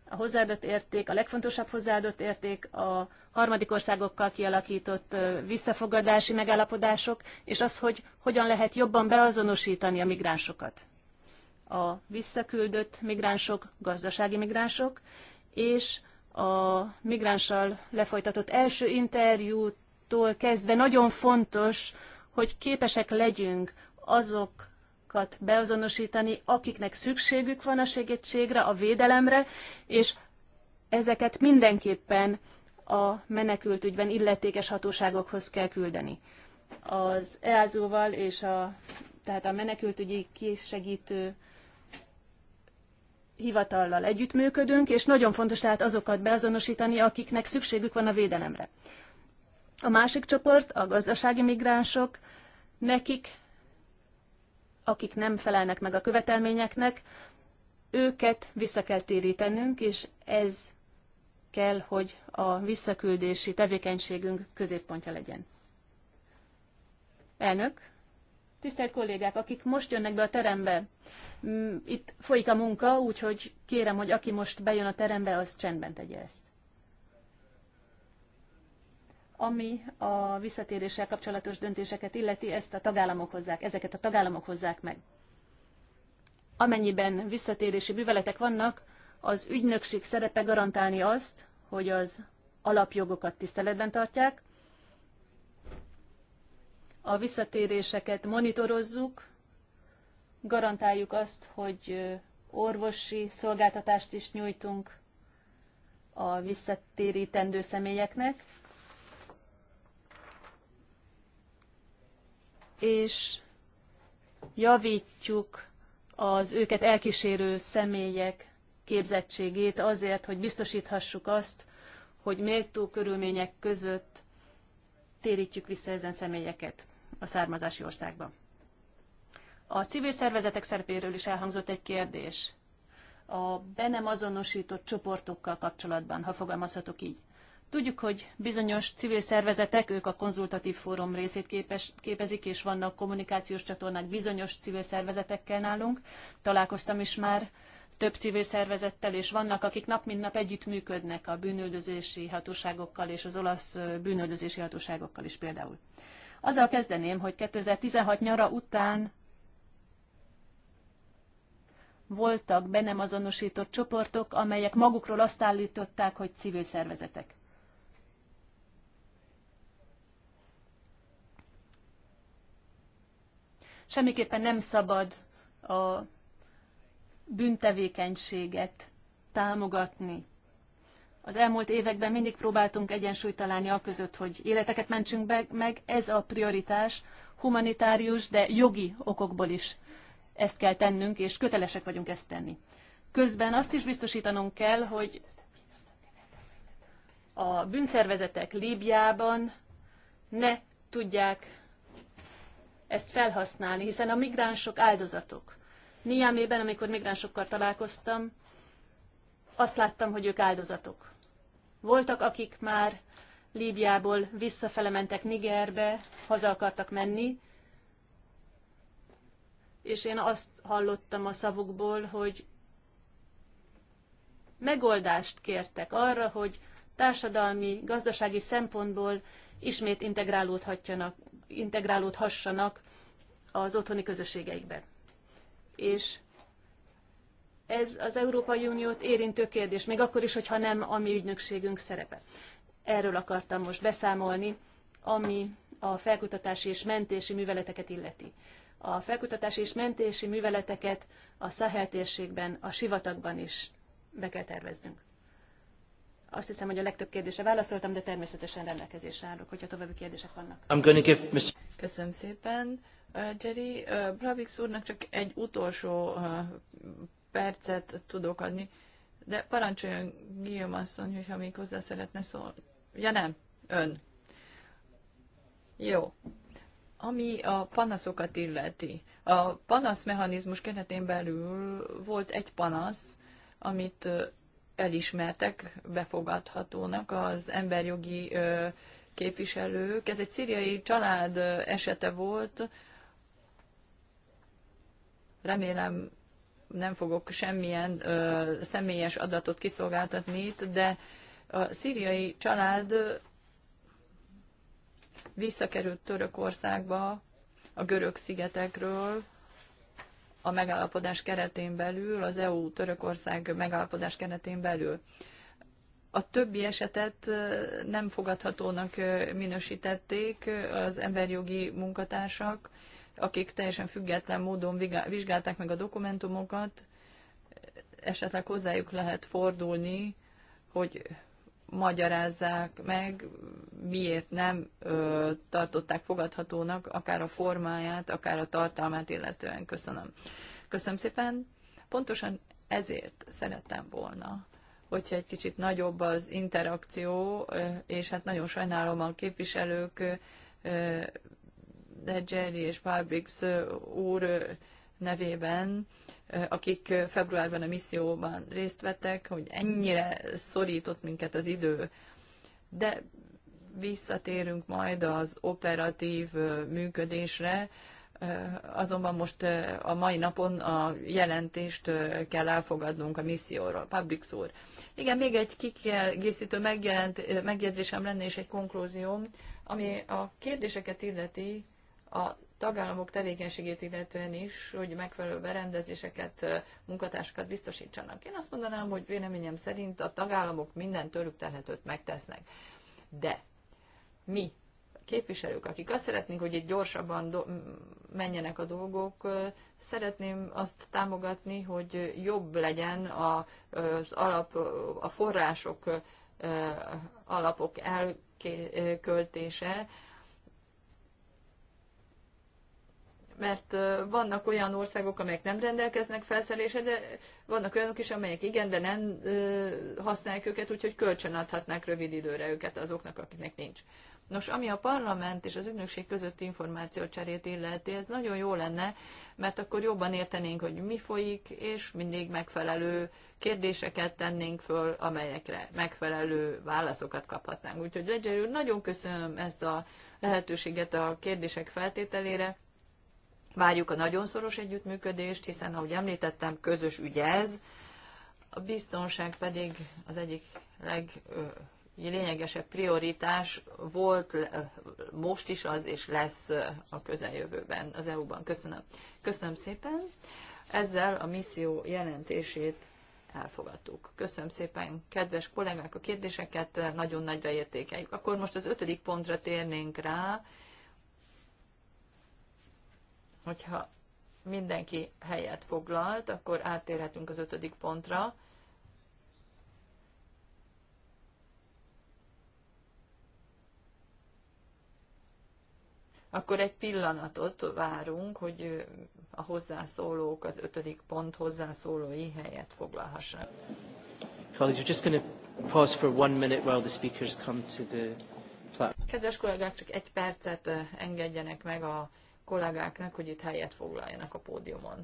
A hozzáadott érték, a legfontosabb hozzáadott érték a harmadik országokkal kialakított visszafogadási megállapodások, és az, hogy hogyan lehet jobban beazonosítani a migránsokat. A visszaküldött migránsok, gazdasági migránsok, és a migránssal lefolytatott első interjútól kezdve nagyon fontos, hogy képesek legyünk azok azokat beazonosítani, akiknek szükségük van a segítségre, a védelemre, és ezeket mindenképpen a menekültügyben illetékes hatóságokhoz kell küldeni. Az EASO-val és a, tehát a menekültügyi kisegítő hivatallal együttműködünk, és nagyon fontos tehát azokat beazonosítani, akiknek szükségük van a védelemre. A másik csoport, a gazdasági migránsok, nekik akik nem felelnek meg a követelményeknek, őket vissza kell térítenünk, és ez kell, hogy a visszaküldési tevékenységünk középpontja legyen. Elnök, tisztelt kollégák, akik most jönnek be a terembe, mm, itt folyik a munka, úgyhogy kérem, hogy aki most bejön a terembe, az csendben tegye ezt. Ami a visszatéréssel kapcsolatos döntéseket illeti, ezt a tagállamok hozzák, ezeket a tagállamok hozzák meg. Amennyiben visszatérési műveletek vannak, az ügynökség szerepe garantálni azt, hogy az alapjogokat tiszteletben tartják, a visszatéréseket monitorozzuk, garantáljuk azt, hogy orvosi szolgáltatást is nyújtunk a visszatérítendő személyeknek, és javítjuk az őket elkísérő személyek képzettségét azért, hogy biztosíthassuk azt, hogy méltó körülmények között térítjük vissza ezen személyeket a származási országba. A civil szervezetek szerepéről is elhangzott egy kérdés. A be nem azonosított csoportokkal kapcsolatban, ha fogalmazhatok így. Tudjuk, hogy bizonyos civil szervezetek, ők a konzultatív fórum részét képes, képezik, és vannak kommunikációs csatornák bizonyos civil szervezetekkel nálunk. Találkoztam is már több civil szervezettel, és vannak, akik nap mint nap együtt működnek a bűnöldözési hatóságokkal és az olasz bűnöldözési hatóságokkal is például. Azzal kezdeném, hogy 2016 nyara után voltak be nem azonosított csoportok, amelyek magukról azt állították, hogy civil szervezetek. Semmiképpen nem szabad a bűntevékenységet támogatni. Az elmúlt években mindig próbáltunk egyensúlyt találni a között, hogy életeket mentsünk be, meg, ez a prioritás, humanitárius, de jogi okokból is ezt kell tennünk, és kötelesek vagyunk ezt tenni. Közben azt is biztosítanunk kell, hogy a bűnszervezetek Líbiában ne tudják ezt felhasználni, hiszen a migránsok áldozatok. Niamében, amikor migránsokkal találkoztam, azt láttam, hogy ők áldozatok. Voltak, akik már Líbiából visszafele mentek Nigerbe, haza akartak menni, és én azt hallottam a szavukból, hogy megoldást kértek arra, hogy társadalmi, gazdasági szempontból ismét integrálódhatjanak, integrálódhassanak az otthoni közösségeikbe. És ez az Európai Uniót érintő kérdés, még akkor is, hogyha nem a mi ügynökségünk szerepe. Erről akartam most beszámolni, ami a felkutatási és mentési műveleteket illeti. A felkutatási és mentési műveleteket a Szahel térségben, a sivatagban is be kell terveznünk. Azt hiszem, hogy a legtöbb kérdése válaszoltam, de természetesen rendelkezésre állok, hogyha további kérdések vannak. I'm give... Köszönöm szépen. Jerry, Blavix úrnak csak egy utolsó percet tudok adni, de parancsoljon Guillaume asszony, hogyha még hozzá szeretne szólni. Ja nem, ön. Jó. Ami a panaszokat illeti. A panaszmechanizmus keretén belül volt egy panasz, amit elismertek befogadhatónak az emberjogi képviselők. Ez egy szíriai család esete volt, Remélem nem fogok semmilyen ö, személyes adatot kiszolgáltatni itt, de a szíriai család visszakerült Törökországba a görög szigetekről a megállapodás keretén belül, az EU-Törökország megállapodás keretén belül. A többi esetet nem fogadhatónak minősítették az emberjogi munkatársak, akik teljesen független módon vizsgálták meg a dokumentumokat, esetleg hozzájuk lehet fordulni, hogy magyarázzák meg, miért nem ö, tartották fogadhatónak, akár a formáját, akár a tartalmát illetően. Köszönöm. Köszönöm szépen. Pontosan ezért szerettem volna, hogyha egy kicsit nagyobb az interakció, és hát nagyon sajnálom a képviselők Jerry és Barbix úr nevében, akik februárban a misszióban részt vettek, hogy ennyire szorított minket az idő. De visszatérünk majd az operatív működésre, azonban most a mai napon a jelentést kell elfogadnunk a misszióról. Public úr. Igen, még egy kiegészítő megjelent, megjegyzésem lenne és egy konklúzióm, ami a kérdéseket illeti, a tagállamok tevékenységét illetően is, hogy megfelelő berendezéseket, munkatársakat biztosítsanak. Én azt mondanám, hogy véleményem szerint a tagállamok minden tőlük telhetőt megtesznek. De mi, képviselők, akik azt szeretnénk, hogy itt gyorsabban menjenek a dolgok, szeretném azt támogatni, hogy jobb legyen az alap, a források alapok elköltése, mert vannak olyan országok, amelyek nem rendelkeznek felszerelése, de vannak olyanok is, amelyek igen, de nem használják őket, úgyhogy kölcsönadhatnák rövid időre őket azoknak, akiknek nincs. Nos, ami a parlament és az ügynökség közötti információcserét illeti, ez nagyon jó lenne, mert akkor jobban értenénk, hogy mi folyik, és mindig megfelelő kérdéseket tennénk föl, amelyekre megfelelő válaszokat kaphatnánk. Úgyhogy Ledger nagyon köszönöm ezt a lehetőséget a kérdések feltételére Várjuk a nagyon szoros együttműködést, hiszen, ahogy említettem, közös ügy ez, a biztonság pedig az egyik leglényegesebb prioritás volt, most is az, és lesz a közeljövőben az EU-ban. Köszönöm. Köszönöm szépen. Ezzel a misszió jelentését elfogadtuk. Köszönöm szépen, kedves kollégák, a kérdéseket nagyon nagyra értékeljük. Akkor most az ötödik pontra térnénk rá, Hogyha mindenki helyet foglalt, akkor áttérhetünk az ötödik pontra. Akkor egy pillanatot várunk, hogy a hozzászólók az ötödik pont hozzászólói helyet foglalhassanak. Colleagues, just going to pause for one minute while the speakers come to the platform. Kedves kollégák, csak egy percet eh, engedjenek meg a kollégáknak, hogy itt helyet foglaljanak a pódiumon.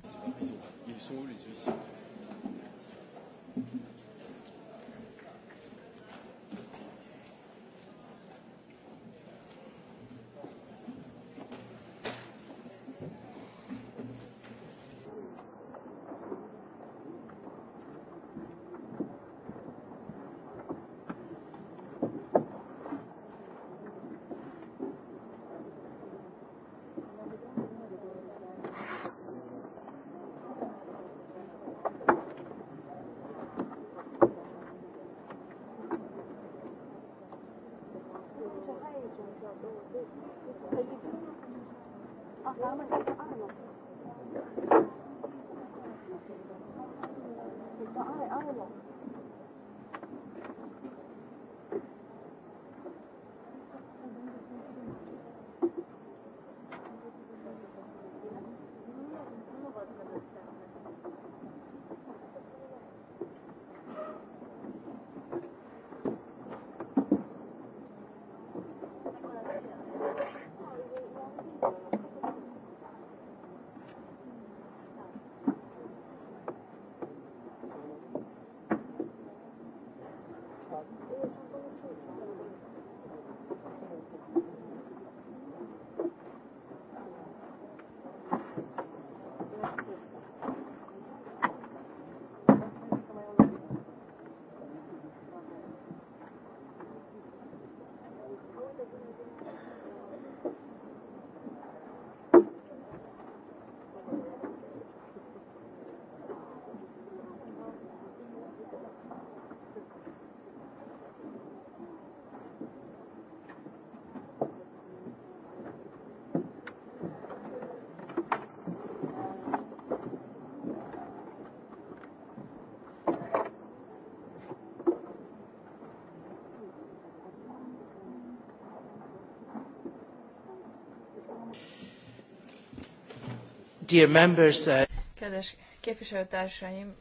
dear members, uh, Kedves képviselőtársaim,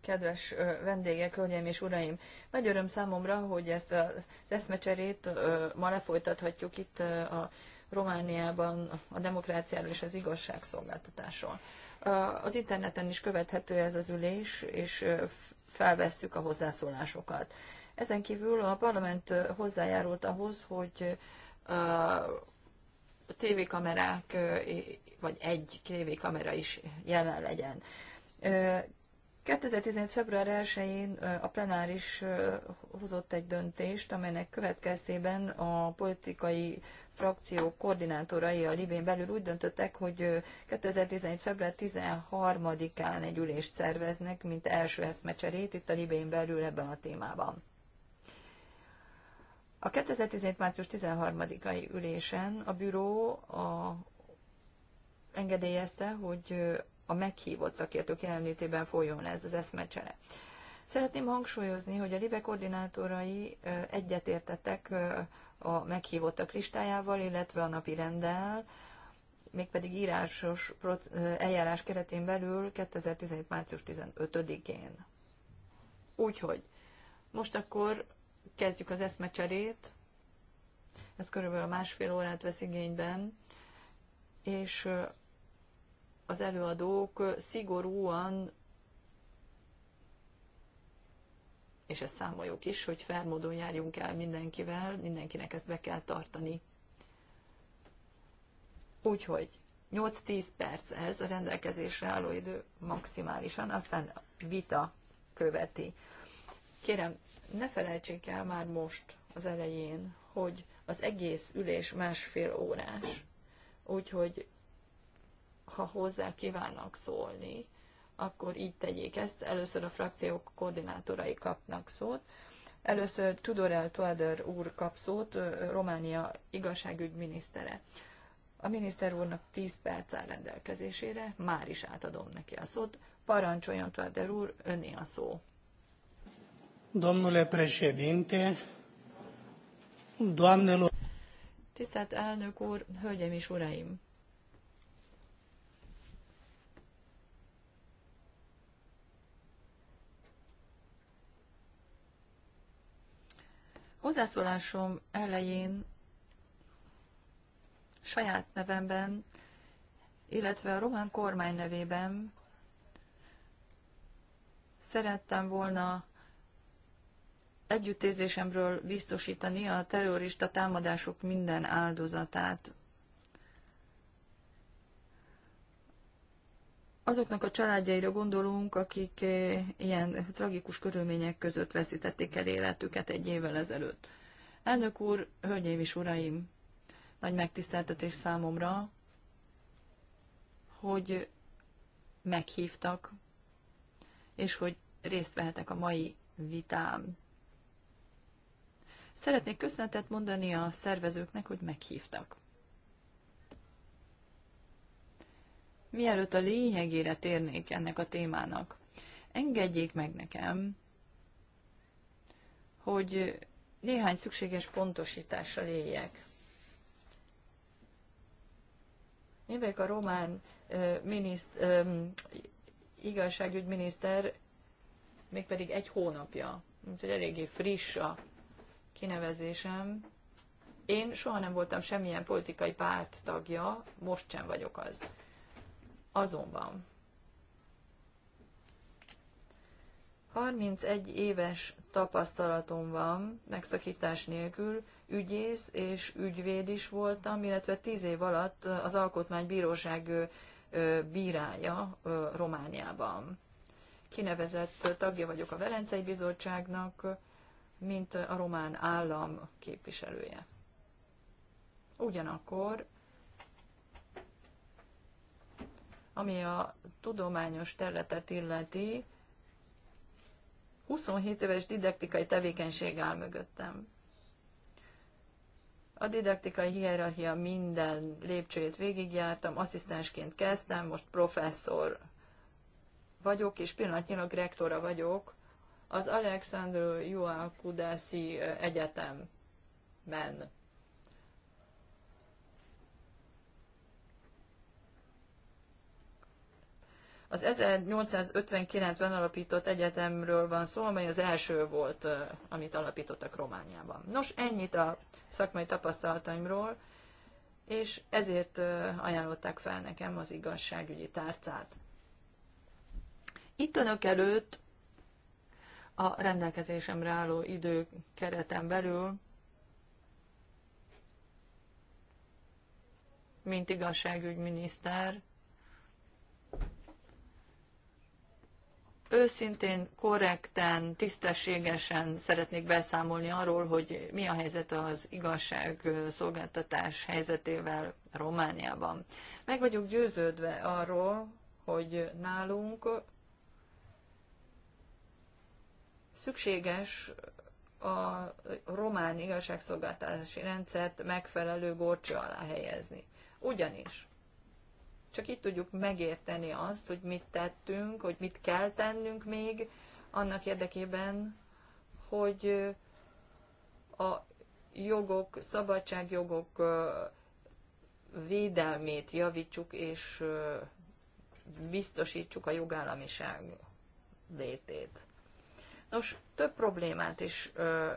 kedves vendégek, hölgyeim és uraim! Nagy öröm számomra, hogy ezt az eszmecserét ma lefolytathatjuk itt a Romániában a demokráciáról és az igazságszolgáltatásról. Az interneten is követhető ez az ülés, és felvesszük a hozzászólásokat. Ezen kívül a parlament hozzájárult ahhoz, hogy tévékamerák, vagy egy tévékamera is jelen legyen. 2017. február 1-én a plenáris hozott egy döntést, amelynek következtében a politikai frakció koordinátorai a Libén belül úgy döntöttek, hogy 2017. február 13-án egy ülést szerveznek, mint első eszmecserét itt a Libén belül ebben a témában. A 2017. március 13-ai ülésen a büró a, engedélyezte, hogy a meghívott szakértők jelenlétében folyjon ez az eszmecsere. Szeretném hangsúlyozni, hogy a LIBE koordinátorai egyetértettek a meghívottak listájával, illetve a napi rendel, mégpedig írásos eljárás keretén belül 2017. március 15-én. Úgyhogy most akkor kezdjük az eszmecserét, ez körülbelül másfél órát vesz igényben, és az előadók szigorúan, és ezt számoljuk is, hogy felmódon járjunk el mindenkivel, mindenkinek ezt be kell tartani. Úgyhogy 8-10 perc ez a rendelkezésre álló idő maximálisan, aztán vita követi. Kérem, ne felejtsék el már most az elején, hogy az egész ülés másfél órás. Úgyhogy, ha hozzá kívánnak szólni, akkor így tegyék ezt. Először a frakciók koordinátorai kapnak szót. Először Tudorel Toader úr kap szót, Románia igazságügyminisztere. A miniszter úrnak 10 perc áll rendelkezésére, már is átadom neki a szót. Parancsoljon Toader úr, öné a szó. Domnule președinte, doamnelor... Tisztelt elnök úr, hölgyeim és uraim! Hozzászólásom elején saját nevemben, illetve a román kormány nevében szerettem volna együttérzésemről biztosítani a terrorista támadások minden áldozatát. Azoknak a családjaira gondolunk, akik eh, ilyen tragikus körülmények között veszítették el életüket egy évvel ezelőtt. Elnök úr, hölgyeim és uraim, nagy megtiszteltetés számomra, hogy meghívtak, és hogy részt vehetek a mai vitám. Szeretnék köszönetet mondani a szervezőknek, hogy meghívtak. Mielőtt a lényegére térnék ennek a témának, engedjék meg nekem, hogy néhány szükséges pontosítással éljek. Évek a román ö, miniszt, ö, igazságügyminiszter mégpedig egy hónapja, úgyhogy eléggé friss a kinevezésem. Én soha nem voltam semmilyen politikai párt tagja, most sem vagyok az. Azonban 31 éves tapasztalatom van, megszakítás nélkül, ügyész és ügyvéd is voltam, illetve 10 év alatt az Alkotmánybíróság bírája Romániában. Kinevezett tagja vagyok a Velencei Bizottságnak, mint a román állam képviselője. Ugyanakkor, ami a tudományos területet illeti, 27 éves didaktikai tevékenység áll mögöttem. A didaktikai hierarchia minden lépcsőjét végigjártam, asszisztensként kezdtem, most professzor vagyok, és pillanatnyilag rektora vagyok az Alexandru Joan Kudászi Egyetemben. Az 1859-ben alapított egyetemről van szó, amely az első volt, amit alapítottak Romániában. Nos, ennyit a szakmai tapasztalataimról, és ezért ajánlották fel nekem az igazságügyi tárcát. Itt önök előtt a rendelkezésemre álló idő kereten belül, mint igazságügyminiszter, őszintén, korrekten, tisztességesen szeretnék beszámolni arról, hogy mi a helyzet az igazságszolgáltatás helyzetével Romániában. Meg vagyok győződve arról, hogy nálunk Szükséges a román igazságszolgáltatási rendszert megfelelő górcső alá helyezni. Ugyanis csak így tudjuk megérteni azt, hogy mit tettünk, hogy mit kell tennünk még annak érdekében, hogy a jogok, szabadságjogok védelmét javítsuk és biztosítsuk a jogállamiság létét. Nos, több problémát is ö,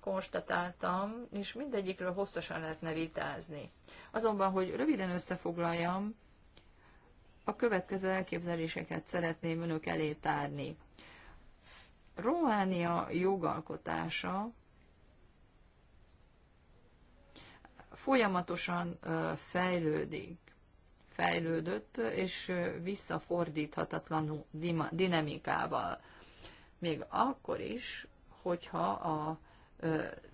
konstatáltam, és mindegyikről hosszasan lehetne vitázni. Azonban, hogy röviden összefoglaljam, a következő elképzeléseket szeretném önök elé tárni. Románia jogalkotása folyamatosan fejlődik fejlődött és visszafordíthatatlanul dinamikával. Még akkor is, hogyha a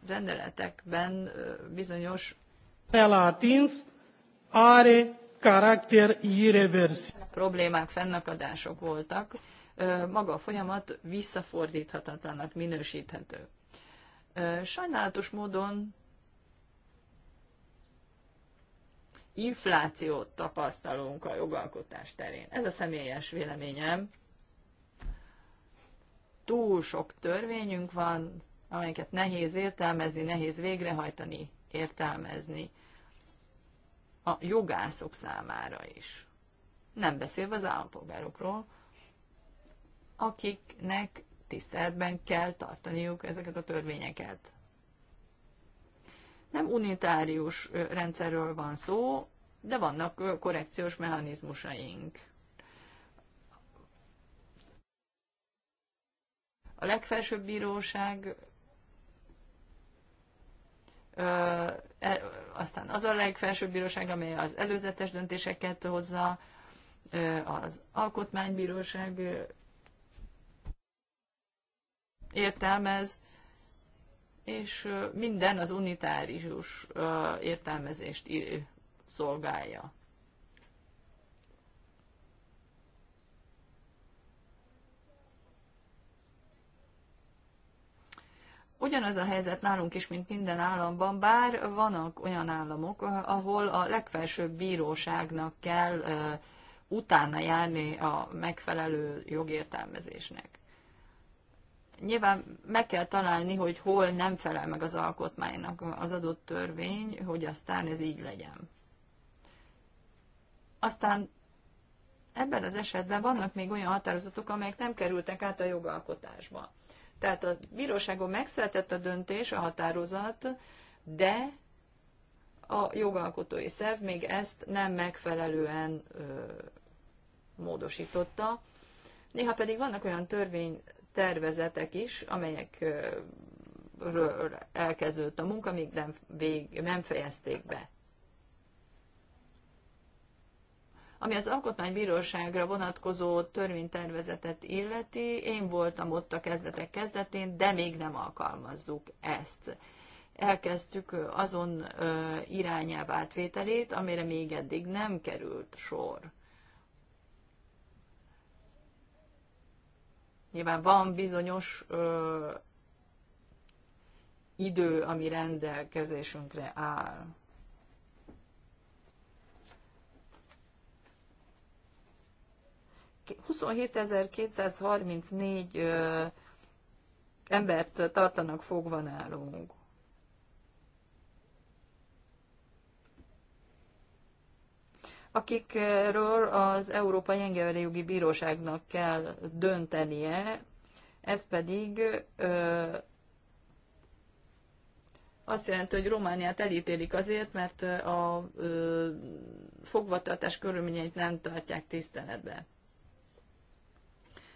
rendeletekben bizonyos atins are karakter irreversible. Problémák, fennakadások voltak, maga a folyamat visszafordíthatatlanak minősíthető. Sajnálatos módon inflációt tapasztalunk a jogalkotás terén. Ez a személyes véleményem. Túl sok törvényünk van, amelyeket nehéz értelmezni, nehéz végrehajtani, értelmezni a jogászok számára is. Nem beszélve az állampolgárokról, akiknek tiszteletben kell tartaniuk ezeket a törvényeket. Nem unitárius rendszerről van szó, de vannak korrekciós mechanizmusaink. A legfelsőbb bíróság, e, aztán az a legfelsőbb bíróság, amely az előzetes döntéseket hozza, az alkotmánybíróság értelmez, és minden az unitárius értelmezést szolgálja. Ugyanaz a helyzet nálunk is, mint minden államban, bár vannak olyan államok, ahol a legfelsőbb bíróságnak kell utána járni a megfelelő jogértelmezésnek nyilván meg kell találni, hogy hol nem felel meg az alkotmánynak az adott törvény, hogy aztán ez így legyen. Aztán ebben az esetben vannak még olyan határozatok, amelyek nem kerültek át a jogalkotásba. Tehát a bíróságon megszületett a döntés, a határozat, de a jogalkotói szerv még ezt nem megfelelően ö, módosította. Néha pedig vannak olyan törvény tervezetek is, amelyek elkezdődött a munka, még nem, vég, nem fejezték be. Ami az Alkotmánybíróságra vonatkozó törvénytervezetet illeti, én voltam ott a kezdetek kezdetén, de még nem alkalmazzuk ezt. Elkezdtük azon irányába átvételét, amire még eddig nem került sor. Nyilván van bizonyos ö, idő, ami rendelkezésünkre áll. K 27.234 ö, embert tartanak fogva nálunk. akikről az Európai Engeri Bíróságnak kell döntenie, ez pedig ö, azt jelenti, hogy Romániát elítélik azért, mert a ö, fogvatartás körülményeit nem tartják tiszteletbe.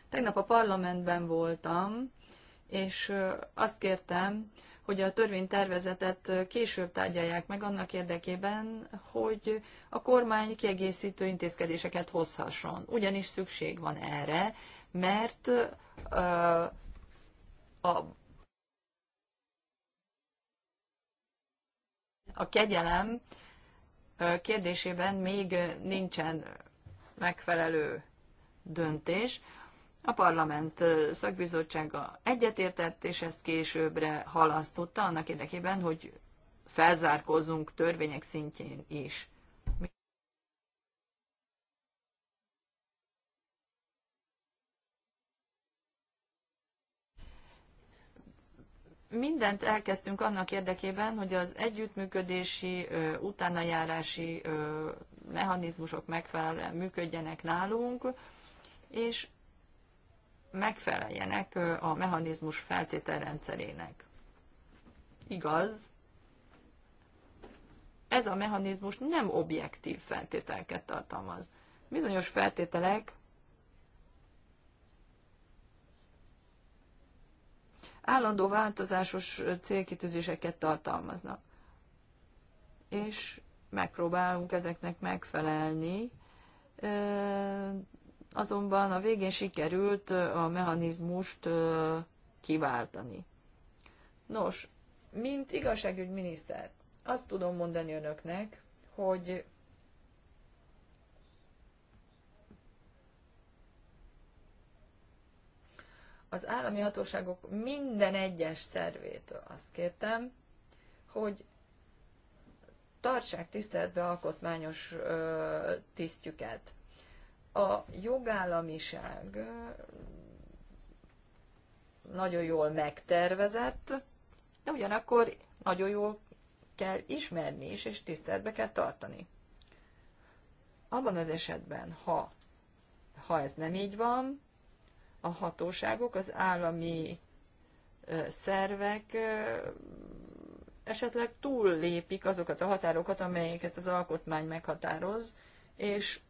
Tegnap a parlamentben voltam, és azt kértem, hogy a törvénytervezetet később tárgyalják meg annak érdekében, hogy a kormány kiegészítő intézkedéseket hozhasson. Ugyanis szükség van erre, mert a, a kegyelem kérdésében még nincsen megfelelő döntés. A parlament szakbizottsága egyetértett, és ezt későbbre halasztotta annak érdekében, hogy felzárkózzunk törvények szintjén is. mindent elkezdtünk annak érdekében, hogy az együttműködési, utánajárási mechanizmusok megfelelően működjenek nálunk, és megfeleljenek a mechanizmus feltételrendszerének. Igaz, ez a mechanizmus nem objektív feltételeket tartalmaz. Bizonyos feltételek állandó változásos célkitűzéseket tartalmaznak. És megpróbálunk ezeknek megfelelni, azonban a végén sikerült a mechanizmust kiváltani. Nos, mint igazságügyminiszter, azt tudom mondani önöknek, hogy az állami hatóságok minden egyes szervétől azt kértem, hogy tartsák tiszteletbe alkotmányos tisztjüket a jogállamiság nagyon jól megtervezett, de ugyanakkor nagyon jól kell ismerni is, és tiszteletbe kell tartani. Abban az esetben, ha, ha ez nem így van, a hatóságok, az állami szervek esetleg túllépik azokat a határokat, amelyeket az alkotmány meghatároz, és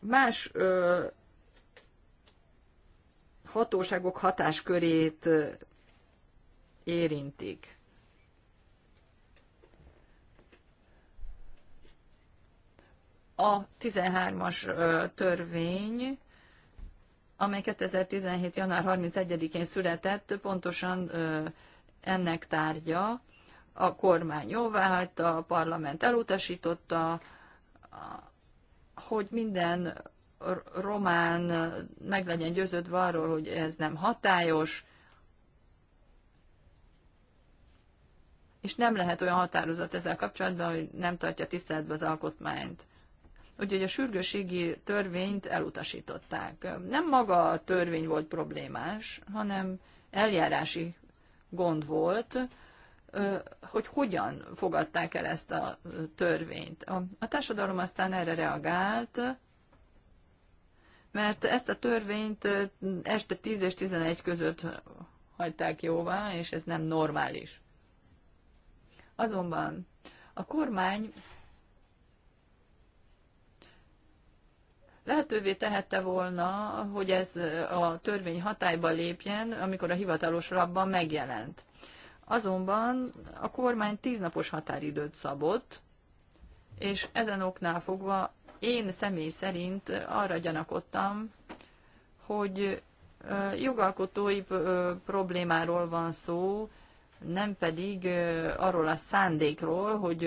más ö, hatóságok hatáskörét érintik. A 13-as törvény, amely 2017. január 31-én született, pontosan ö, ennek tárgya. A kormány hagyta, a parlament elutasította, hogy minden román meg legyen győződve arról, hogy ez nem hatályos, és nem lehet olyan határozat ezzel kapcsolatban, hogy nem tartja tiszteletbe az alkotmányt. Úgyhogy a sürgőségi törvényt elutasították. Nem maga a törvény volt problémás, hanem eljárási gond volt, hogy hogyan fogadták el ezt a törvényt. A társadalom aztán erre reagált, mert ezt a törvényt este 10 és 11 között hagyták jóvá, és ez nem normális. Azonban a kormány lehetővé tehette volna, hogy ez a törvény hatályba lépjen, amikor a hivatalos labban megjelent. Azonban a kormány tíznapos határidőt szabott, és ezen oknál fogva én személy szerint arra gyanakodtam, hogy jogalkotói problémáról van szó, nem pedig arról a szándékról, hogy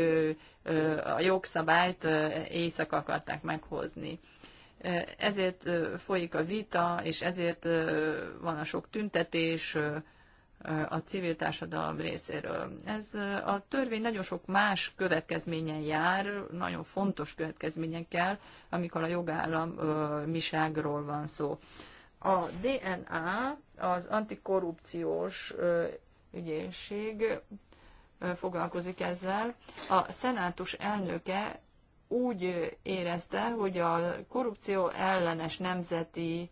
a jogszabályt éjszaka akarták meghozni. Ezért folyik a vita, és ezért van a sok tüntetés, a civil társadalom részéről. Ez a törvény nagyon sok más következményen jár, nagyon fontos következményekkel, amikor a jogállamiságról van szó. A DNA, az antikorrupciós ügyészség foglalkozik ezzel. A szenátus elnöke úgy érezte, hogy a korrupció ellenes nemzeti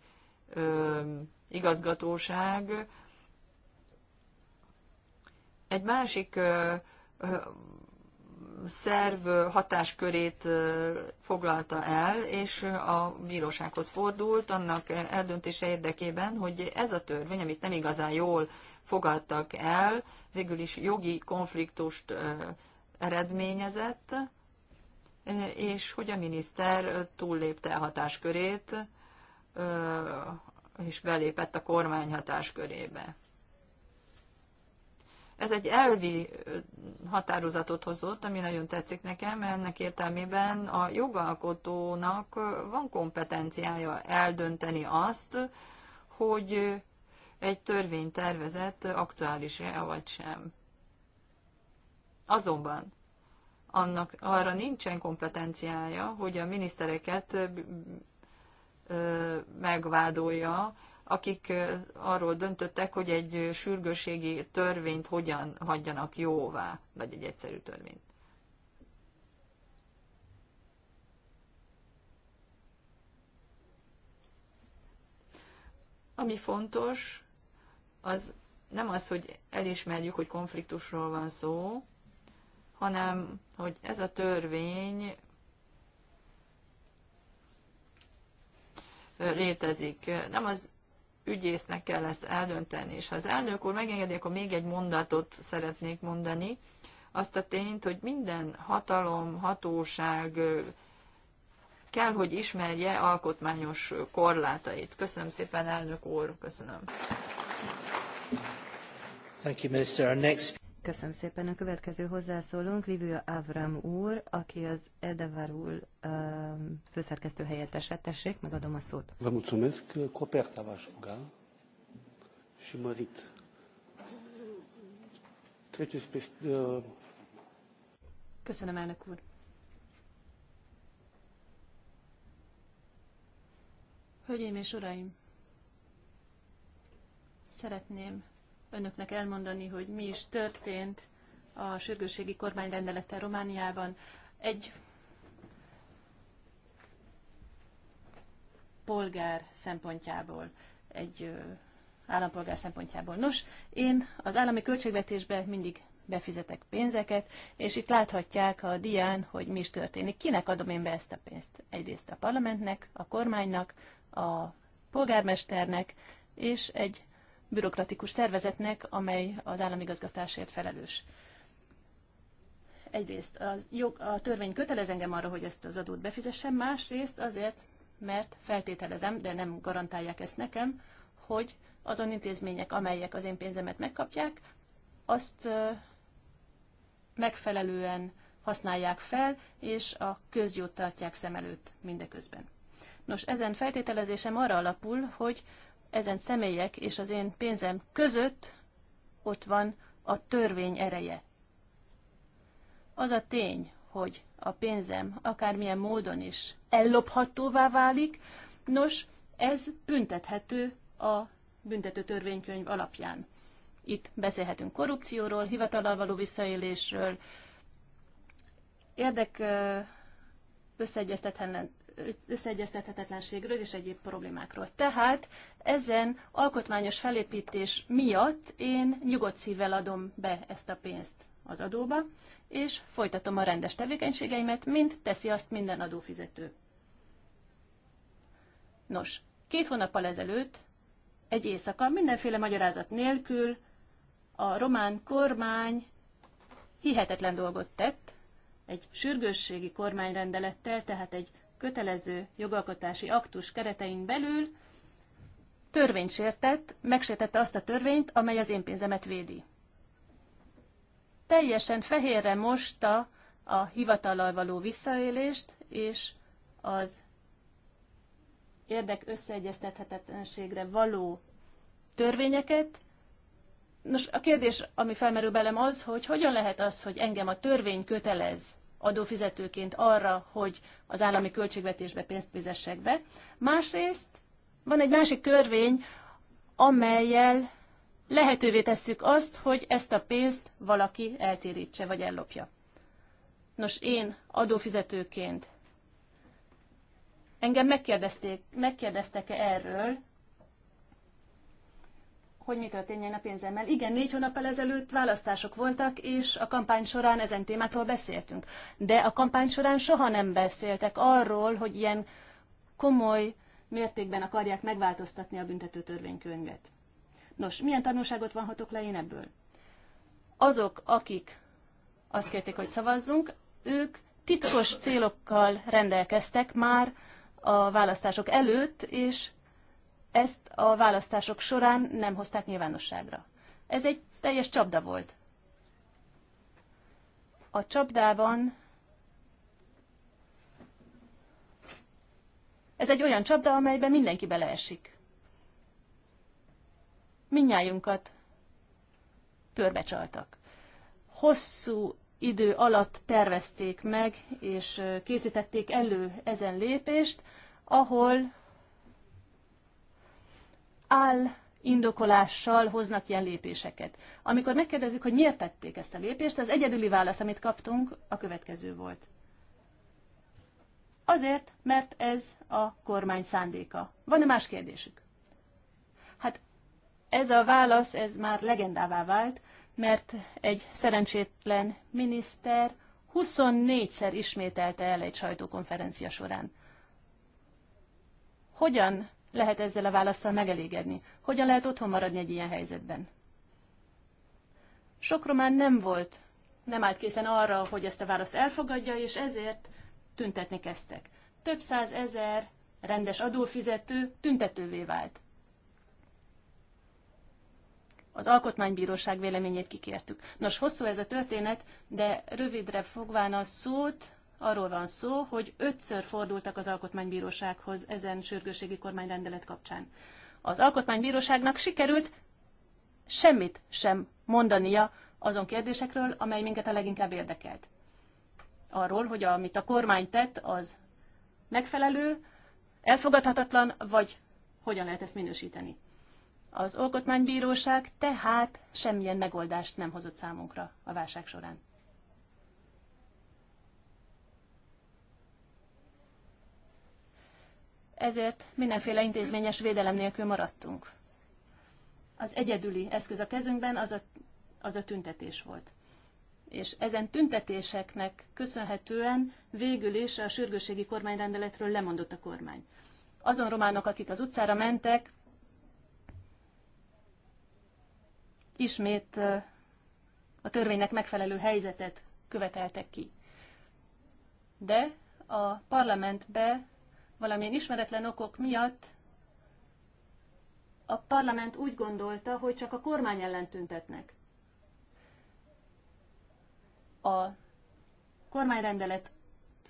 igazgatóság egy másik szerv hatáskörét foglalta el, és a bírósághoz fordult annak eldöntése érdekében, hogy ez a törvény, amit nem igazán jól fogadtak el, végül is jogi konfliktust eredményezett, és hogy a miniszter túllépte a hatáskörét, és belépett a kormány hatáskörébe. Ez egy elvi határozatot hozott, ami nagyon tetszik nekem, mert ennek értelmében a jogalkotónak van kompetenciája eldönteni azt, hogy egy törvénytervezet aktuális-e vagy sem. Azonban annak arra nincsen kompetenciája, hogy a minisztereket megvádolja, akik arról döntöttek, hogy egy sürgőségi törvényt hogyan hagyjanak jóvá, vagy egy egyszerű törvényt. Ami fontos, az nem az, hogy elismerjük, hogy konfliktusról van szó, hanem hogy ez a törvény létezik. Nem az ügyésznek kell ezt eldönteni. És ha az elnök úr megengedi, akkor még egy mondatot szeretnék mondani. Azt a tényt, hogy minden hatalom, hatóság kell, hogy ismerje alkotmányos korlátait. Köszönöm szépen, elnök úr, köszönöm. Thank you, Minister. Our next... Köszönöm szépen. A következő hozzászólónk Livia Avram úr, aki az Edevarul um, főszerkesztő helyettese. Tessék, megadom a szót. Vă mulțumesc. Coperta v-aș ruga și mărit. Treceți peste... Uh, Köszönöm, elnök úr. Hölgyeim és uraim, szeretném önöknek elmondani, hogy mi is történt a sürgősségi kormányrendelettel Romániában. Egy polgár szempontjából, egy állampolgár szempontjából. Nos, én az állami költségvetésbe mindig befizetek pénzeket, és itt láthatják a dián, hogy mi is történik. Kinek adom én be ezt a pénzt? Egyrészt a parlamentnek, a kormánynak, a polgármesternek, és egy bürokratikus szervezetnek, amely az államigazgatásért felelős. Egyrészt az jog, a törvény kötelez engem arra, hogy ezt az adót befizessem, másrészt azért, mert feltételezem, de nem garantálják ezt nekem, hogy azon intézmények, amelyek az én pénzemet megkapják, azt megfelelően használják fel, és a közjót tartják szem előtt mindeközben. Nos, ezen feltételezésem arra alapul, hogy ezen személyek és az én pénzem között ott van a törvény ereje. Az a tény, hogy a pénzem akármilyen módon is ellophatóvá válik, nos, ez büntethető a büntető törvénykönyv alapján. Itt beszélhetünk korrupcióról, hivatalal való visszaélésről, érdek összeegyeztethetetlenségről és egyéb problémákról. Tehát ezen alkotmányos felépítés miatt én nyugodt szívvel adom be ezt a pénzt az adóba, és folytatom a rendes tevékenységeimet, mint teszi azt minden adófizető. Nos, két hónappal ezelőtt, egy éjszaka, mindenféle magyarázat nélkül a román kormány hihetetlen dolgot tett, egy sürgősségi kormányrendelettel, tehát egy kötelező jogalkotási aktus keretein belül törvényt sértett, megsértette azt a törvényt, amely az én pénzemet védi. Teljesen fehérre mosta a hivatallal való visszaélést és az érdek összeegyeztethetetlenségre való törvényeket. Nos, a kérdés, ami felmerül belem az, hogy hogyan lehet az, hogy engem a törvény kötelez adófizetőként arra, hogy az állami költségvetésbe pénzt fizessek be. Másrészt van egy másik törvény, amelyel lehetővé tesszük azt, hogy ezt a pénzt valaki eltérítse vagy ellopja. Nos, én adófizetőként engem megkérdezték, megkérdeztek -e erről, hogy mi történjen a pénzemmel. Igen, négy hónappal ezelőtt választások voltak, és a kampány során ezen témákról beszéltünk. De a kampány során soha nem beszéltek arról, hogy ilyen komoly mértékben akarják megváltoztatni a büntető törvénykönyvet. Nos, milyen tanulságot vonhatok le én ebből? Azok, akik azt kérték, hogy szavazzunk, ők titkos célokkal rendelkeztek már a választások előtt, és ezt a választások során nem hozták nyilvánosságra. Ez egy teljes csapda volt. A csapdában ez egy olyan csapda, amelyben mindenki beleesik. Minnyájunkat törbecsaltak. Hosszú idő alatt tervezték meg és készítették elő ezen lépést, ahol áll indokolással hoznak ilyen lépéseket. Amikor megkérdezzük, hogy miért tették ezt a lépést, az egyedüli válasz, amit kaptunk, a következő volt. Azért, mert ez a kormány szándéka. Van-e más kérdésük? Hát ez a válasz, ez már legendává vált, mert egy szerencsétlen miniszter 24-szer ismételte el egy sajtókonferencia során. Hogyan lehet ezzel a válaszsal megelégedni? Hogyan lehet otthon maradni egy ilyen helyzetben? Sok román nem volt, nem állt készen arra, hogy ezt a választ elfogadja, és ezért tüntetni kezdtek. Több száz ezer rendes adófizető tüntetővé vált. Az alkotmánybíróság véleményét kikértük. Nos, hosszú ez a történet, de rövidre fogván a szót, Arról van szó, hogy ötször fordultak az alkotmánybírósághoz ezen sürgőségi kormányrendelet kapcsán. Az alkotmánybíróságnak sikerült semmit sem mondania azon kérdésekről, amely minket a leginkább érdekelt. Arról, hogy amit a kormány tett, az megfelelő, elfogadhatatlan, vagy hogyan lehet ezt minősíteni. Az alkotmánybíróság tehát semmilyen megoldást nem hozott számunkra a válság során. ezért mindenféle intézményes védelem nélkül maradtunk. Az egyedüli eszköz a kezünkben az a, az a tüntetés volt. És ezen tüntetéseknek köszönhetően végül is a sürgősségi kormányrendeletről lemondott a kormány. Azon románok, akik az utcára mentek, ismét a törvénynek megfelelő helyzetet követeltek ki. De a parlamentbe valamilyen ismeretlen okok miatt a parlament úgy gondolta, hogy csak a kormány ellen tüntetnek. A kormányrendelet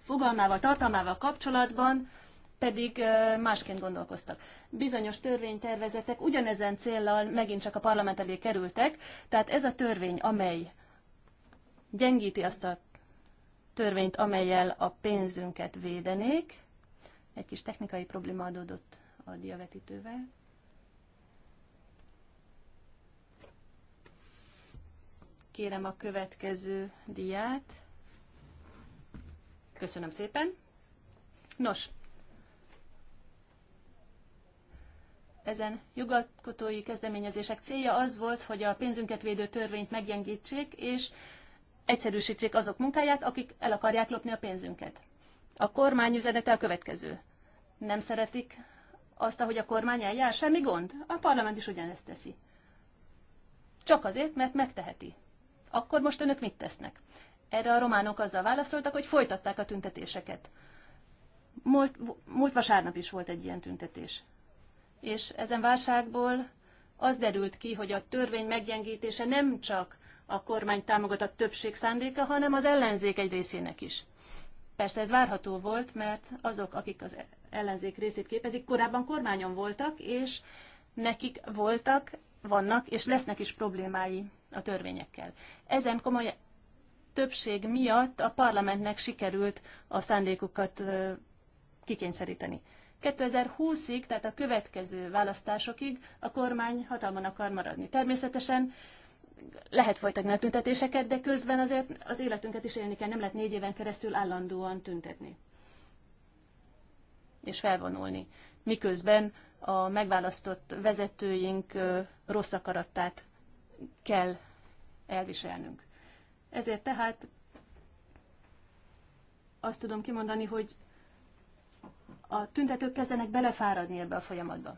fogalmával, tartalmával kapcsolatban pedig másként gondolkoztak. Bizonyos törvénytervezetek ugyanezen céllal megint csak a parlament elé kerültek, tehát ez a törvény, amely gyengíti azt a törvényt, amelyel a pénzünket védenék, egy kis technikai probléma adódott a diavetítővel. Kérem a következő diát. Köszönöm szépen. Nos, ezen jogalkotói kezdeményezések célja az volt, hogy a pénzünket védő törvényt meggyengítsék, és egyszerűsítsék azok munkáját, akik el akarják lopni a pénzünket. A kormány üzenete a következő. Nem szeretik azt, ahogy a kormány eljár, semmi gond. A parlament is ugyanezt teszi. Csak azért, mert megteheti. Akkor most önök mit tesznek? Erre a románok azzal válaszoltak, hogy folytatták a tüntetéseket. Múlt, múlt vasárnap is volt egy ilyen tüntetés. És ezen válságból az derült ki, hogy a törvény meggyengítése nem csak a kormány támogatott többség szándéka, hanem az ellenzék egy részének is. Persze ez várható volt, mert azok, akik az ellenzék részét képezik, korábban kormányon voltak, és nekik voltak, vannak, és lesznek is problémái a törvényekkel. Ezen komoly többség miatt a parlamentnek sikerült a szándékukat kikényszeríteni. 2020-ig, tehát a következő választásokig a kormány hatalmon akar maradni. Természetesen lehet folytatni a tüntetéseket, de közben azért az életünket is élni kell, nem lehet négy éven keresztül állandóan tüntetni és felvonulni. Miközben a megválasztott vezetőink rossz akarattát kell elviselnünk. Ezért tehát azt tudom kimondani, hogy a tüntetők kezdenek belefáradni ebbe a folyamatba.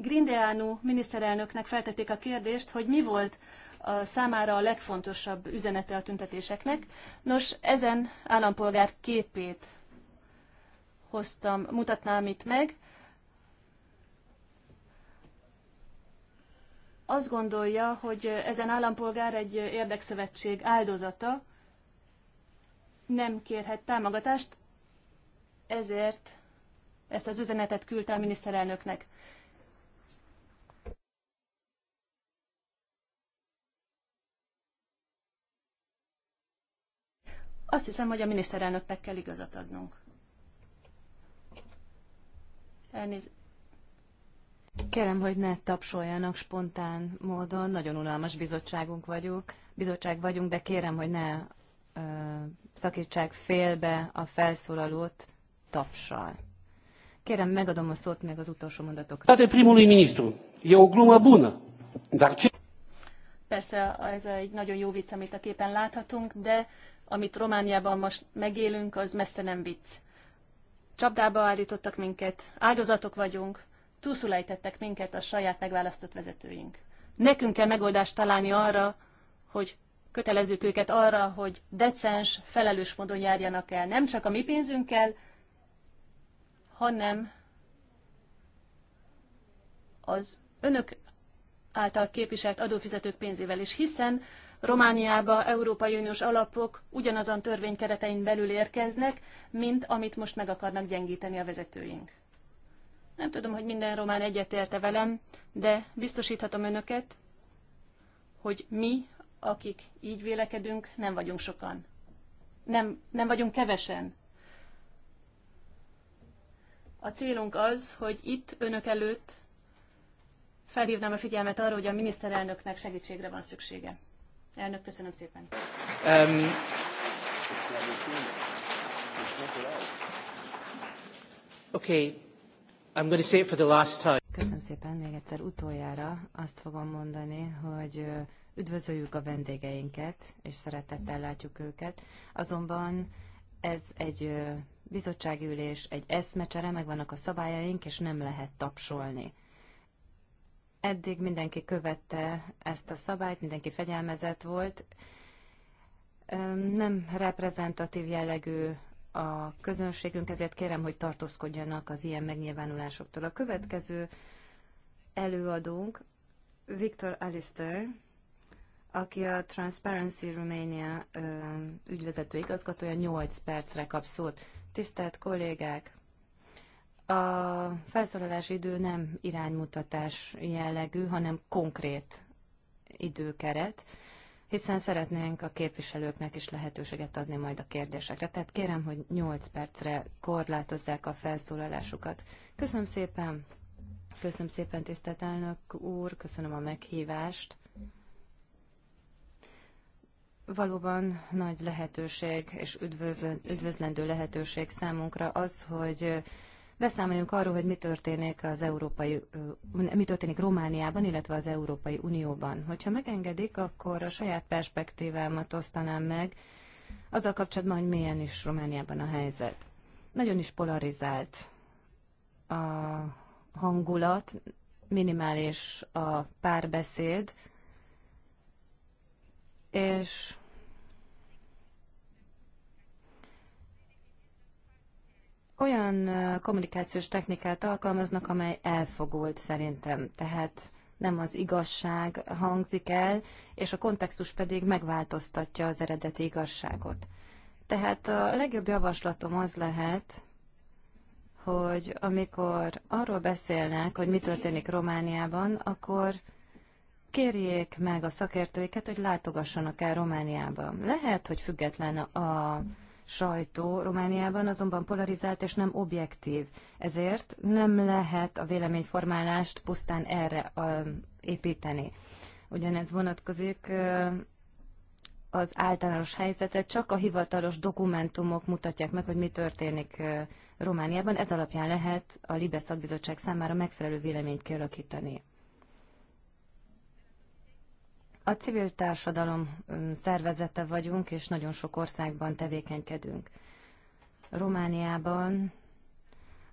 Grindeanu miniszterelnöknek feltették a kérdést, hogy mi volt a számára a legfontosabb üzenete a tüntetéseknek. Nos, ezen állampolgár képét hoztam, mutatnám itt meg. Azt gondolja, hogy ezen állampolgár egy érdekszövetség áldozata, nem kérhet támogatást, ezért ezt az üzenetet küldte a miniszterelnöknek. Azt hiszem, hogy a miniszterelnöknek kell igazat adnunk. Elnéz... Kérem, hogy ne tapsoljanak spontán módon. Nagyon unalmas bizottságunk vagyunk, bizottság vagyunk, de kérem, hogy ne ö, szakítsák félbe a felszólalót tapsal. Kérem, megadom a szót még az utolsó mondatokra. Tehát primului ministru, e o glumă buna, Persze ez egy nagyon jó vicc, amit a képen láthatunk, de amit Romániában most megélünk, az messze nem vicc. Csapdába állítottak minket, áldozatok vagyunk, túlszulejtettek minket a saját megválasztott vezetőink. Nekünk kell megoldást találni arra, hogy kötelezzük őket arra, hogy decens, felelős módon járjanak el. Nem csak a mi pénzünkkel, hanem az önök által képviselt adófizetők pénzével is, hiszen Romániába Európai Uniós alapok ugyanazon törvény keretein belül érkeznek, mint amit most meg akarnak gyengíteni a vezetőink. Nem tudom, hogy minden román egyetérte velem, de biztosíthatom önöket, hogy mi, akik így vélekedünk, nem vagyunk sokan. Nem, nem vagyunk kevesen. A célunk az, hogy itt önök előtt felhívnám a figyelmet arra, hogy a miniszterelnöknek segítségre van szüksége. Elnök, köszönöm szépen. Um, okay, I'm going to say it for the last time. Köszönöm szépen, még egyszer utoljára azt fogom mondani, hogy üdvözöljük a vendégeinket, és szeretettel látjuk őket. Azonban ez egy bizottsági ülés, egy eszmecsere, vannak a szabályaink, és nem lehet tapsolni. Eddig mindenki követte ezt a szabályt, mindenki fegyelmezett volt. Nem reprezentatív jellegű a közönségünk, ezért kérem, hogy tartózkodjanak az ilyen megnyilvánulásoktól. A következő előadónk Viktor Alister, aki a Transparency Romania ügyvezető igazgatója, 8 percre kap szót. Tisztelt kollégák! A felszólalási idő nem iránymutatás jellegű, hanem konkrét időkeret, hiszen szeretnénk a képviselőknek is lehetőséget adni majd a kérdésekre. Tehát kérem, hogy 8 percre korlátozzák a felszólalásukat. Köszönöm szépen, köszönöm szépen tisztelt elnök úr, köszönöm a meghívást. Valóban nagy lehetőség és üdvözlendő lehetőség számunkra az, hogy beszámoljunk arról, hogy mi történik az Európai, mi történik Romániában, illetve az Európai Unióban. Hogyha megengedik, akkor a saját perspektívámat osztanám meg azzal kapcsolatban, hogy milyen is Romániában a helyzet. Nagyon is polarizált a hangulat, minimális a párbeszéd, és olyan kommunikációs technikát alkalmaznak, amely elfogult szerintem. Tehát nem az igazság hangzik el, és a kontextus pedig megváltoztatja az eredeti igazságot. Tehát a legjobb javaslatom az lehet, hogy amikor arról beszélnek, hogy mi történik Romániában, akkor kérjék meg a szakértőiket, hogy látogassanak el Romániában. Lehet, hogy független a sajtó Romániában azonban polarizált és nem objektív. Ezért nem lehet a véleményformálást pusztán erre építeni. Ugyanez vonatkozik az általános helyzetet, csak a hivatalos dokumentumok mutatják meg, hogy mi történik Romániában. Ez alapján lehet a Libe szakbizottság számára megfelelő véleményt kialakítani. A civil társadalom szervezete vagyunk, és nagyon sok országban tevékenykedünk. Romániában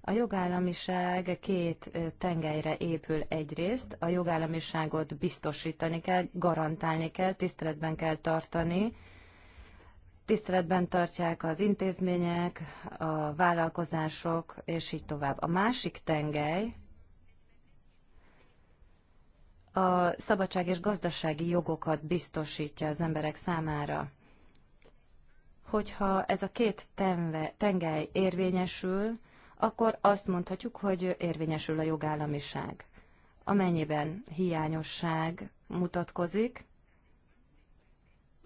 a jogállamiság két tengelyre épül egyrészt. A jogállamiságot biztosítani kell, garantálni kell, tiszteletben kell tartani. Tiszteletben tartják az intézmények, a vállalkozások, és így tovább. A másik tengely, a szabadság és gazdasági jogokat biztosítja az emberek számára. Hogyha ez a két tenve, tengely érvényesül, akkor azt mondhatjuk, hogy érvényesül a jogállamiság. Amennyiben hiányosság mutatkozik,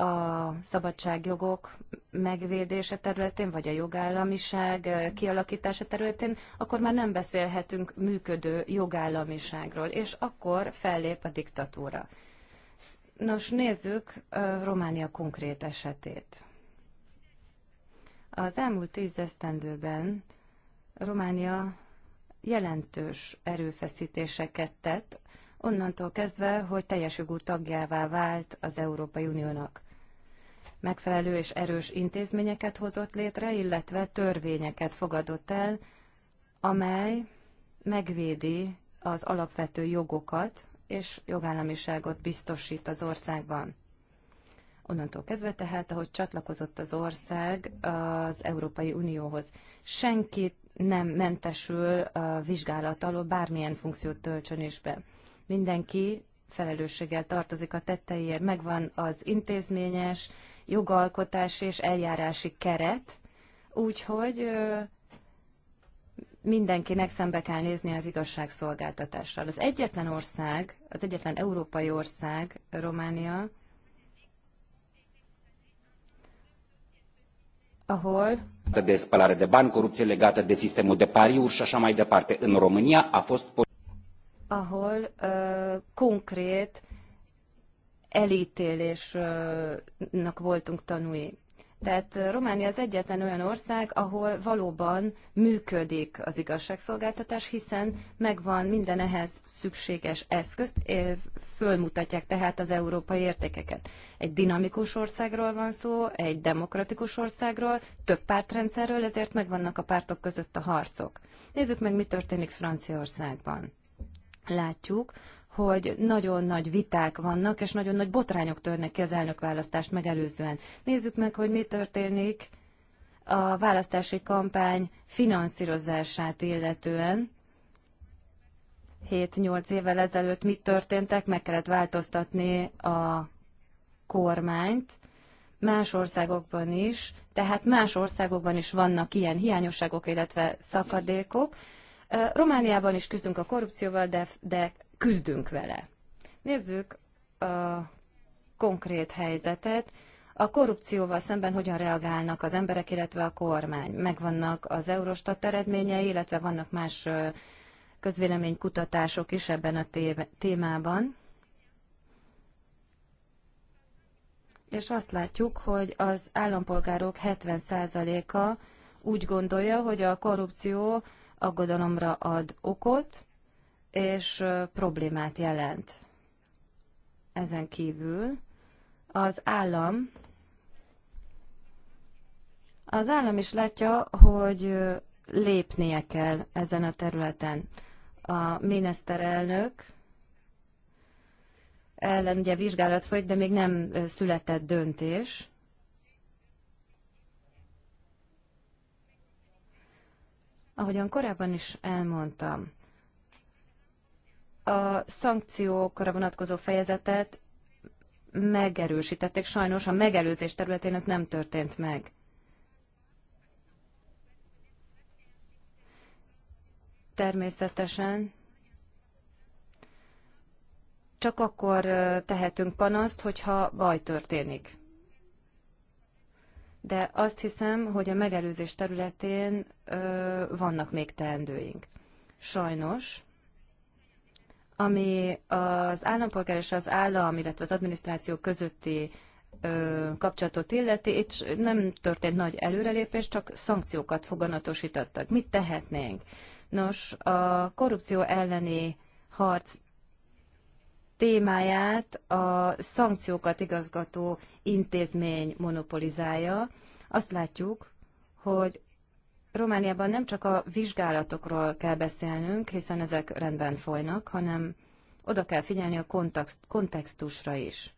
a szabadságjogok megvédése területén, vagy a jogállamiság kialakítása területén, akkor már nem beszélhetünk működő jogállamiságról, és akkor fellép a diktatúra. Nos, nézzük Románia konkrét esetét. Az elmúlt tíz esztendőben Románia jelentős erőfeszítéseket tett, onnantól kezdve, hogy teljes jogú tagjává vált az Európai Uniónak megfelelő és erős intézményeket hozott létre, illetve törvényeket fogadott el, amely megvédi az alapvető jogokat és jogállamiságot biztosít az országban. Onnantól kezdve tehát, ahogy csatlakozott az ország az Európai Unióhoz. Senkit nem mentesül a vizsgálat alól, bármilyen funkciót töltsön is be. Mindenki felelősséggel tartozik a tetteiért, megvan az intézményes jogalkotás és eljárási keret, úgyhogy mindenkinek szembe kell nézni az igazságszolgáltatással. Az egyetlen ország, az egyetlen európai ország, Románia, ahol de spălare de bani, corupție legată de sistemul de pariuri și așa mai departe. În România a fost ahol concret konkrét elítélésnek voltunk tanúi. Tehát Románia az egyetlen olyan ország, ahol valóban működik az igazságszolgáltatás, hiszen megvan minden ehhez szükséges eszközt, fölmutatják tehát az európai értékeket. Egy dinamikus országról van szó, egy demokratikus országról, több pártrendszerről, ezért megvannak a pártok között a harcok. Nézzük meg, mi történik Franciaországban. Látjuk, hogy nagyon nagy viták vannak, és nagyon nagy botrányok törnek ki az elnökválasztást megelőzően. Nézzük meg, hogy mi történik a választási kampány finanszírozását illetően. 7-8 évvel ezelőtt mit történtek, meg kellett változtatni a kormányt, más országokban is, tehát más országokban is vannak ilyen hiányosságok, illetve szakadékok. Romániában is küzdünk a korrupcióval, de, de küzdünk vele. Nézzük a konkrét helyzetet. A korrupcióval szemben hogyan reagálnak az emberek, illetve a kormány? Megvannak az Eurostat eredményei, illetve vannak más közvéleménykutatások is ebben a témában. És azt látjuk, hogy az állampolgárok 70%-a úgy gondolja, hogy a korrupció aggodalomra ad okot, és problémát jelent. Ezen kívül az állam az állam is látja, hogy lépnie kell ezen a területen. A miniszterelnök ellen ugye vizsgálat folyt, de még nem született döntés. Ahogyan korábban is elmondtam, a szankciókra vonatkozó fejezetet megerősítették. Sajnos a megelőzés területén ez nem történt meg. Természetesen csak akkor tehetünk panaszt, hogyha baj történik. De azt hiszem, hogy a megelőzés területén ö, vannak még teendőink. Sajnos ami az állampolgár és az állam, illetve az adminisztráció közötti ö, kapcsolatot illeti, itt nem történt nagy előrelépés, csak szankciókat foganatosítottak. Mit tehetnénk? Nos, a korrupció elleni harc témáját a szankciókat igazgató intézmény monopolizálja. Azt látjuk, hogy Romániában nem csak a vizsgálatokról kell beszélnünk, hiszen ezek rendben folynak, hanem oda kell figyelni a kontext, kontextusra is.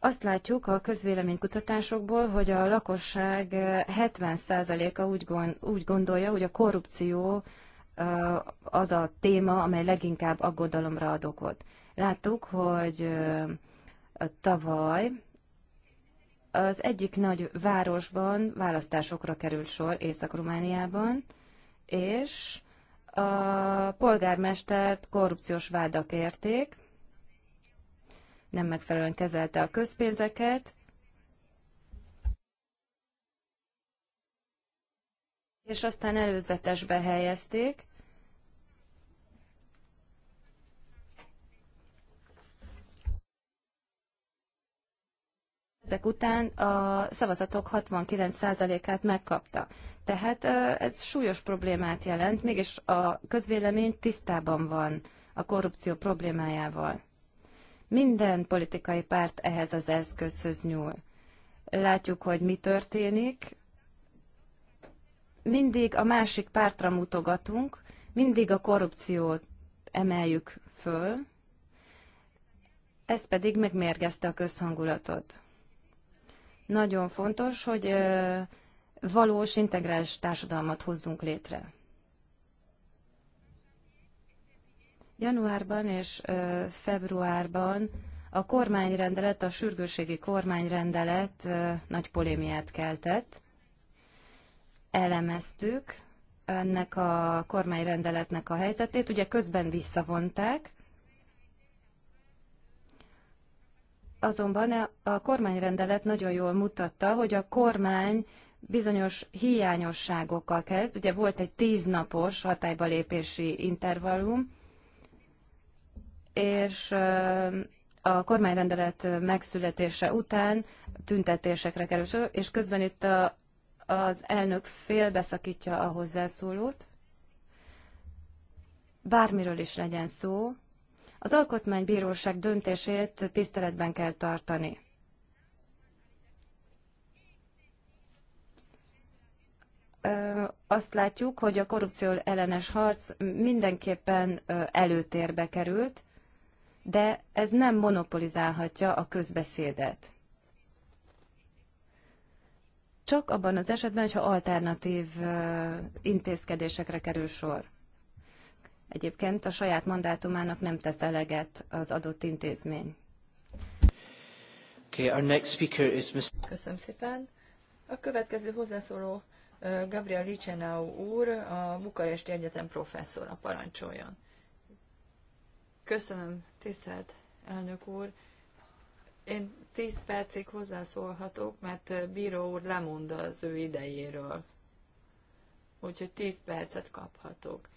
Azt látjuk a közvéleménykutatásokból, hogy a lakosság 70%-a eh, úgy gondolja, hogy a korrupció eh, az a téma, amely leginkább aggodalomra ad okot. Láttuk, hogy eh, tavaly az egyik nagy városban választásokra került sor Észak-Romániában, és a polgármestert korrupciós vádak érték, nem megfelelően kezelte a közpénzeket, és aztán előzetesbe helyezték, ezek után a szavazatok 69%-át megkapta. Tehát ez súlyos problémát jelent, mégis a közvélemény tisztában van a korrupció problémájával. Minden politikai párt ehhez az eszközhöz nyúl. Látjuk, hogy mi történik. Mindig a másik pártra mutogatunk, mindig a korrupciót emeljük föl, ez pedig megmérgezte a közhangulatot. Nagyon fontos, hogy valós, integrális társadalmat hozzunk létre. Januárban és februárban a kormányrendelet, a sürgőségi kormányrendelet nagy polémiát keltett. Elemeztük ennek a kormányrendeletnek a helyzetét. Ugye közben visszavonták, Azonban a kormányrendelet nagyon jól mutatta, hogy a kormány bizonyos hiányosságokkal kezd. Ugye volt egy tíznapos hatályba lépési intervallum, és a kormányrendelet megszületése után tüntetésekre kerül sor, és közben itt a, az elnök félbeszakítja a hozzászólót. Bármiről is legyen szó, az Alkotmánybíróság döntését tiszteletben kell tartani. Azt látjuk, hogy a korrupció ellenes harc mindenképpen előtérbe került, de ez nem monopolizálhatja a közbeszédet. Csak abban az esetben, hogyha alternatív intézkedésekre kerül sor. Egyébként a saját mandátumának nem tesz eleget az adott intézmény. Okay, our next speaker is Mr. Köszönöm szépen. A következő hozzászóló Gabriel Licenau úr, a Bukaresti Egyetem professzora parancsoljon. Köszönöm, tisztelt elnök úr. Én 10 percig hozzászólhatok, mert bíró úr lemond az ő idejéről. Úgyhogy 10 percet kaphatok.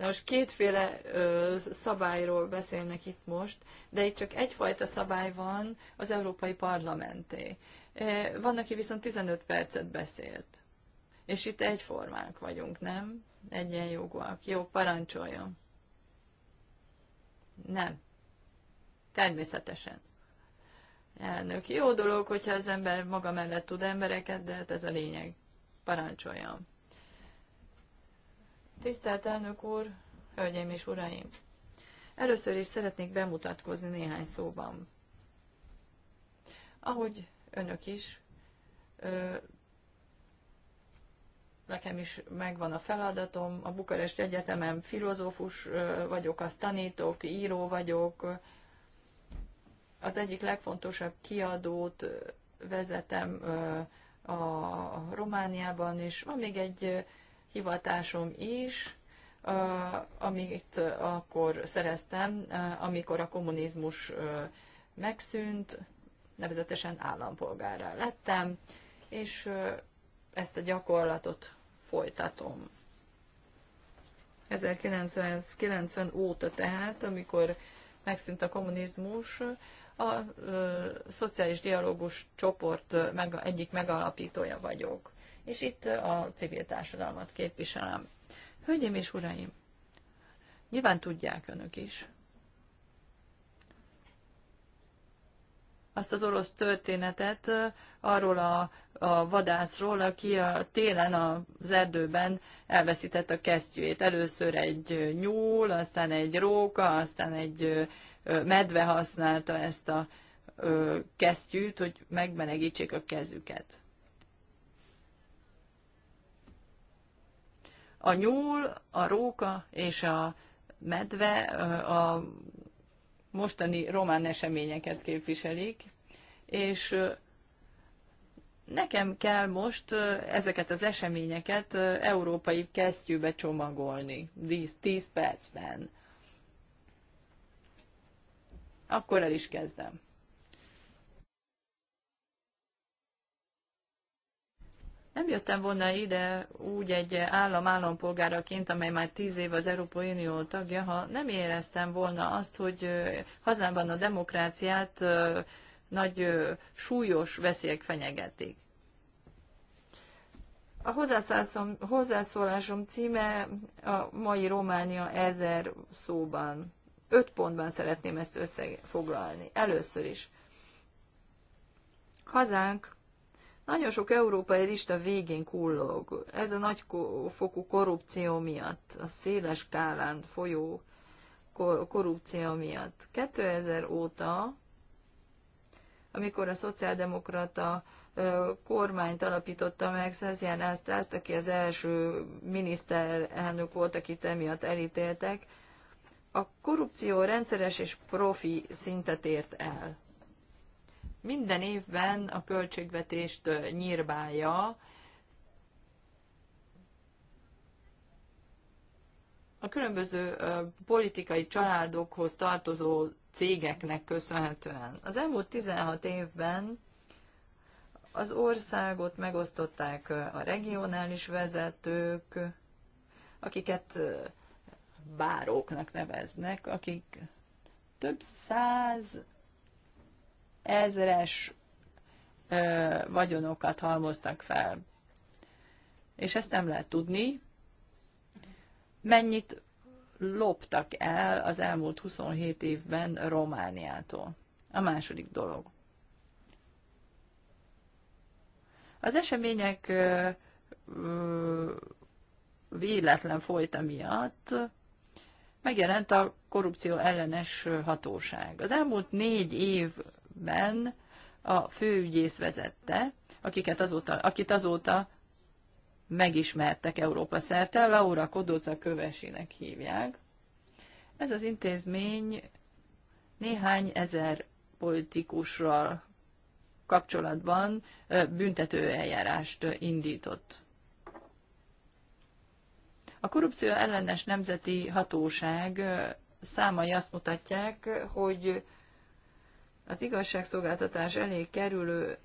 Na most kétféle ö, szabályról beszélnek itt most, de itt csak egyfajta szabály van az Európai Parlamenté. Van, aki viszont 15 percet beszélt. És itt egyformák vagyunk, nem? Egyenjogúak. Jó, parancsoljon. Nem. Természetesen. Elnök, jó dolog, hogyha az ember maga mellett tud embereket, de hát ez a lényeg. Parancsoljon. Tisztelt elnök úr, hölgyeim és uraim! Először is szeretnék bemutatkozni néhány szóban. Ahogy önök is, nekem is megvan a feladatom. A Bukarest Egyetemen filozófus vagyok, azt tanítok, író vagyok. Az egyik legfontosabb kiadót vezetem a Romániában, és van még egy hivatásom is, amit uh, akkor szereztem, uh, amikor a kommunizmus uh, megszűnt, nevezetesen állampolgárra lettem, és ezt a gyakorlatot folytatom. 1990 óta tehát, amikor megszűnt a kommunizmus, a ö, szociális dialógus csoport meg, egyik megalapítója vagyok és itt a civil társadalmat képviselem. Hölgyeim és uraim, nyilván tudják önök is, azt az orosz történetet arról a, a vadászról, aki a télen az erdőben elveszített a kesztyűjét. Először egy nyúl, aztán egy róka, aztán egy medve használta ezt a kesztyűt, hogy megmenegítsék a kezüket. A nyúl, a róka és a medve a mostani román eseményeket képviselik, és nekem kell most ezeket az eseményeket európai kesztyűbe csomagolni 10 percben. Akkor el is kezdem. Nem jöttem volna ide úgy egy állam állampolgáraként, amely már tíz év az Európai Unió tagja, ha nem éreztem volna azt, hogy hazában a demokráciát nagy súlyos veszélyek fenyegetik. A hozzászólásom, hozzászólásom címe a mai Románia ezer szóban. Öt pontban szeretném ezt összefoglalni. Először is. Hazánk nagyon sok európai lista végén kullog. Ez a nagyfokú korrupció miatt, a széles skálán folyó korrupció miatt. 2000 óta, amikor a szociáldemokrata kormányt alapította meg Szezján ezt, ezt, aki az első miniszterelnök volt, akit emiatt elítéltek, a korrupció rendszeres és profi szintet ért el minden évben a költségvetést nyírbálja, a különböző politikai családokhoz tartozó cégeknek köszönhetően. Az elmúlt 16 évben az országot megosztották a regionális vezetők, akiket báróknak neveznek, akik több száz ezres ö, vagyonokat halmoztak fel. És ezt nem lehet tudni, mennyit loptak el az elmúlt 27 évben Romániától. A második dolog. Az események ö, ö, véletlen folyta miatt megjelent a korrupció ellenes hatóság. Az elmúlt négy év ben a főügyész vezette, akiket azóta, akit azóta megismertek Európa szerte, Laura Kodóca kövesének hívják. Ez az intézmény néhány ezer politikusra kapcsolatban büntető eljárást indított. A korrupció ellenes nemzeti hatóság számai azt mutatják, hogy az igazságszolgáltatás elé kerülő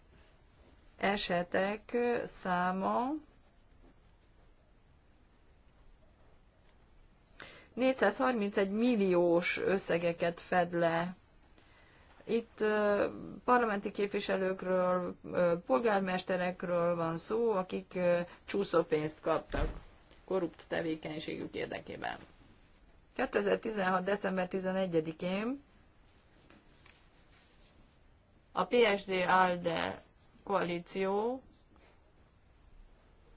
esetek száma 431 milliós összegeket fed le. Itt parlamenti képviselőkről, polgármesterekről van szó, akik csúszópénzt kaptak korrupt tevékenységük érdekében. 2016. december 11-én a PSD-ALDE koalíció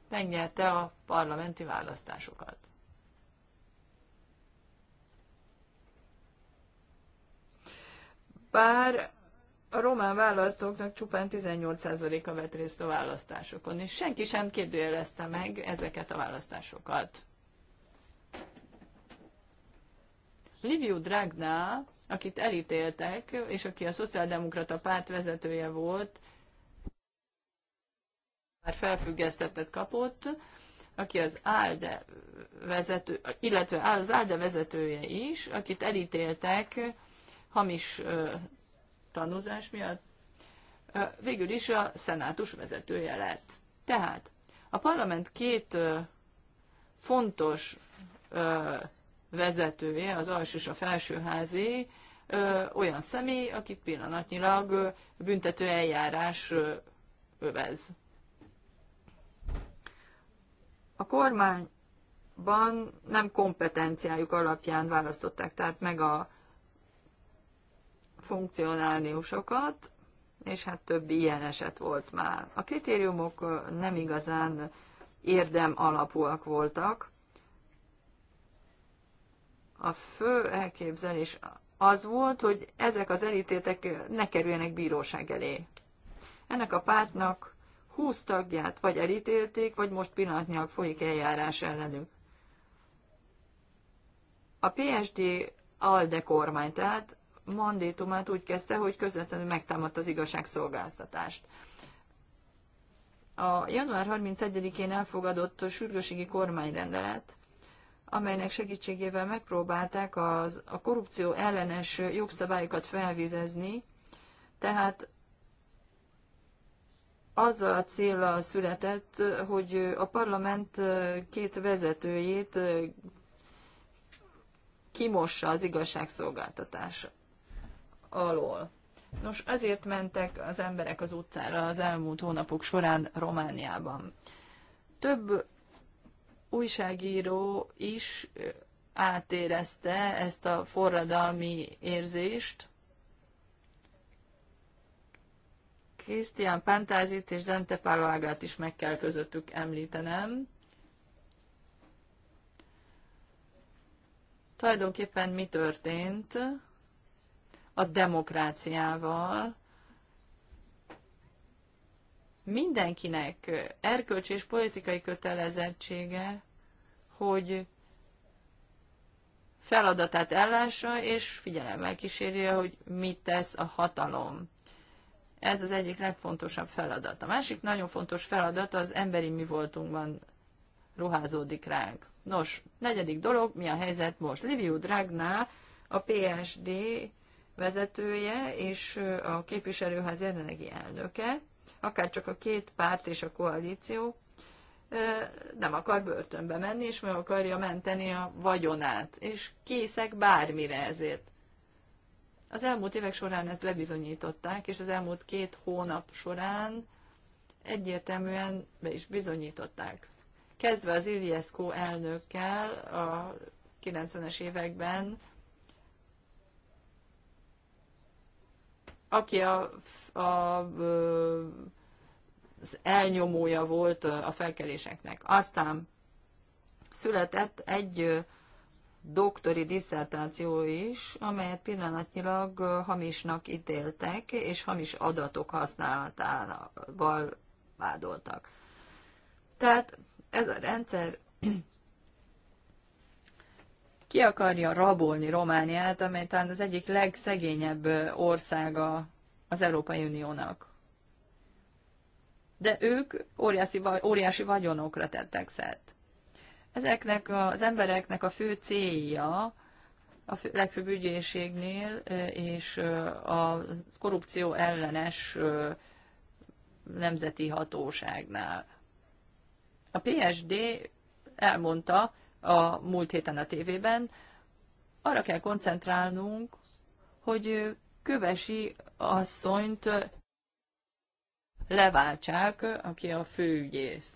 megnyerte a parlamenti választásokat. Bár a román választóknak csupán 18%-a vett részt a választásokon, és senki sem kérdőjelezte meg ezeket a választásokat. Liviu Dragna, akit elítéltek, és aki a szociáldemokrata párt vezetője volt, már felfüggesztettet kapott, aki az ALDE vezető, illetve az ALDE vezetője is, akit elítéltek hamis tanúzás miatt, végül is a szenátus vezetője lett. Tehát a parlament két fontos vezetője, az alsó és a felsőházé, olyan személy, akit pillanatnyilag büntető eljárás övez. A kormányban nem kompetenciájuk alapján választották tehát meg a funkcionálniusokat, és hát több ilyen eset volt már. A kritériumok nem igazán érdem alapúak voltak, a fő elképzelés az volt, hogy ezek az elítétek ne kerüljenek bíróság elé. Ennek a pártnak 20 tagját vagy elítélték, vagy most pillanatnyilag folyik eljárás ellenük. A PSD ALDE kormány, tehát mandétumát úgy kezdte, hogy közvetlenül megtámadta az igazságszolgáltatást. A január 31-én elfogadott sürgőségi kormányrendelet amelynek segítségével megpróbálták az, a korrupció ellenes jogszabályokat felvizezni, tehát azzal a célra született, hogy a parlament két vezetőjét kimossa az igazságszolgáltatás alól. Nos, azért mentek az emberek az utcára az elmúlt hónapok során Romániában. Több újságíró is átérezte ezt a forradalmi érzést. Krisztián Pantázit és Dante Pálvágát is meg kell közöttük említenem. Tulajdonképpen mi történt a demokráciával, mindenkinek erkölcsi és politikai kötelezettsége, hogy feladatát ellássa, és figyelemmel kísérje, hogy mit tesz a hatalom. Ez az egyik legfontosabb feladat. A másik nagyon fontos feladat az emberi mi voltunkban ruházódik ránk. Nos, negyedik dolog, mi a helyzet most? Liviu Dragná, a PSD vezetője és a képviselőház jelenlegi elnöke akár csak a két párt és a koalíció nem akar börtönbe menni, és meg akarja menteni a vagyonát, és készek bármire ezért. Az elmúlt évek során ezt lebizonyították, és az elmúlt két hónap során egyértelműen be is bizonyították. Kezdve az Iliescu elnökkel a 90-es években aki a, a, az elnyomója volt a felkeléseknek. Aztán született egy doktori diszertáció is, amelyet pillanatnyilag hamisnak ítéltek, és hamis adatok használatával vádoltak. Tehát ez a rendszer ki akarja rabolni Romániát, amely talán az egyik legszegényebb országa az Európai Uniónak. De ők óriási, óriási vagyonokra tettek szert. Ezeknek az embereknek a fő célja a legfőbb ügyészségnél és a korrupció ellenes nemzeti hatóságnál. A PSD elmondta, a múlt héten a tévében. Arra kell koncentrálnunk, hogy Kövesi asszonyt leváltsák, aki a főügyész.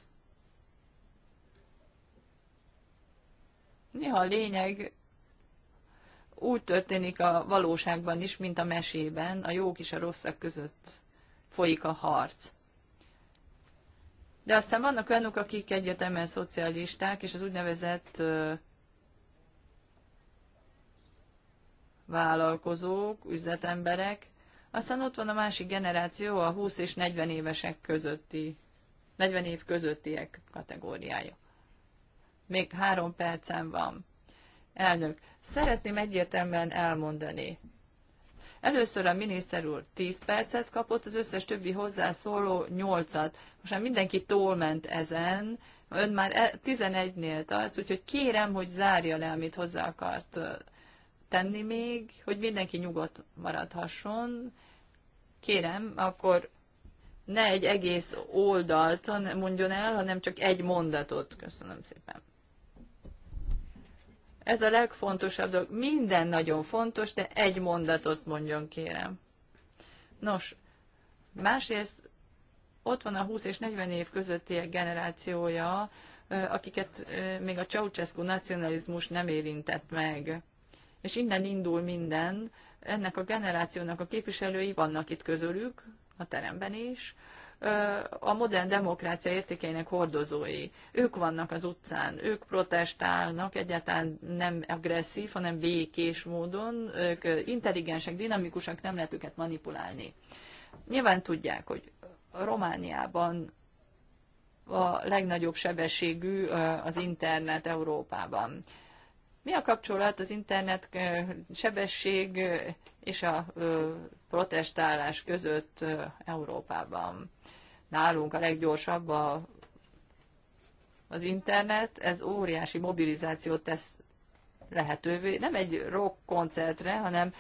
Néha a lényeg úgy történik a valóságban is, mint a mesében, a jók és a rosszak között folyik a harc. De aztán vannak olyanok, akik egyetemen szocialisták, és az úgynevezett vállalkozók, üzletemberek, aztán ott van a másik generáció, a 20 és 40 évesek közötti, 40 év közöttiek kategóriája. Még három percem van. Elnök, szeretném egyértelműen elmondani, Először a miniszter úr 10 percet kapott, az összes többi hozzászóló 8-at. Most már mindenki tolment ezen, ön már 11-nél e- tart, úgyhogy kérem, hogy zárja le, amit hozzá akart tenni még, hogy mindenki nyugodt maradhasson. Kérem, akkor ne egy egész oldalt mondjon el, hanem csak egy mondatot. Köszönöm szépen. Ez a legfontosabb dolog. Minden nagyon fontos, de egy mondatot mondjon, kérem. Nos, másrészt ott van a 20 és 40 év közöttiek generációja, akiket még a Ceausescu nacionalizmus nem érintett meg. És innen indul minden, ennek a generációnak a képviselői vannak itt közülük, a teremben is, a modern demokrácia értékeinek hordozói. Ők vannak az utcán, ők protestálnak, egyáltalán nem agresszív, hanem békés módon, ők intelligensek, dinamikusak, nem lehet őket manipulálni. Nyilván tudják, hogy Romániában a legnagyobb sebességű az internet Európában. Mi a kapcsolat az internet sebesség és a protestálás között Európában? Nálunk a leggyorsabb a, az internet, ez óriási mobilizációt tesz lehetővé, nem egy rock koncertre, hanem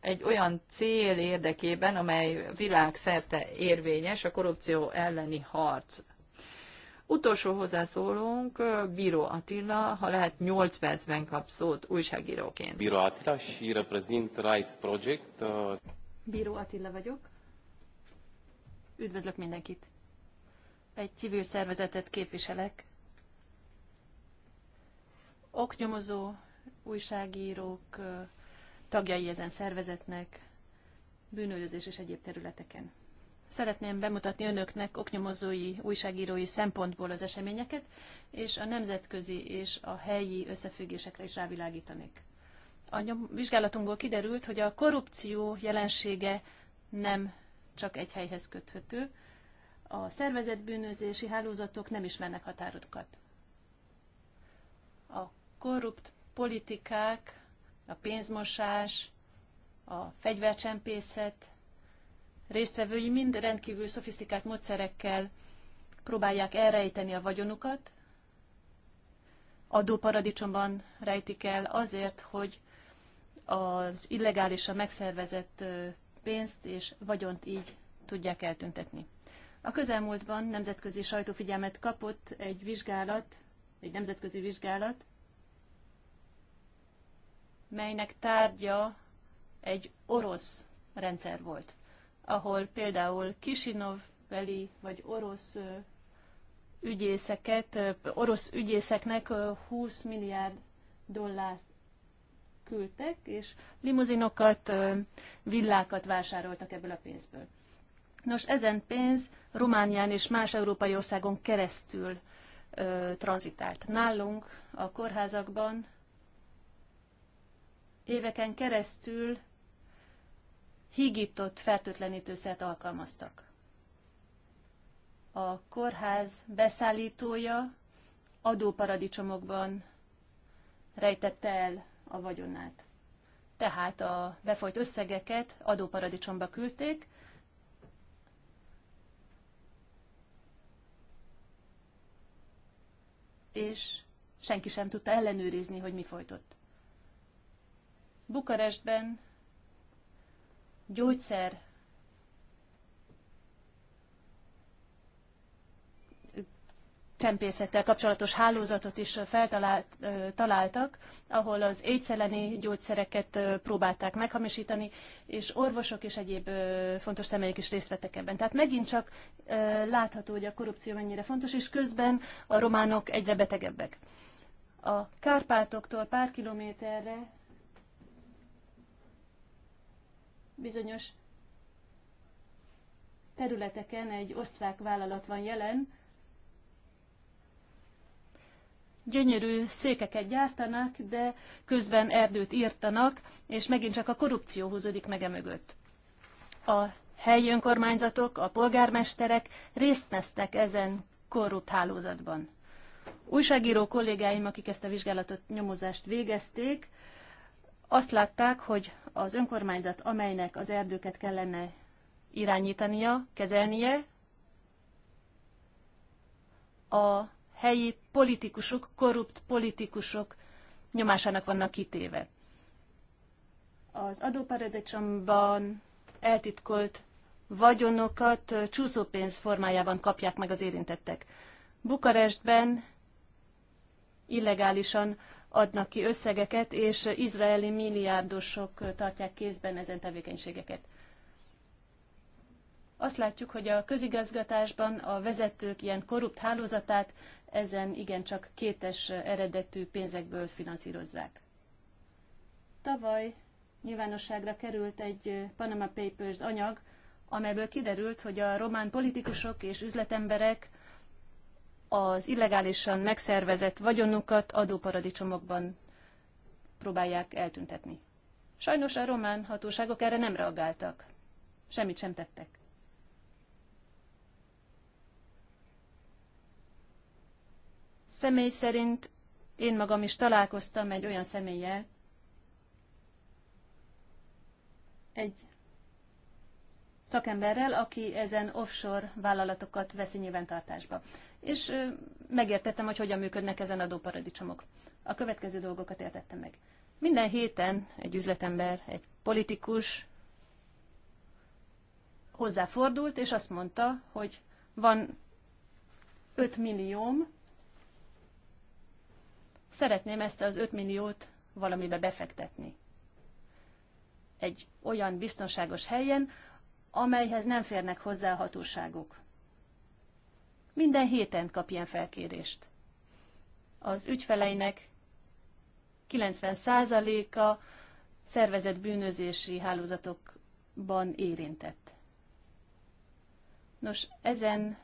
egy olyan cél érdekében, amely világszerte érvényes, a korrupció elleni harc utolsó hozzászólónk, Bíró Attila, ha lehet 8 percben kap szót újságíróként. Bíró Attila, și reprezint Rice Project. Bíró Attila vagyok. Üdvözlök mindenkit. Egy civil szervezetet képviselek. Oknyomozó újságírók tagjai ezen szervezetnek, bűnözés és egyéb területeken. Szeretném bemutatni önöknek oknyomozói, újságírói szempontból az eseményeket, és a nemzetközi és a helyi összefüggésekre is rávilágítanék. A nyom, vizsgálatunkból kiderült, hogy a korrupció jelensége nem csak egy helyhez köthető, a szervezetbűnözési hálózatok nem ismernek határokat. A korrupt politikák, a pénzmosás, a fegyvercsempészet, résztvevői mind rendkívül szofisztikált módszerekkel próbálják elrejteni a vagyonukat, adóparadicsomban rejtik el azért, hogy az illegálisan megszervezett pénzt és vagyont így tudják eltüntetni. A közelmúltban nemzetközi sajtófigyelmet kapott egy vizsgálat, egy nemzetközi vizsgálat, melynek tárgya egy orosz rendszer volt ahol például Kisinovveli vagy orosz ügyészeket, orosz ügyészeknek 20 milliárd dollár küldtek, és limuzinokat, villákat vásároltak ebből a pénzből. Nos, ezen pénz Románián és más európai országon keresztül ö, tranzitált. Nálunk a kórházakban éveken keresztül hígított fertőtlenítőszert alkalmaztak. A kórház beszállítója adóparadicsomokban rejtette el a vagyonát. Tehát a befolyt összegeket adóparadicsomba küldték, és senki sem tudta ellenőrizni, hogy mi folytott. Bukarestben gyógyszer csempészettel kapcsolatos hálózatot is feltaláltak, ahol az AIDS gyógyszereket próbálták meghamisítani, és orvosok és egyéb fontos személyek is részt vettek ebben. Tehát megint csak látható, hogy a korrupció mennyire fontos, és közben a románok egyre betegebbek. A Kárpátoktól pár kilométerre bizonyos területeken egy osztrák vállalat van jelen, gyönyörű székeket gyártanak, de közben erdőt írtanak, és megint csak a korrupció húzódik meg emögött. A helyi önkormányzatok, a polgármesterek részt vesznek ezen korrupt hálózatban. Újságíró kollégáim, akik ezt a vizsgálatot, nyomozást végezték, azt látták, hogy az önkormányzat, amelynek az erdőket kellene irányítania, kezelnie, a helyi politikusok, korrupt politikusok nyomásának vannak kitéve. Az adóparadicsomban eltitkolt vagyonokat csúszópénz formájában kapják meg az érintettek. Bukarestben illegálisan adnak ki összegeket, és izraeli milliárdosok tartják kézben ezen tevékenységeket. Azt látjuk, hogy a közigazgatásban a vezetők ilyen korrupt hálózatát ezen igencsak kétes eredetű pénzekből finanszírozzák. Tavaly nyilvánosságra került egy Panama Papers anyag, amelyből kiderült, hogy a román politikusok és üzletemberek az illegálisan megszervezett vagyonukat adóparadicsomokban próbálják eltüntetni. Sajnos a román hatóságok erre nem reagáltak. Semmit sem tettek. Személy szerint én magam is találkoztam egy olyan személlyel, egy szakemberrel, aki ezen offshore vállalatokat veszi nyilvántartásba és megértettem, hogy hogyan működnek ezen adóparadicsomok. A következő dolgokat értettem meg. Minden héten egy üzletember, egy politikus hozzáfordult, és azt mondta, hogy van 5 millióm, szeretném ezt az 5 milliót valamibe befektetni. Egy olyan biztonságos helyen, amelyhez nem férnek hozzá a hatóságok minden héten kap ilyen felkérést. Az ügyfeleinek 90%-a szervezett bűnözési hálózatokban érintett. Nos, ezen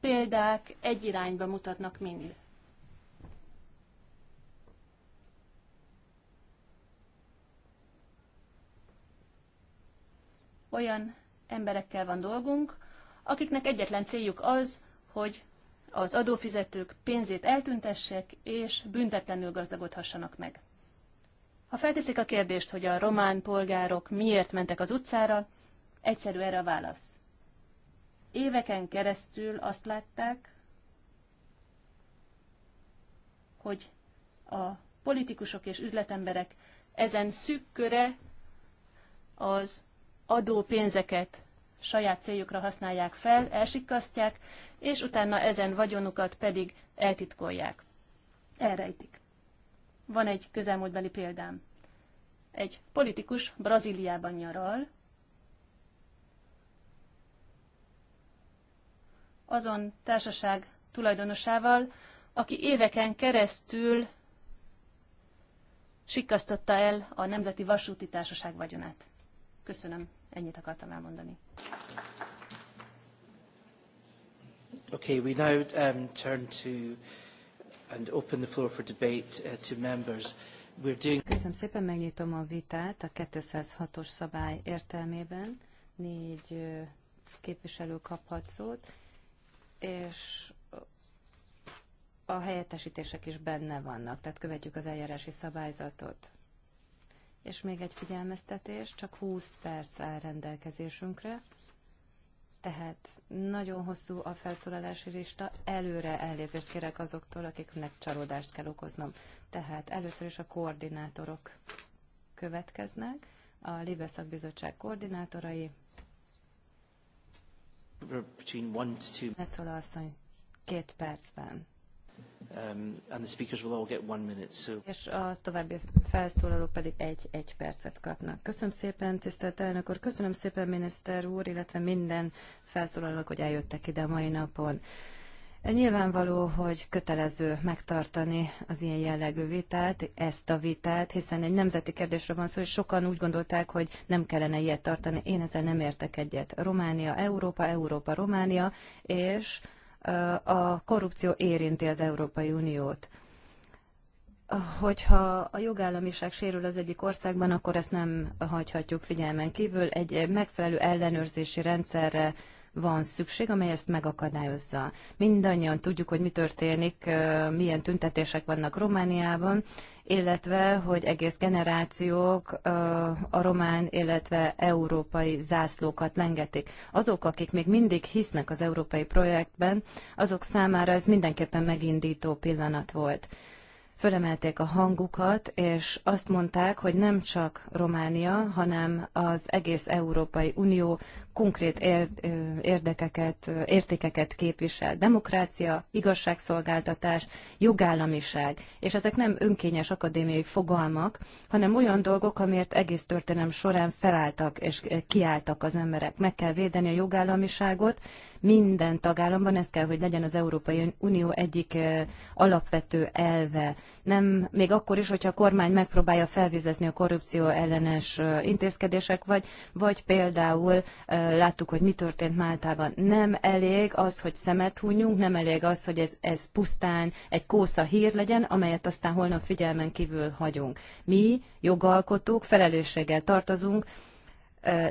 példák egy irányba mutatnak mind. Olyan emberekkel van dolgunk, akiknek egyetlen céljuk az, hogy az adófizetők pénzét eltüntessék és büntetlenül gazdagodhassanak meg. Ha felteszik a kérdést, hogy a román polgárok miért mentek az utcára, egyszerű erre a válasz. Éveken keresztül azt látták, hogy a politikusok és üzletemberek ezen szűk köre az Adó pénzeket saját céljukra használják fel, elsikasztják, és utána ezen vagyonukat pedig eltitkolják. Elrejtik. Van egy közelmúltbeli példám. Egy politikus Brazíliában nyaral, azon társaság tulajdonosával, aki éveken keresztül sikasztotta el a Nemzeti Vasúti Társaság vagyonát. Köszönöm. Ennyit akartam elmondani. Okay, we now um, turn to and open the floor for debate uh, to members. We're doing... Köszönöm szépen, megnyitom a vitát a 206-os szabály értelmében. Négy képviselő kaphat szót, és a helyettesítések is benne vannak, tehát követjük az eljárási szabályzatot. És még egy figyelmeztetés, csak 20 perc áll rendelkezésünkre, tehát nagyon hosszú a felszólalási lista, előre elnézést kérek azoktól, akiknek csalódást kell okoznom. Tehát először is a koordinátorok következnek, a Libeszak Bizottság koordinátorai. Metszola asszony két percben. Um, and the speakers will all get one minute, so... És a további felszólaló pedig egy-egy percet kapnak. Köszönöm szépen, tisztelt elnök úr, köszönöm szépen, miniszter úr, illetve minden felszólalók, hogy eljöttek ide a mai napon. Nyilvánvaló, hogy kötelező megtartani az ilyen jellegű vitát, ezt a vitát, hiszen egy nemzeti kérdésről van szó, és sokan úgy gondolták, hogy nem kellene ilyet tartani. Én ezzel nem értek egyet. Románia, Európa, Európa, Románia, és a korrupció érinti az Európai Uniót. Hogyha a jogállamiság sérül az egyik országban, akkor ezt nem hagyhatjuk figyelmen kívül. Egy megfelelő ellenőrzési rendszerre van szükség, amely ezt megakadályozza. Mindannyian tudjuk, hogy mi történik, milyen tüntetések vannak Romániában, illetve, hogy egész generációk a román, illetve európai zászlókat lengetik. Azok, akik még mindig hisznek az európai projektben, azok számára ez mindenképpen megindító pillanat volt fölemelték a hangukat, és azt mondták, hogy nem csak Románia, hanem az egész Európai Unió konkrét érdekeket, értékeket képvisel. Demokrácia, igazságszolgáltatás, jogállamiság. És ezek nem önkényes akadémiai fogalmak, hanem olyan dolgok, amiért egész történelem során felálltak és kiálltak az emberek. Meg kell védeni a jogállamiságot, minden tagállamban, ez kell, hogy legyen az Európai Unió egyik alapvető elve. Nem, még akkor is, hogyha a kormány megpróbálja felvizezni a korrupció ellenes intézkedések, vagy, vagy például láttuk, hogy mi történt Máltában. Nem elég az, hogy szemet hunyunk, nem elég az, hogy ez, ez pusztán egy kósza hír legyen, amelyet aztán holnap figyelmen kívül hagyunk. Mi, jogalkotók, felelősséggel tartozunk,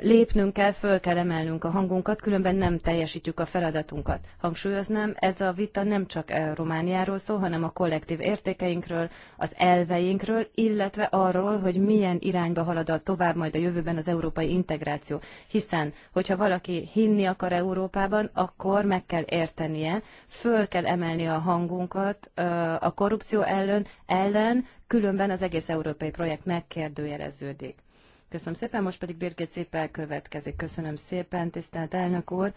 lépnünk kell, föl kell emelnünk a hangunkat, különben nem teljesítjük a feladatunkat. Hangsúlyoznám, ez a vita nem csak Romániáról szól, hanem a kollektív értékeinkről, az elveinkről, illetve arról, hogy milyen irányba halad a tovább majd a jövőben az európai integráció. Hiszen, hogyha valaki hinni akar Európában, akkor meg kell értenie, föl kell emelni a hangunkat a korrupció ellen, ellen különben az egész európai projekt megkérdőjeleződik. Köszönöm szépen, most pedig Birgit Cipel következik. Köszönöm szépen, tisztelt elnök úr.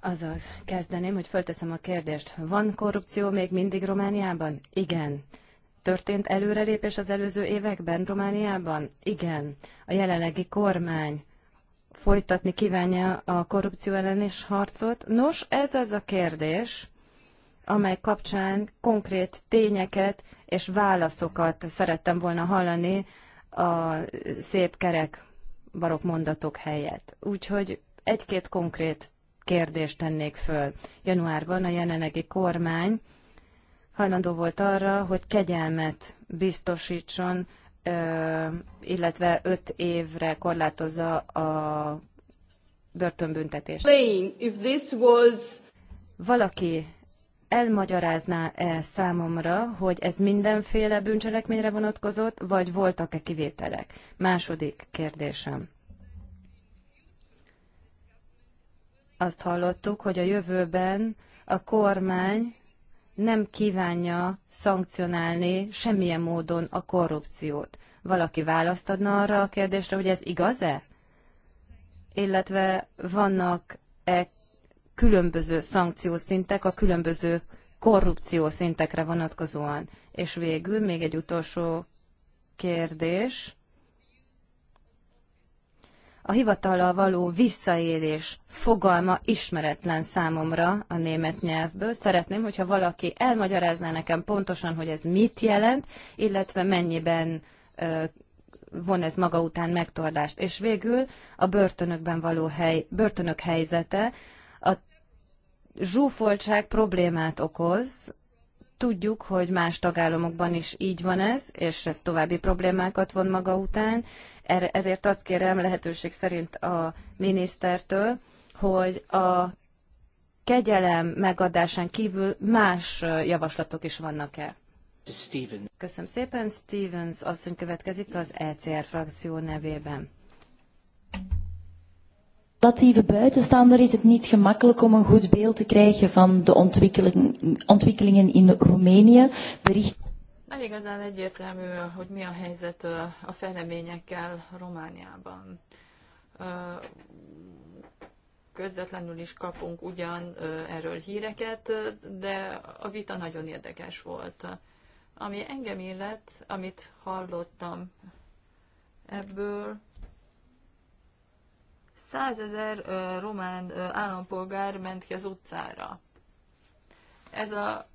Azzal kezdeném, hogy fölteszem a kérdést. Van korrupció még mindig Romániában? Igen. Történt előrelépés az előző években Romániában? Igen. A jelenlegi kormány folytatni kívánja a korrupció ellen is harcot? Nos, ez az a kérdés, amely kapcsán konkrét tényeket és válaszokat szerettem volna hallani a szép kerek barok mondatok helyett. Úgyhogy egy-két konkrét kérdést tennék föl. Januárban a jelenlegi kormány hajlandó volt arra, hogy kegyelmet biztosítson, illetve öt évre korlátozza a börtönbüntetést. Valaki elmagyarázná-e eh, számomra, hogy ez mindenféle bűncselekményre vonatkozott, vagy voltak-e kivételek? Második kérdésem. Azt hallottuk, hogy a jövőben a kormány nem kívánja szankcionálni semmilyen módon a korrupciót. Valaki választ adna arra a kérdésre, hogy ez igaz-e? Illetve vannak-e különböző szankciószintek a különböző korrupció szintekre vonatkozóan. És végül még egy utolsó kérdés. A hivatallal való visszaélés fogalma ismeretlen számomra a német nyelvből. Szeretném, hogyha valaki elmagyarázná nekem pontosan, hogy ez mit jelent, illetve mennyiben von ez maga után megtorlást. És végül a börtönökben való hely, börtönök helyzete, zsúfoltság problémát okoz, tudjuk, hogy más tagállamokban is így van ez, és ez további problémákat von maga után, ezért azt kérem lehetőség szerint a minisztertől, hogy a kegyelem megadásán kívül más javaslatok is vannak-e? Köszönöm szépen. Stevens asszony következik az ECR frakció nevében relatieve buitenstaander is het niet gemakkelijk om een goed beeld te krijgen van de ontwikkeling, ontwikkelingen in Roemenië. Bericht... Nem ah, igazán egyértelmű, hogy mi a helyzet eh, a fejleményekkel Romániában. Eh, közvetlenül is kapunk ugyan eh, erről híreket, de a vita nagyon érdekes volt. Ami engem illet, amit hallottam ebből, százezer román állampolgár ment ki az utcára. Ez a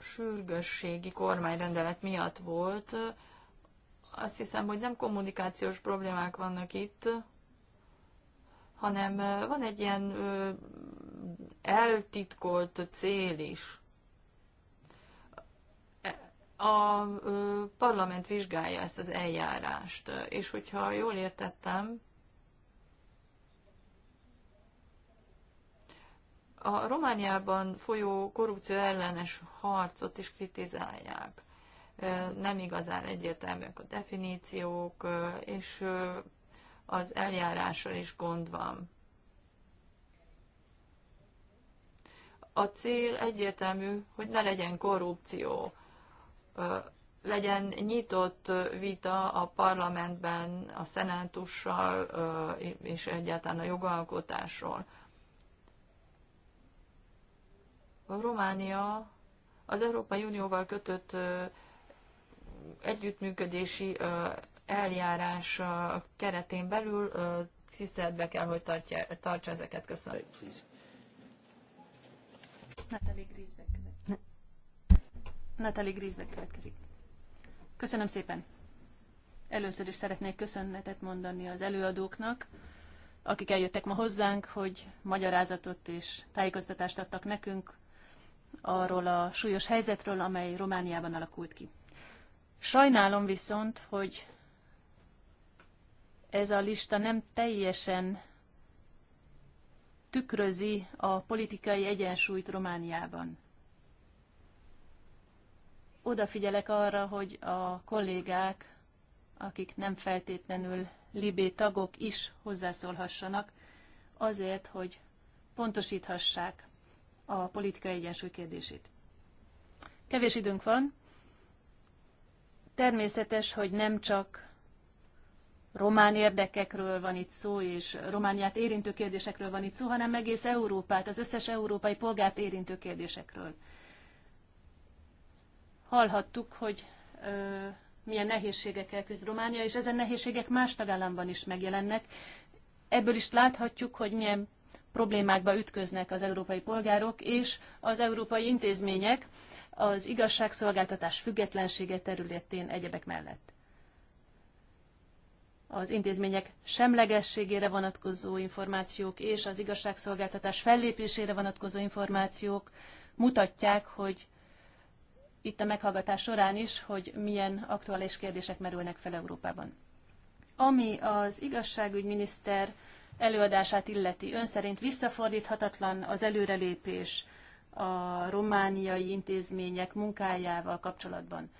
sürgősségi kormányrendelet miatt volt. Azt hiszem, hogy nem kommunikációs problémák vannak itt, hanem van egy ilyen eltitkolt cél is. A parlament vizsgálja ezt az eljárást, és hogyha jól értettem, a Romániában folyó korrupció ellenes harcot is kritizálják. Nem igazán egyértelműek a definíciók, és az eljárással is gond van. A cél egyértelmű, hogy ne legyen korrupció, legyen nyitott vita a parlamentben, a szenátussal és egyáltalán a jogalkotásról Románia az Európai Unióval kötött együttműködési eljárás keretén belül tiszteletbe kell, hogy tartja, tartsa ezeket. Köszönöm. Natalie Grisbeck Grisbeck következik. Köszönöm szépen. Először is szeretnék köszönetet mondani az előadóknak, akik eljöttek ma hozzánk, hogy magyarázatot és tájékoztatást adtak nekünk arról a súlyos helyzetről, amely Romániában alakult ki. Sajnálom viszont, hogy ez a lista nem teljesen tükrözi a politikai egyensúlyt Romániában. Odafigyelek arra, hogy a kollégák, akik nem feltétlenül libé tagok is hozzászólhassanak, azért, hogy pontosíthassák a politikai egyensúly kérdését. Kevés időnk van. Természetes, hogy nem csak román érdekekről van itt szó, és Romániát érintő kérdésekről van itt szó, hanem egész Európát, az összes európai polgárt érintő kérdésekről. Hallhattuk, hogy ö, milyen nehézségekkel küzd Románia, és ezen nehézségek más tagállamban is megjelennek. Ebből is láthatjuk, hogy milyen problémákba ütköznek az európai polgárok és az európai intézmények az igazságszolgáltatás függetlensége területén egyebek mellett. Az intézmények semlegességére vonatkozó információk és az igazságszolgáltatás fellépésére vonatkozó információk mutatják, hogy itt a meghallgatás során is, hogy milyen aktuális kérdések merülnek fel Európában. Ami az igazságügyminiszter előadását illeti. Ön szerint visszafordíthatatlan az előrelépés a romániai intézmények munkájával kapcsolatban.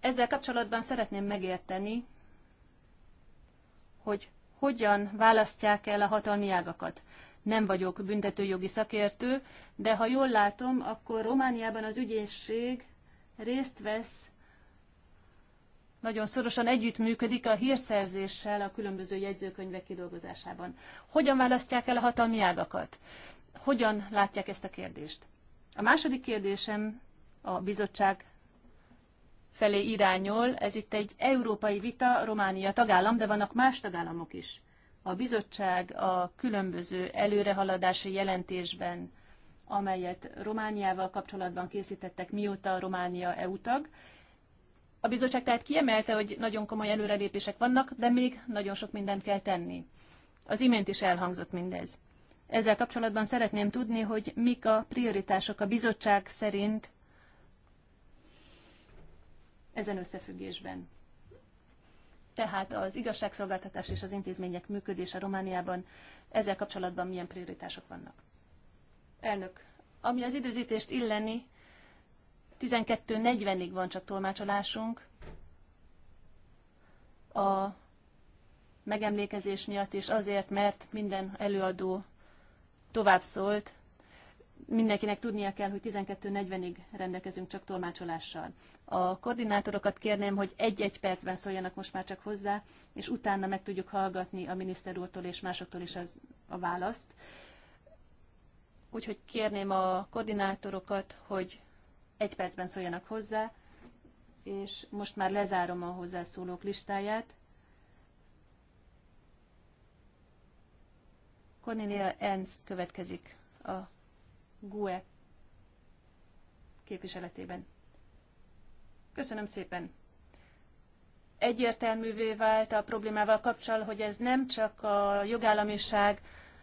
Ezzel kapcsolatban szeretném megérteni, hogy hogyan választják el a hatalmi ágakat. Nem vagyok büntetőjogi szakértő, de ha jól látom, akkor Romániában az ügyészség részt vesz nagyon szorosan együttműködik a hírszerzéssel a különböző jegyzőkönyvek kidolgozásában. Hogyan választják el a hatalmi ágakat? Hogyan látják ezt a kérdést? A második kérdésem a bizottság felé irányol. Ez itt egy európai vita, Románia tagállam, de vannak más tagállamok is. A bizottság a különböző előrehaladási jelentésben, amelyet Romániával kapcsolatban készítettek, mióta Románia EU tag, a bizottság tehát kiemelte, hogy nagyon komoly előrelépések vannak, de még nagyon sok mindent kell tenni. Az imént is elhangzott mindez. Ezzel kapcsolatban szeretném tudni, hogy mik a prioritások a bizottság szerint ezen összefüggésben. Tehát az igazságszolgáltatás és az intézmények működése Romániában ezzel kapcsolatban milyen prioritások vannak? Elnök, ami az időzítést illeni, 12.40-ig van csak tolmácsolásunk. A megemlékezés miatt, és azért, mert minden előadó tovább szólt. Mindenkinek tudnia kell, hogy 12.40-ig rendelkezünk csak tolmácsolással. A koordinátorokat kérném, hogy egy-egy percben szóljanak most már csak hozzá, és utána meg tudjuk hallgatni a miniszter úrtól és másoktól is az, a választ. Úgyhogy kérném a koordinátorokat, hogy egy percben szóljanak hozzá, és most már lezárom a hozzászólók listáját. Cornelia Ernst következik a GUE képviseletében. Köszönöm szépen! Egyértelművé vált a problémával kapcsol, hogy ez nem csak a jogállamiság,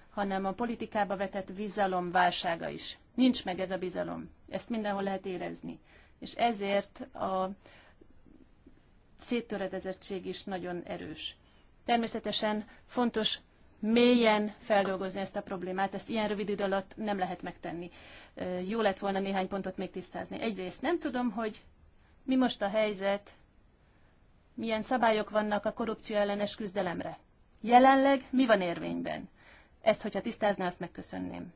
hanem a politikába vetett bizalom válsága is. Nincs meg ez a bizalom. Ezt mindenhol lehet érezni. És ezért a széttöredezettség is nagyon erős. Természetesen fontos mélyen feldolgozni ezt a problémát, ezt ilyen rövid idő alatt nem lehet megtenni. Jó lett volna néhány pontot még tisztázni. Egyrészt nem tudom, hogy mi most a helyzet, milyen szabályok vannak a korrupció ellenes küzdelemre. Jelenleg mi van érvényben? Ezt, hogyha tisztázná, azt megköszönném.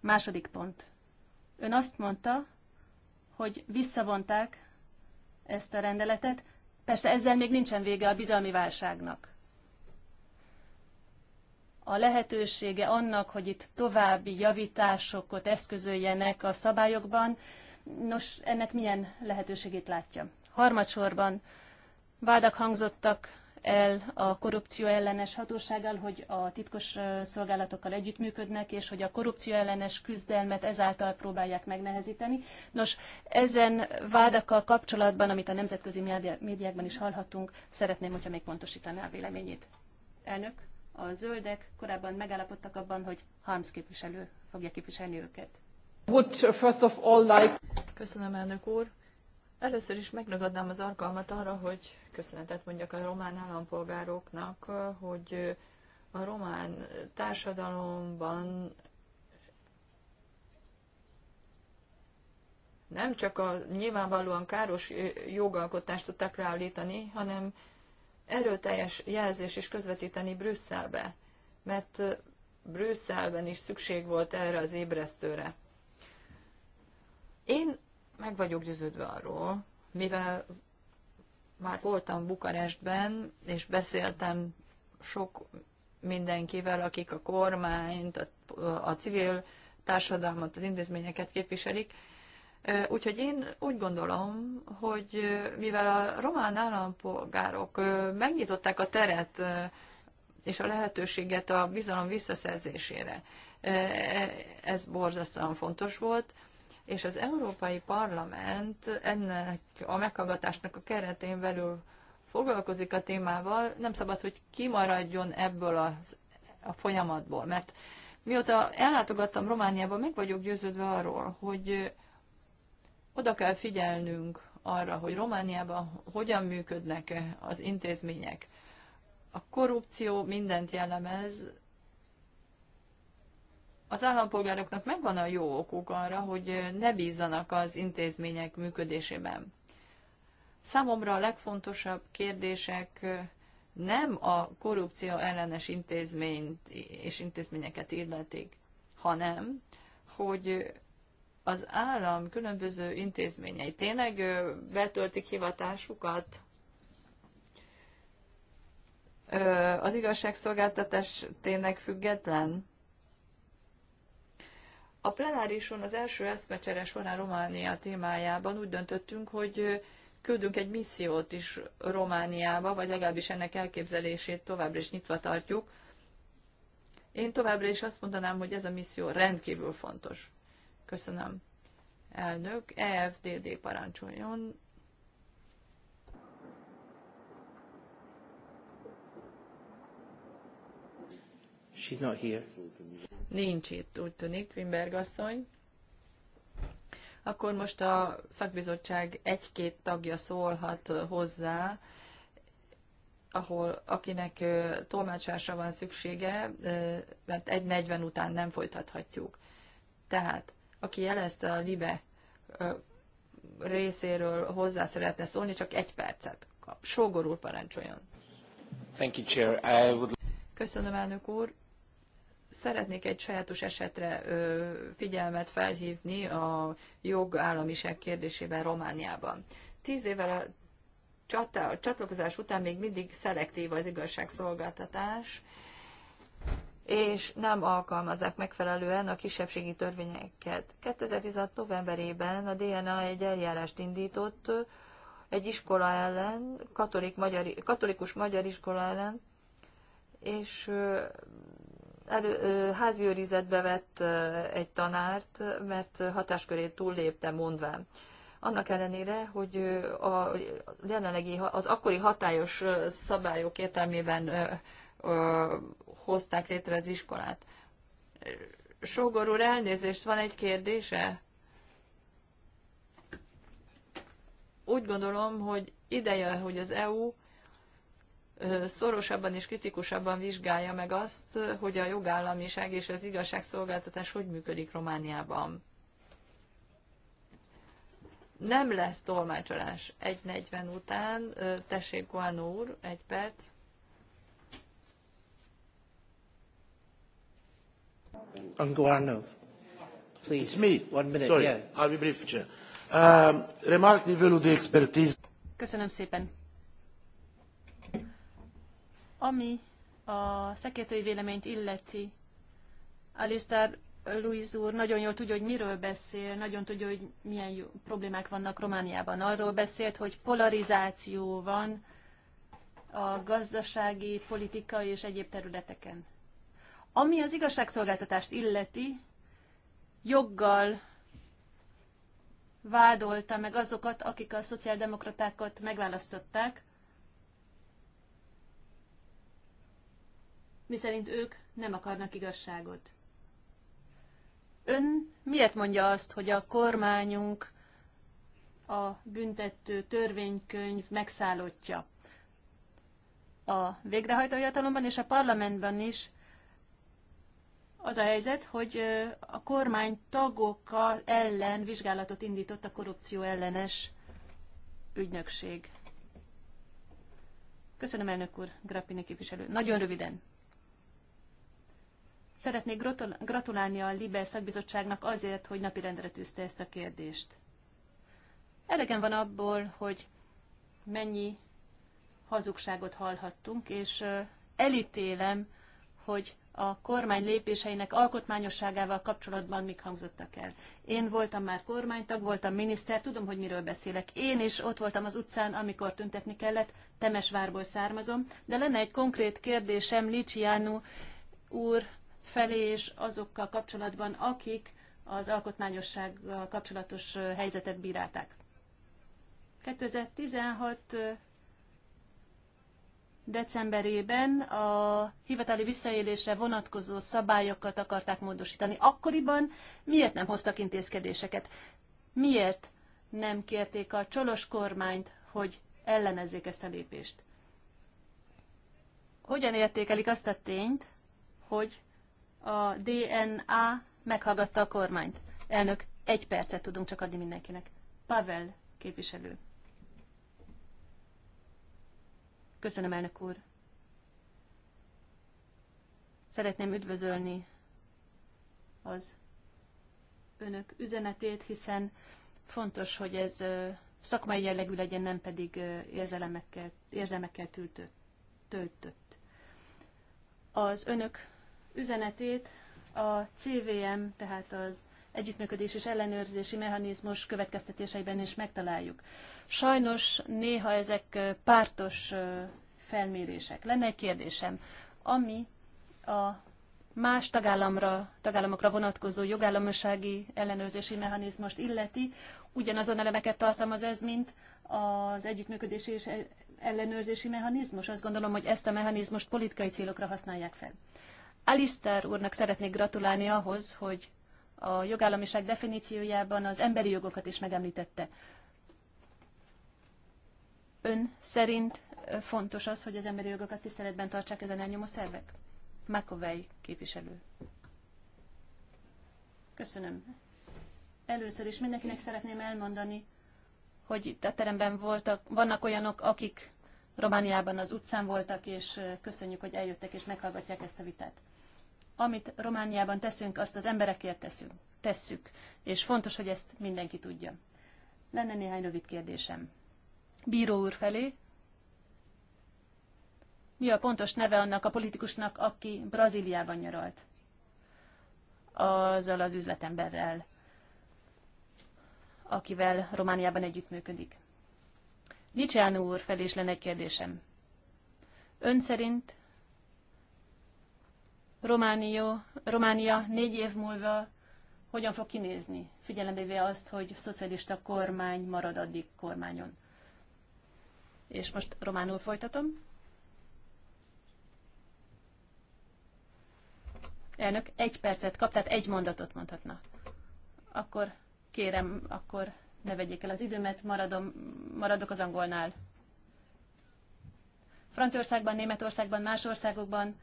Második pont. Ön azt mondta, hogy visszavonták ezt a rendeletet. Persze ezzel még nincsen vége a bizalmi válságnak. A lehetősége annak, hogy itt további javításokat eszközöljenek a szabályokban, nos, ennek milyen lehetőségét látja? Harmadsorban vádak hangzottak el a korrupció ellenes hatósággal, hogy a titkos szolgálatokkal együttműködnek, és hogy a korrupció ellenes küzdelmet ezáltal próbálják megnehezíteni. Nos, ezen vádakkal kapcsolatban, amit a nemzetközi médiákban is hallhatunk, szeretném, hogyha még pontosítaná a véleményét. Elnök, a zöldek korábban megállapodtak abban, hogy Harms képviselő fogja képviselni őket. Would uh, first of all like... Köszönöm, elnök úr. Először is megragadnám az alkalmat arra, hogy köszönetet mondjak a román állampolgároknak, hogy a román társadalomban nem csak a nyilvánvalóan káros jogalkotást tudták leállítani, hanem erőteljes jelzés is közvetíteni Brüsszelbe, mert Brüsszelben is szükség volt erre az ébresztőre. Én meg vagyok győződve arról, mivel már voltam Bukarestben, és beszéltem sok mindenkivel, akik a kormányt, a, a civil társadalmat, az intézményeket képviselik. Úgyhogy én úgy gondolom, hogy mivel a román állampolgárok megnyitották a teret és a lehetőséget a bizalom visszaszerzésére, ez borzasztóan fontos volt, és az Európai Parlament ennek a meghallgatásnak a keretén belül foglalkozik a témával, nem szabad, hogy kimaradjon ebből az, a folyamatból, mert mióta ellátogattam Romániába, meg vagyok győződve arról, hogy oda kell figyelnünk arra, hogy Romániában hogyan működnek az intézmények. A korrupció mindent jellemez, az állampolgároknak megvan a jó okuk arra, hogy ne bízzanak az intézmények működésében. Számomra a legfontosabb kérdések nem a korrupció ellenes intézményt és intézményeket illetik, hanem, hogy az állam különböző intézményei tényleg betöltik hivatásukat, az igazságszolgáltatás tényleg független, a plenárison az első eszmecsere során Románia témájában úgy döntöttünk, hogy küldünk egy missziót is Romániába, vagy legalábbis ennek elképzelését továbbra is nyitva tartjuk. Én továbbra is azt mondanám, hogy ez a misszió rendkívül fontos. Köszönöm. Elnök, EFDD parancsoljon. She's not here nincs itt, úgy tűnik, Wimberg asszony. Akkor most a szakbizottság egy-két tagja szólhat hozzá, ahol akinek tolmácsásra van szüksége, mert 1.40 után nem folytathatjuk. Tehát, aki jelezte a libe részéről hozzá szeretne szólni, csak egy percet kap. Sógor úr parancsoljon. Thank you, Chair. I would... Köszönöm, elnök úr szeretnék egy sajátos esetre figyelmet felhívni a jogállamiság kérdésében Romániában. Tíz évvel a csata, csatlakozás után még mindig szelektív az igazságszolgáltatás, és nem alkalmazzák megfelelően a kisebbségi törvényeket. 2016. novemberében a DNA egy eljárást indított egy iskola ellen, katolik magyar, katolikus magyar iskola ellen, és elő, házi őrizetbe vett egy tanárt, mert hatáskörét túllépte mondván. Annak ellenére, hogy a jelenlegi, az akkori hatályos szabályok értelmében hozták létre az iskolát. Sógor úr, elnézést, van egy kérdése? Úgy gondolom, hogy ideje, hogy az EU szorosabban és kritikusabban vizsgálja meg azt, hogy a jogállamiság és az igazságszolgáltatás hogy működik Romániában. Nem lesz tolmácsolás 1.40 után. Tessék, Guano úr, egy perc. On Guano. Please. It's me, one minute. Sorry, yeah. I'll be brief, Chair. Um, remark nivelul de expertise. Köszönöm szépen. Ami a szekértői véleményt illeti, Alistair Louis úr nagyon jól tudja, hogy miről beszél, nagyon tudja, hogy milyen jó problémák vannak Romániában. Arról beszélt, hogy polarizáció van a gazdasági, politikai és egyéb területeken. Ami az igazságszolgáltatást illeti, joggal vádolta meg azokat, akik a szociáldemokratákat megválasztották, miszerint ők nem akarnak igazságot. Ön miért mondja azt, hogy a kormányunk a büntető törvénykönyv megszállottja? A végrehajtói hatalomban és a parlamentben is az a helyzet, hogy a kormány tagokkal ellen vizsgálatot indított a korrupció ellenes ügynökség. Köszönöm, elnök úr, Grappini képviselő. Nagyon röviden. Szeretnék gratulálni a Libe szakbizottságnak azért, hogy napirendre tűzte ezt a kérdést. Elegen van abból, hogy mennyi hazugságot hallhattunk, és elítélem, hogy a kormány lépéseinek alkotmányosságával kapcsolatban mik hangzottak el. Én voltam már kormánytag, voltam miniszter, tudom, hogy miről beszélek. Én is ott voltam az utcán, amikor tüntetni kellett, Temesvárból származom, de lenne egy konkrét kérdésem Liciánu úr felé, és azokkal kapcsolatban, akik az alkotmányossággal kapcsolatos helyzetet bírálták. 2016 decemberében a hivatali visszaélésre vonatkozó szabályokat akarták módosítani. Akkoriban miért nem hoztak intézkedéseket? Miért nem kérték a csolos kormányt, hogy ellenezzék ezt a lépést? Hogyan értékelik azt a tényt, hogy a DNA meghallgatta a kormányt. Elnök, egy percet tudunk csak adni mindenkinek. Pavel képviselő. Köszönöm, elnök úr. Szeretném üdvözölni az önök üzenetét, hiszen fontos, hogy ez szakmai jellegű legyen, nem pedig érzelmekkel, érzelmekkel töltött. Az önök üzenetét a CVM, tehát az együttműködés és ellenőrzési mechanizmus következtetéseiben is megtaláljuk. Sajnos néha ezek pártos felmérések. Lenne egy kérdésem, ami a más tagállamra, tagállamokra vonatkozó jogállamosági ellenőrzési mechanizmust illeti, ugyanazon elemeket tartalmaz ez, mint az együttműködési és ellenőrzési mechanizmus. Azt gondolom, hogy ezt a mechanizmust politikai célokra használják fel. Alisztár úrnak szeretnék gratulálni ahhoz, hogy a jogállamiság definíciójában az emberi jogokat is megemlítette. Ön szerint fontos az, hogy az emberi jogokat tiszteletben tartsák ezen elnyomó szervek? Makovej képviselő. Köszönöm. Először is mindenkinek szeretném elmondani, hogy itt a teremben voltak, vannak olyanok, akik Romániában az utcán voltak, és köszönjük, hogy eljöttek és meghallgatják ezt a vitát amit Romániában teszünk, azt az emberekért teszünk, tesszük. És fontos, hogy ezt mindenki tudja. Lenne néhány rövid kérdésem. Bíró úr felé, mi a pontos neve annak a politikusnak, aki Brazíliában nyaralt? Azzal az üzletemberrel, akivel Romániában együttműködik. Nicsiánó úr felé is lenne egy kérdésem. Ön szerint Románia, Románia négy év múlva hogyan fog kinézni, figyelembe véve azt, hogy szocialista kormány marad addig kormányon. És most románul folytatom. Elnök egy percet kap, tehát egy mondatot mondhatna. Akkor kérem, akkor ne vegyék el az időmet, maradom, maradok az angolnál. Franciaországban, Németországban, más országokban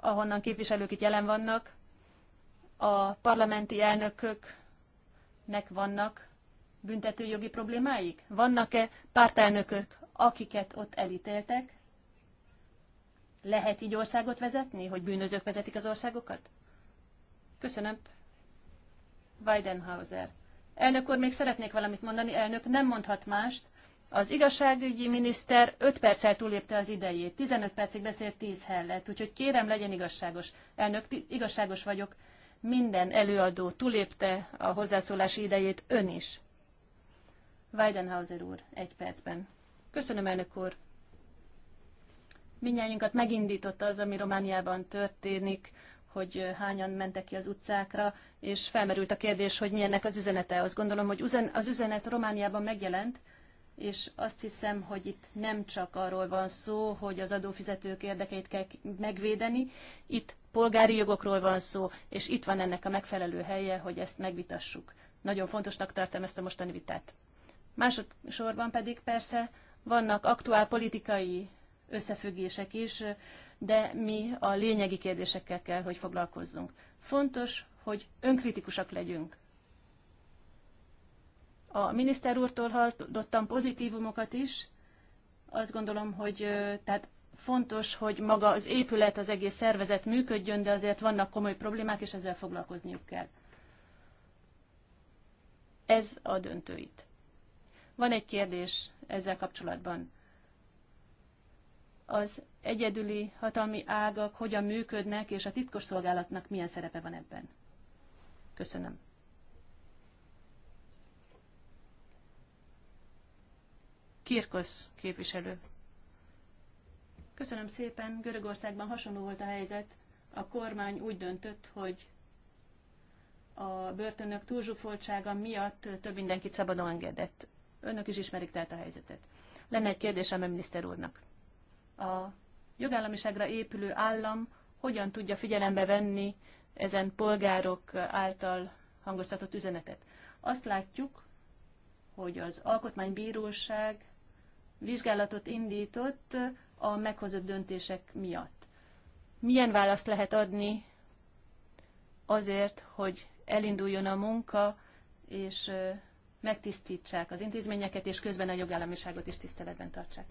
ahonnan képviselők itt jelen vannak, a parlamenti elnököknek vannak büntetőjogi problémáik? Vannak-e pártelnökök, akiket ott elítéltek? Lehet így országot vezetni, hogy bűnözők vezetik az országokat? Köszönöm. Weidenhauser. Elnök úr, még szeretnék valamit mondani. Elnök nem mondhat mást, az igazságügyi miniszter 5 perccel túlépte az idejét, 15 percig beszélt 10 hellet, úgyhogy kérem, legyen igazságos. Elnök, igazságos vagyok, minden előadó túlépte a hozzászólási idejét, ön is. Weidenhauser úr, egy percben. Köszönöm, elnök úr. Mindjárt megindította az, ami Romániában történik, hogy hányan mentek ki az utcákra, és felmerült a kérdés, hogy milyennek az üzenete. Azt gondolom, hogy az üzenet Romániában megjelent, és azt hiszem, hogy itt nem csak arról van szó, hogy az adófizetők érdekeit kell megvédeni, itt polgári jogokról van szó, és itt van ennek a megfelelő helye, hogy ezt megvitassuk. Nagyon fontosnak tartom ezt a mostani vitát. Másodszorban pedig persze vannak aktuál politikai összefüggések is, de mi a lényegi kérdésekkel kell, hogy foglalkozzunk. Fontos, hogy önkritikusak legyünk a miniszter úrtól hallottam pozitívumokat is. Azt gondolom, hogy tehát fontos, hogy maga az épület, az egész szervezet működjön, de azért vannak komoly problémák, és ezzel foglalkozniuk kell. Ez a döntő itt. Van egy kérdés ezzel kapcsolatban. Az egyedüli hatalmi ágak hogyan működnek, és a titkos szolgálatnak milyen szerepe van ebben? Köszönöm. Kirkosz képviselő. Köszönöm szépen. Görögországban hasonló volt a helyzet. A kormány úgy döntött, hogy a börtönök túlzsúfoltsága miatt több mindenkit szabadon engedett. Önök is ismerik tehát a helyzetet. Lenne egy kérdésem a miniszter úrnak. A jogállamiságra épülő állam hogyan tudja figyelembe venni ezen polgárok által hangoztatott üzenetet? Azt látjuk, hogy az Alkotmánybíróság vizsgálatot indított a meghozott döntések miatt. Milyen választ lehet adni azért, hogy elinduljon a munka, és megtisztítsák az intézményeket, és közben a jogállamiságot is tiszteletben tartsák.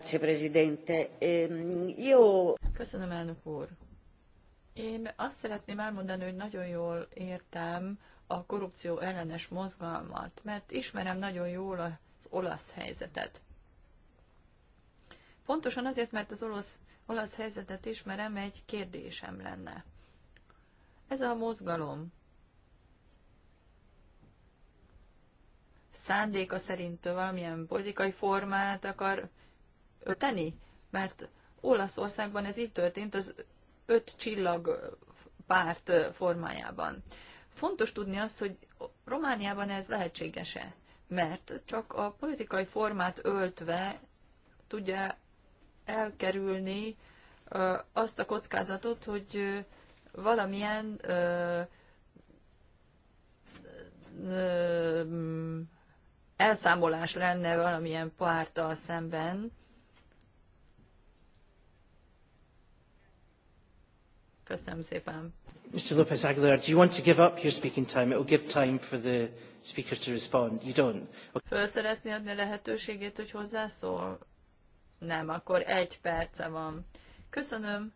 Jó! Ehm, Köszönöm, elnök úr! Én azt szeretném elmondani, hogy nagyon jól értem a korrupció ellenes mozgalmat, mert ismerem nagyon jól az olasz helyzetet. Pontosan azért, mert az olasz, olasz helyzetet ismerem, egy kérdésem lenne. Ez a mozgalom szándéka szerint valamilyen politikai formát akar ölteni? Mert Olaszországban ez így történt az öt csillag párt formájában. Fontos tudni azt, hogy Romániában ez lehetséges-e, mert csak a politikai formát öltve tudja elkerülni azt a kockázatot, hogy valamilyen elszámolás lenne valamilyen párttal szemben. Köszönöm szépen. Mr. Lopez Aguilar, do you want to give up your speaking time? It will give time for the speaker to respond. You don't. Okay. Föl szeretné adni lehetőségét, hogy hozzászól? Nem, akkor egy perce van. Köszönöm.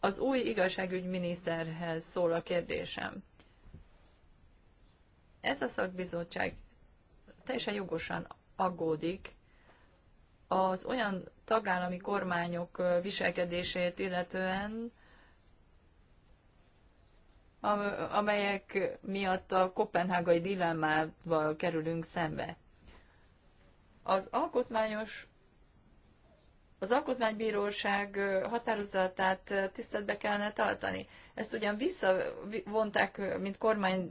Az új igazságügyminiszterhez szól a kérdésem. Ez a szakbizottság teljesen jogosan aggódik az olyan tagállami kormányok viselkedését illetően, amelyek miatt a kopenhágai dilemmával kerülünk szembe. Az alkotmányos az alkotmánybíróság határozatát tiszteletbe kellene tartani. Ezt ugyan visszavonták, mint kormány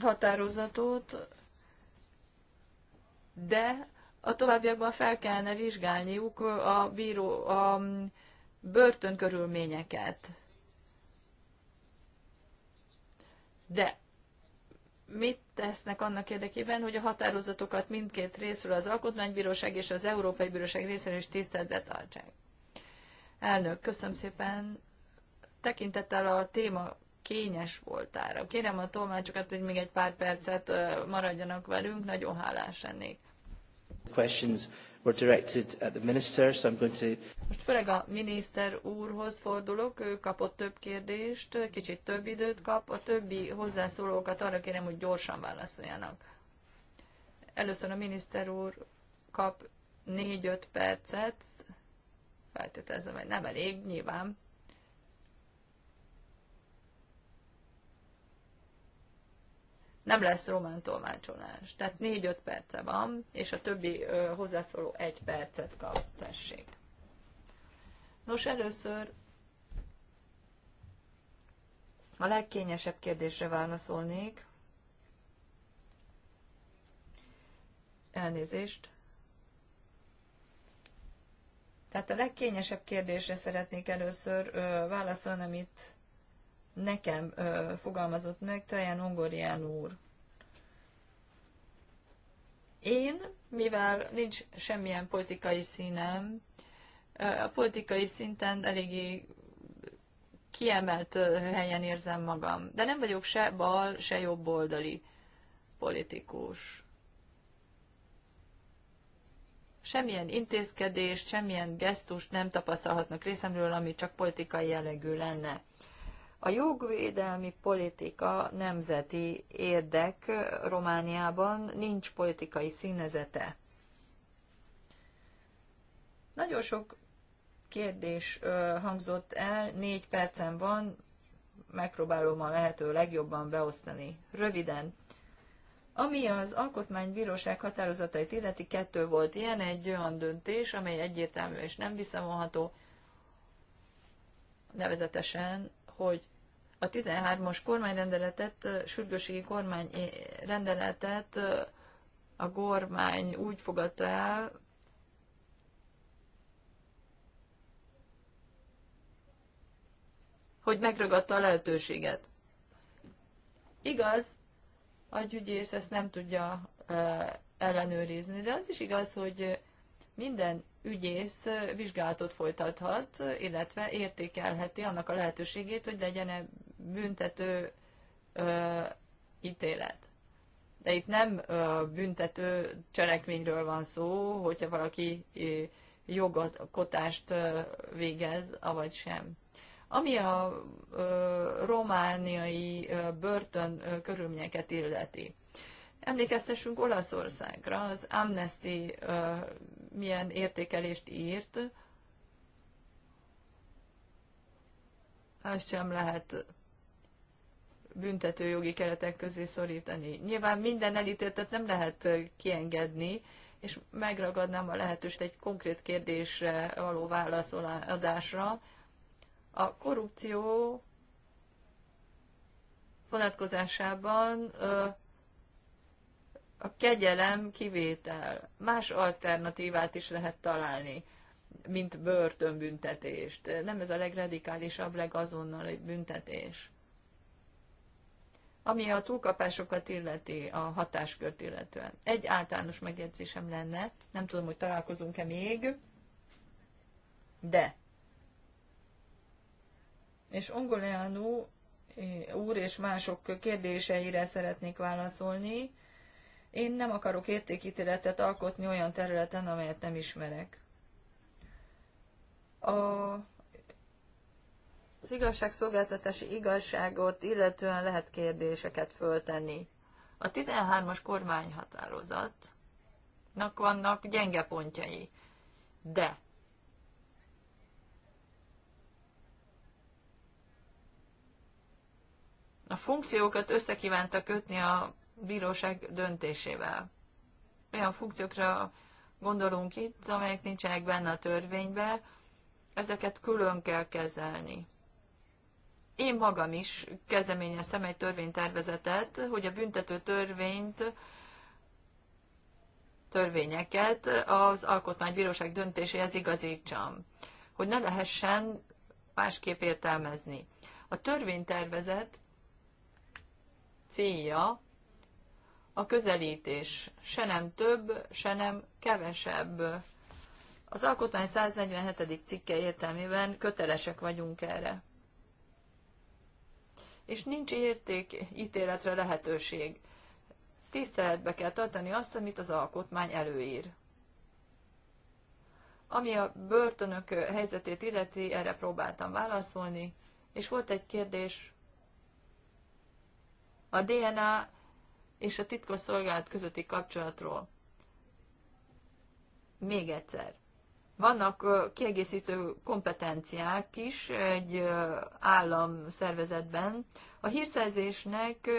határozatot, de a továbbiakban fel kellene vizsgálniuk a, bíró, a börtönkörülményeket. De mit tesznek annak érdekében, hogy a határozatokat mindkét részről az Alkotmánybíróság és az Európai Bíróság részéről is tiszteletbe tartsák. Elnök, köszönöm szépen. Tekintettel a téma kényes voltára. Kérem a tolmácsokat, hogy még egy pár percet maradjanak velünk, nagyon hálás lennék. Questions were directed at the minister, so I'm going to... Most főleg a miniszter úrhoz fordulok, ő kapott több kérdést, kicsit több időt kap, a többi hozzászólókat arra kérem, hogy gyorsan válaszoljanak. Először a miniszter úr kap 4-5 percet, feltételezem, hogy nem elég, nyilván, nem lesz román tolmácsolás. Tehát 4-5 perce van, és a többi ö, hozzászóló 1 percet kap. Tessék. Nos, először a legkényesebb kérdésre válaszolnék. Elnézést. Tehát a legkényesebb kérdésre szeretnék először ö, válaszolni, amit nekem ö, fogalmazott meg Traján Ongorián úr. Én, mivel nincs semmilyen politikai színem, a politikai szinten eléggé kiemelt helyen érzem magam. De nem vagyok se bal, se jobboldali politikus. Semmilyen intézkedést, semmilyen gesztust nem tapasztalhatnak részemről, ami csak politikai jellegű lenne. A jogvédelmi politika nemzeti érdek Romániában nincs politikai színezete. Nagyon sok kérdés hangzott el, négy percen van, megpróbálom a lehető legjobban beosztani. Röviden, ami az alkotmánybíróság határozatait illeti, kettő volt ilyen, egy olyan döntés, amely egyértelmű és nem visszavonható, nevezetesen, hogy a 13-as kormányrendeletet, sürgőségi kormányrendeletet a kormány úgy fogadta el, hogy megragadta a lehetőséget. Igaz, a gyügyész ezt nem tudja ellenőrizni, de az is igaz, hogy minden ügyész vizsgálatot folytathat, illetve értékelheti annak a lehetőségét, hogy legyen -e büntető ö, ítélet. De itt nem ö, büntető cselekményről van szó, hogyha valaki jogkotást végez, avagy sem. Ami a ö, romániai ö, börtön ö, körülményeket illeti. Emlékeztessünk Olaszországra, az Amnesty uh, milyen értékelést írt, azt sem lehet büntető jogi keretek közé szorítani. Nyilván minden elítéltet nem lehet kiengedni, és megragadnám a lehetőst egy konkrét kérdésre való válaszolásra. A korrupció vonatkozásában a kegyelem kivétel. Más alternatívát is lehet találni, mint börtönbüntetést. Nem ez a legradikálisabb, egy büntetés. Ami a túlkapásokat illeti, a hatáskört illetően. Egy általános megjegyzésem lenne, nem tudom, hogy találkozunk-e még, de. És Ongoleanu eh, úr és mások kérdéseire szeretnék válaszolni én nem akarok értékítéletet alkotni olyan területen, amelyet nem ismerek. A, az igazságszolgáltatási igazságot illetően lehet kérdéseket föltenni. A 13-as kormányhatározatnak vannak gyenge pontjai, de a funkciókat összekívánta kötni a bíróság döntésével. Olyan funkciókra gondolunk itt, amelyek nincsenek benne a törvénybe, ezeket külön kell kezelni. Én magam is kezdeményeztem egy törvénytervezetet, hogy a büntető törvényt, törvényeket az Alkotmánybíróság döntéséhez igazítsam, hogy ne lehessen másképp értelmezni. A törvénytervezet célja a közelítés, se nem több, se nem kevesebb. Az alkotmány 147. cikke értelmében kötelesek vagyunk erre. És nincs érték ítéletre lehetőség. Tiszteletbe kell tartani azt, amit az alkotmány előír. Ami a börtönök helyzetét illeti, erre próbáltam válaszolni, és volt egy kérdés. A DNA és a titkos szolgálat közötti kapcsolatról. Még egyszer. Vannak kiegészítő kompetenciák is egy állam szervezetben. A hírszerzésnek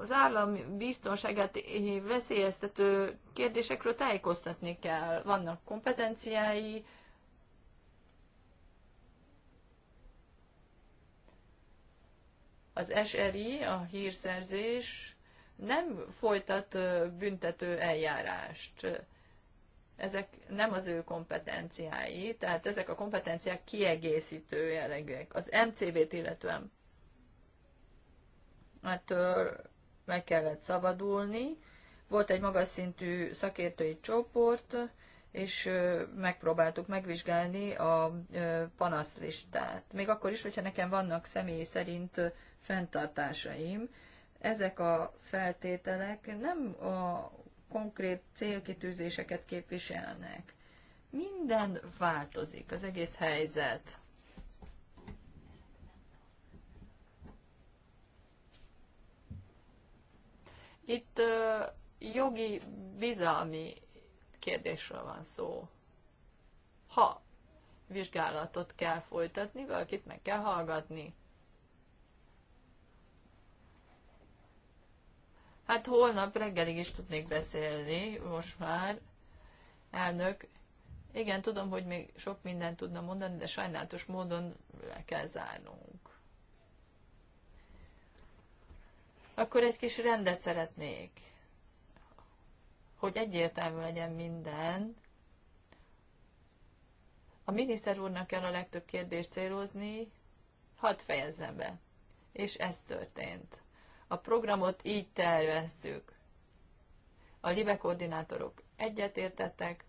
az állam biztonságát veszélyeztető kérdésekről tájékoztatni kell. Vannak kompetenciái, az SRI, a hírszerzés nem folytat büntető eljárást. Ezek nem az ő kompetenciái, tehát ezek a kompetenciák kiegészítő jellegűek. Az MCV-t illetően hát, meg kellett szabadulni. Volt egy magas szintű szakértői csoport, és megpróbáltuk megvizsgálni a panaszlistát. Még akkor is, hogyha nekem vannak személy szerint fenntartásaim. Ezek a feltételek nem a konkrét célkitűzéseket képviselnek. Minden változik, az egész helyzet. Itt jogi bizalmi kérdésről van szó. Ha vizsgálatot kell folytatni, valakit meg kell hallgatni. Hát holnap reggelig is tudnék beszélni, most már. Elnök, igen, tudom, hogy még sok mindent tudna mondani, de sajnálatos módon le kell zárnunk. Akkor egy kis rendet szeretnék, hogy egyértelmű legyen minden. A miniszter úrnak kell a legtöbb kérdést célozni, hadd fejezzem be. És ez történt. A programot így tervezzük. A libe koordinátorok egyetértettek,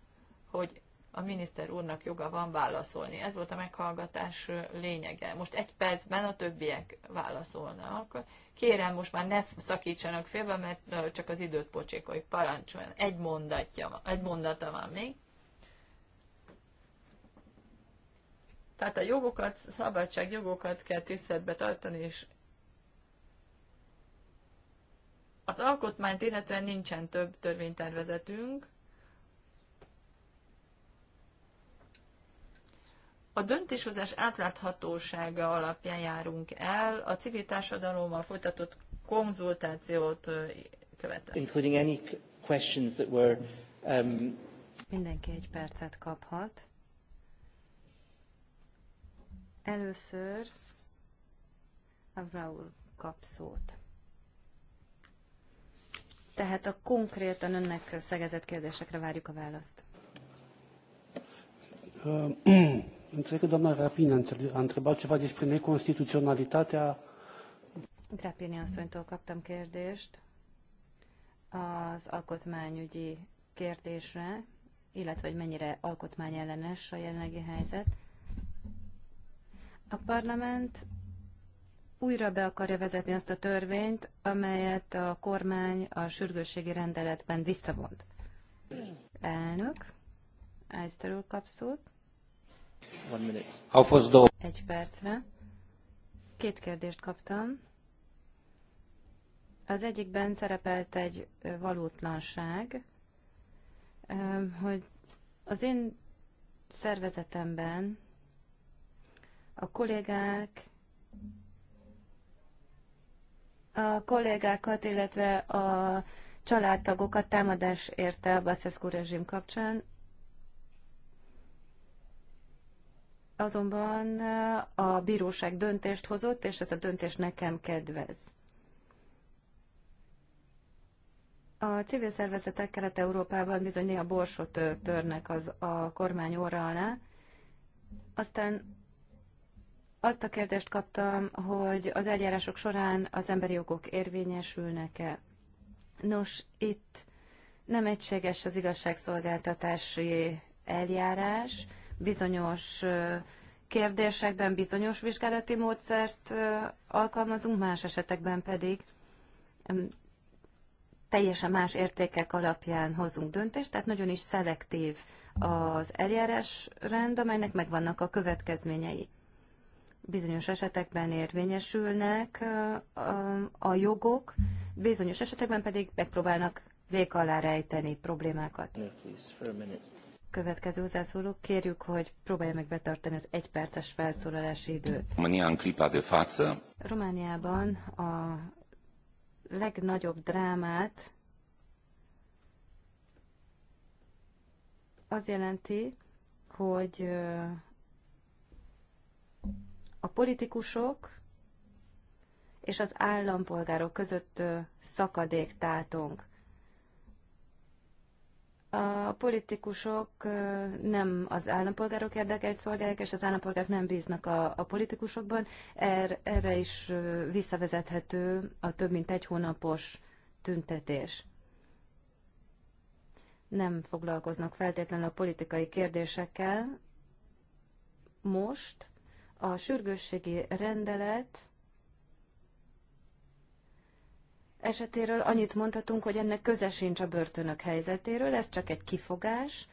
hogy a miniszter úrnak joga van válaszolni. Ez volt a meghallgatás lényege. Most egy percben a többiek válaszolnak. Kérem, most már ne szakítsanak félbe, mert csak az időt pocsékoljuk. Parancsoljon. Egy, mondatja, egy mondata van még. Tehát a jogokat, szabadságjogokat kell tiszteletbe tartani, és Az alkotmányt illetően nincsen több törvénytervezetünk. A döntéshozás átláthatósága alapján járunk el, a civil társadalommal folytatott konzultációt követően. Including any questions that were, um... Mindenki egy percet kaphat. Először a Raúl kap szót. Tehát a konkrétan önnek szegezett kérdésekre várjuk a választ. Înțeleg că doamna Rapina a întrebat ceva despre neconstituționalitatea... Grapini asszonytól kaptam kérdést az alkotmányügyi kérdésre, illetve hogy mennyire alkotmányellenes a jelenlegi helyzet. A parlament újra be akarja vezetni azt a törvényt, amelyet a kormány a sürgősségi rendeletben visszavont. Elnök, Eister úr kap Egy percre. Két kérdést kaptam. Az egyikben szerepelt egy valótlanság, hogy az én szervezetemben a kollégák a kollégákat, illetve a családtagokat támadás érte a Baszeszkú rezsim kapcsán. Azonban eh, a bíróság döntést hozott, és ez a döntés nekem kedvez. A civil szervezetek Kelet-Európában bizony néha borsot eh, törnek az a kormány óra alá, aztán azt a kérdést kaptam, hogy az eljárások során az emberi jogok érvényesülnek-e. Nos, itt nem egységes az igazságszolgáltatási eljárás. Bizonyos kérdésekben bizonyos vizsgálati módszert alkalmazunk, más esetekben pedig teljesen más értékek alapján hozunk döntést, tehát nagyon is szelektív az eljárásrend, amelynek megvannak a következményei bizonyos esetekben érvényesülnek a jogok, bizonyos esetekben pedig megpróbálnak vék alá rejteni problémákat. Következő hozzászóló, kérjük, hogy próbálja meg betartani az egyperces felszólalási időt. Romániában a legnagyobb drámát az jelenti, hogy a politikusok és az állampolgárok között szakadék tátunk. A politikusok nem az állampolgárok érdekeit szolgálják, és az állampolgárok nem bíznak a, a politikusokban. Er, erre is visszavezethető a több mint egy hónapos tüntetés. Nem foglalkoznak feltétlenül a politikai kérdésekkel most, a sürgősségi rendelet esetéről annyit mondhatunk, hogy ennek köze sincs a börtönök helyzetéről, ez csak egy kifogás,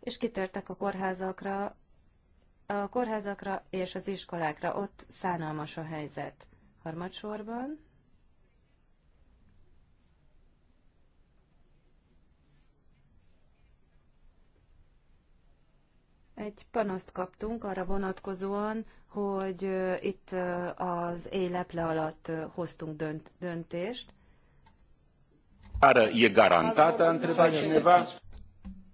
és kitörtek a kórházakra, a kórházakra és az iskolákra, ott szánalmas a helyzet. Harmadsorban Egy panaszt kaptunk arra vonatkozóan, hogy itt az éjleple alatt hoztunk dönt, döntést. Arra e garantálta, întreba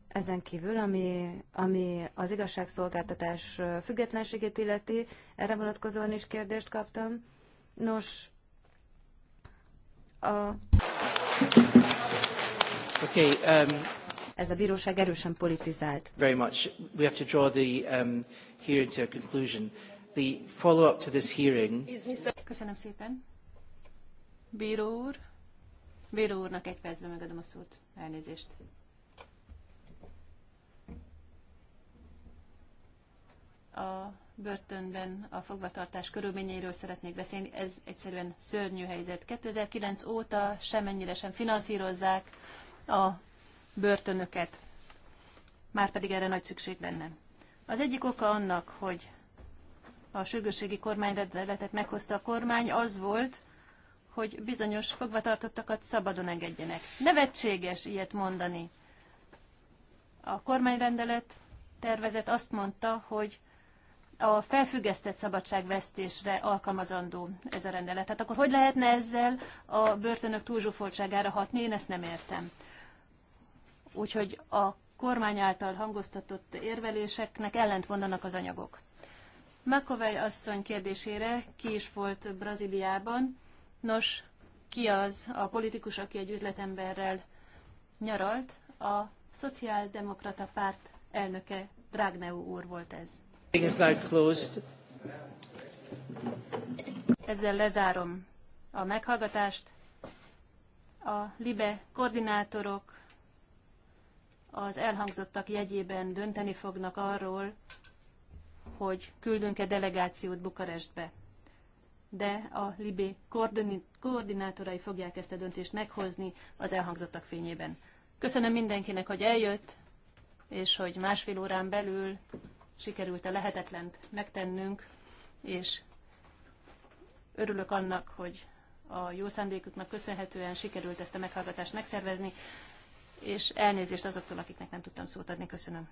Ezen kívül, ami, ami az igazságszolgáltatás függetlenségét illeti, erre vonatkozóan is kérdést kaptam. Nos, a... Okay, um, ez a bíróság erősen politizált. Very much. We have to draw the um, hearing to a conclusion. The follow-up to this hearing... Köszönöm szépen. Bíró úr. Bíró úrnak egy percben megadom a szót. Elnézést. a börtönben a fogvatartás körülményeiről szeretnék beszélni. Ez egyszerűen szörnyű helyzet. 2009 óta semennyire sem finanszírozzák a börtönöket, márpedig erre nagy szükség lenne. Az egyik oka annak, hogy a sürgősségi kormányrendeletet meghozta a kormány, az volt, hogy bizonyos fogvatartottakat szabadon engedjenek. Nevetséges ilyet mondani. A kormányrendelet tervezet azt mondta, hogy a felfüggesztett szabadságvesztésre alkalmazandó ez a rendelet. Tehát akkor hogy lehetne ezzel a börtönök túlzsúfoltságára hatni? Én ezt nem értem úgyhogy a kormány által hangoztatott érveléseknek ellent mondanak az anyagok. McAvey asszony kérdésére ki is volt Brazíliában. Nos, ki az a politikus, aki egy üzletemberrel nyaralt? A Szociáldemokrata Párt elnöke Dragneu úr volt ez. Ezzel lezárom a meghallgatást. A LIBE koordinátorok az elhangzottak jegyében dönteni fognak arról, hogy küldünk-e delegációt Bukarestbe. De a Libé koordinátorai fogják ezt a döntést meghozni az elhangzottak fényében. Köszönöm mindenkinek, hogy eljött, és hogy másfél órán belül sikerült a lehetetlent megtennünk, és örülök annak, hogy a jó szándékuknak köszönhetően sikerült ezt a meghallgatást megszervezni és elnézést azoktól, akiknek nem tudtam szót adni. Köszönöm.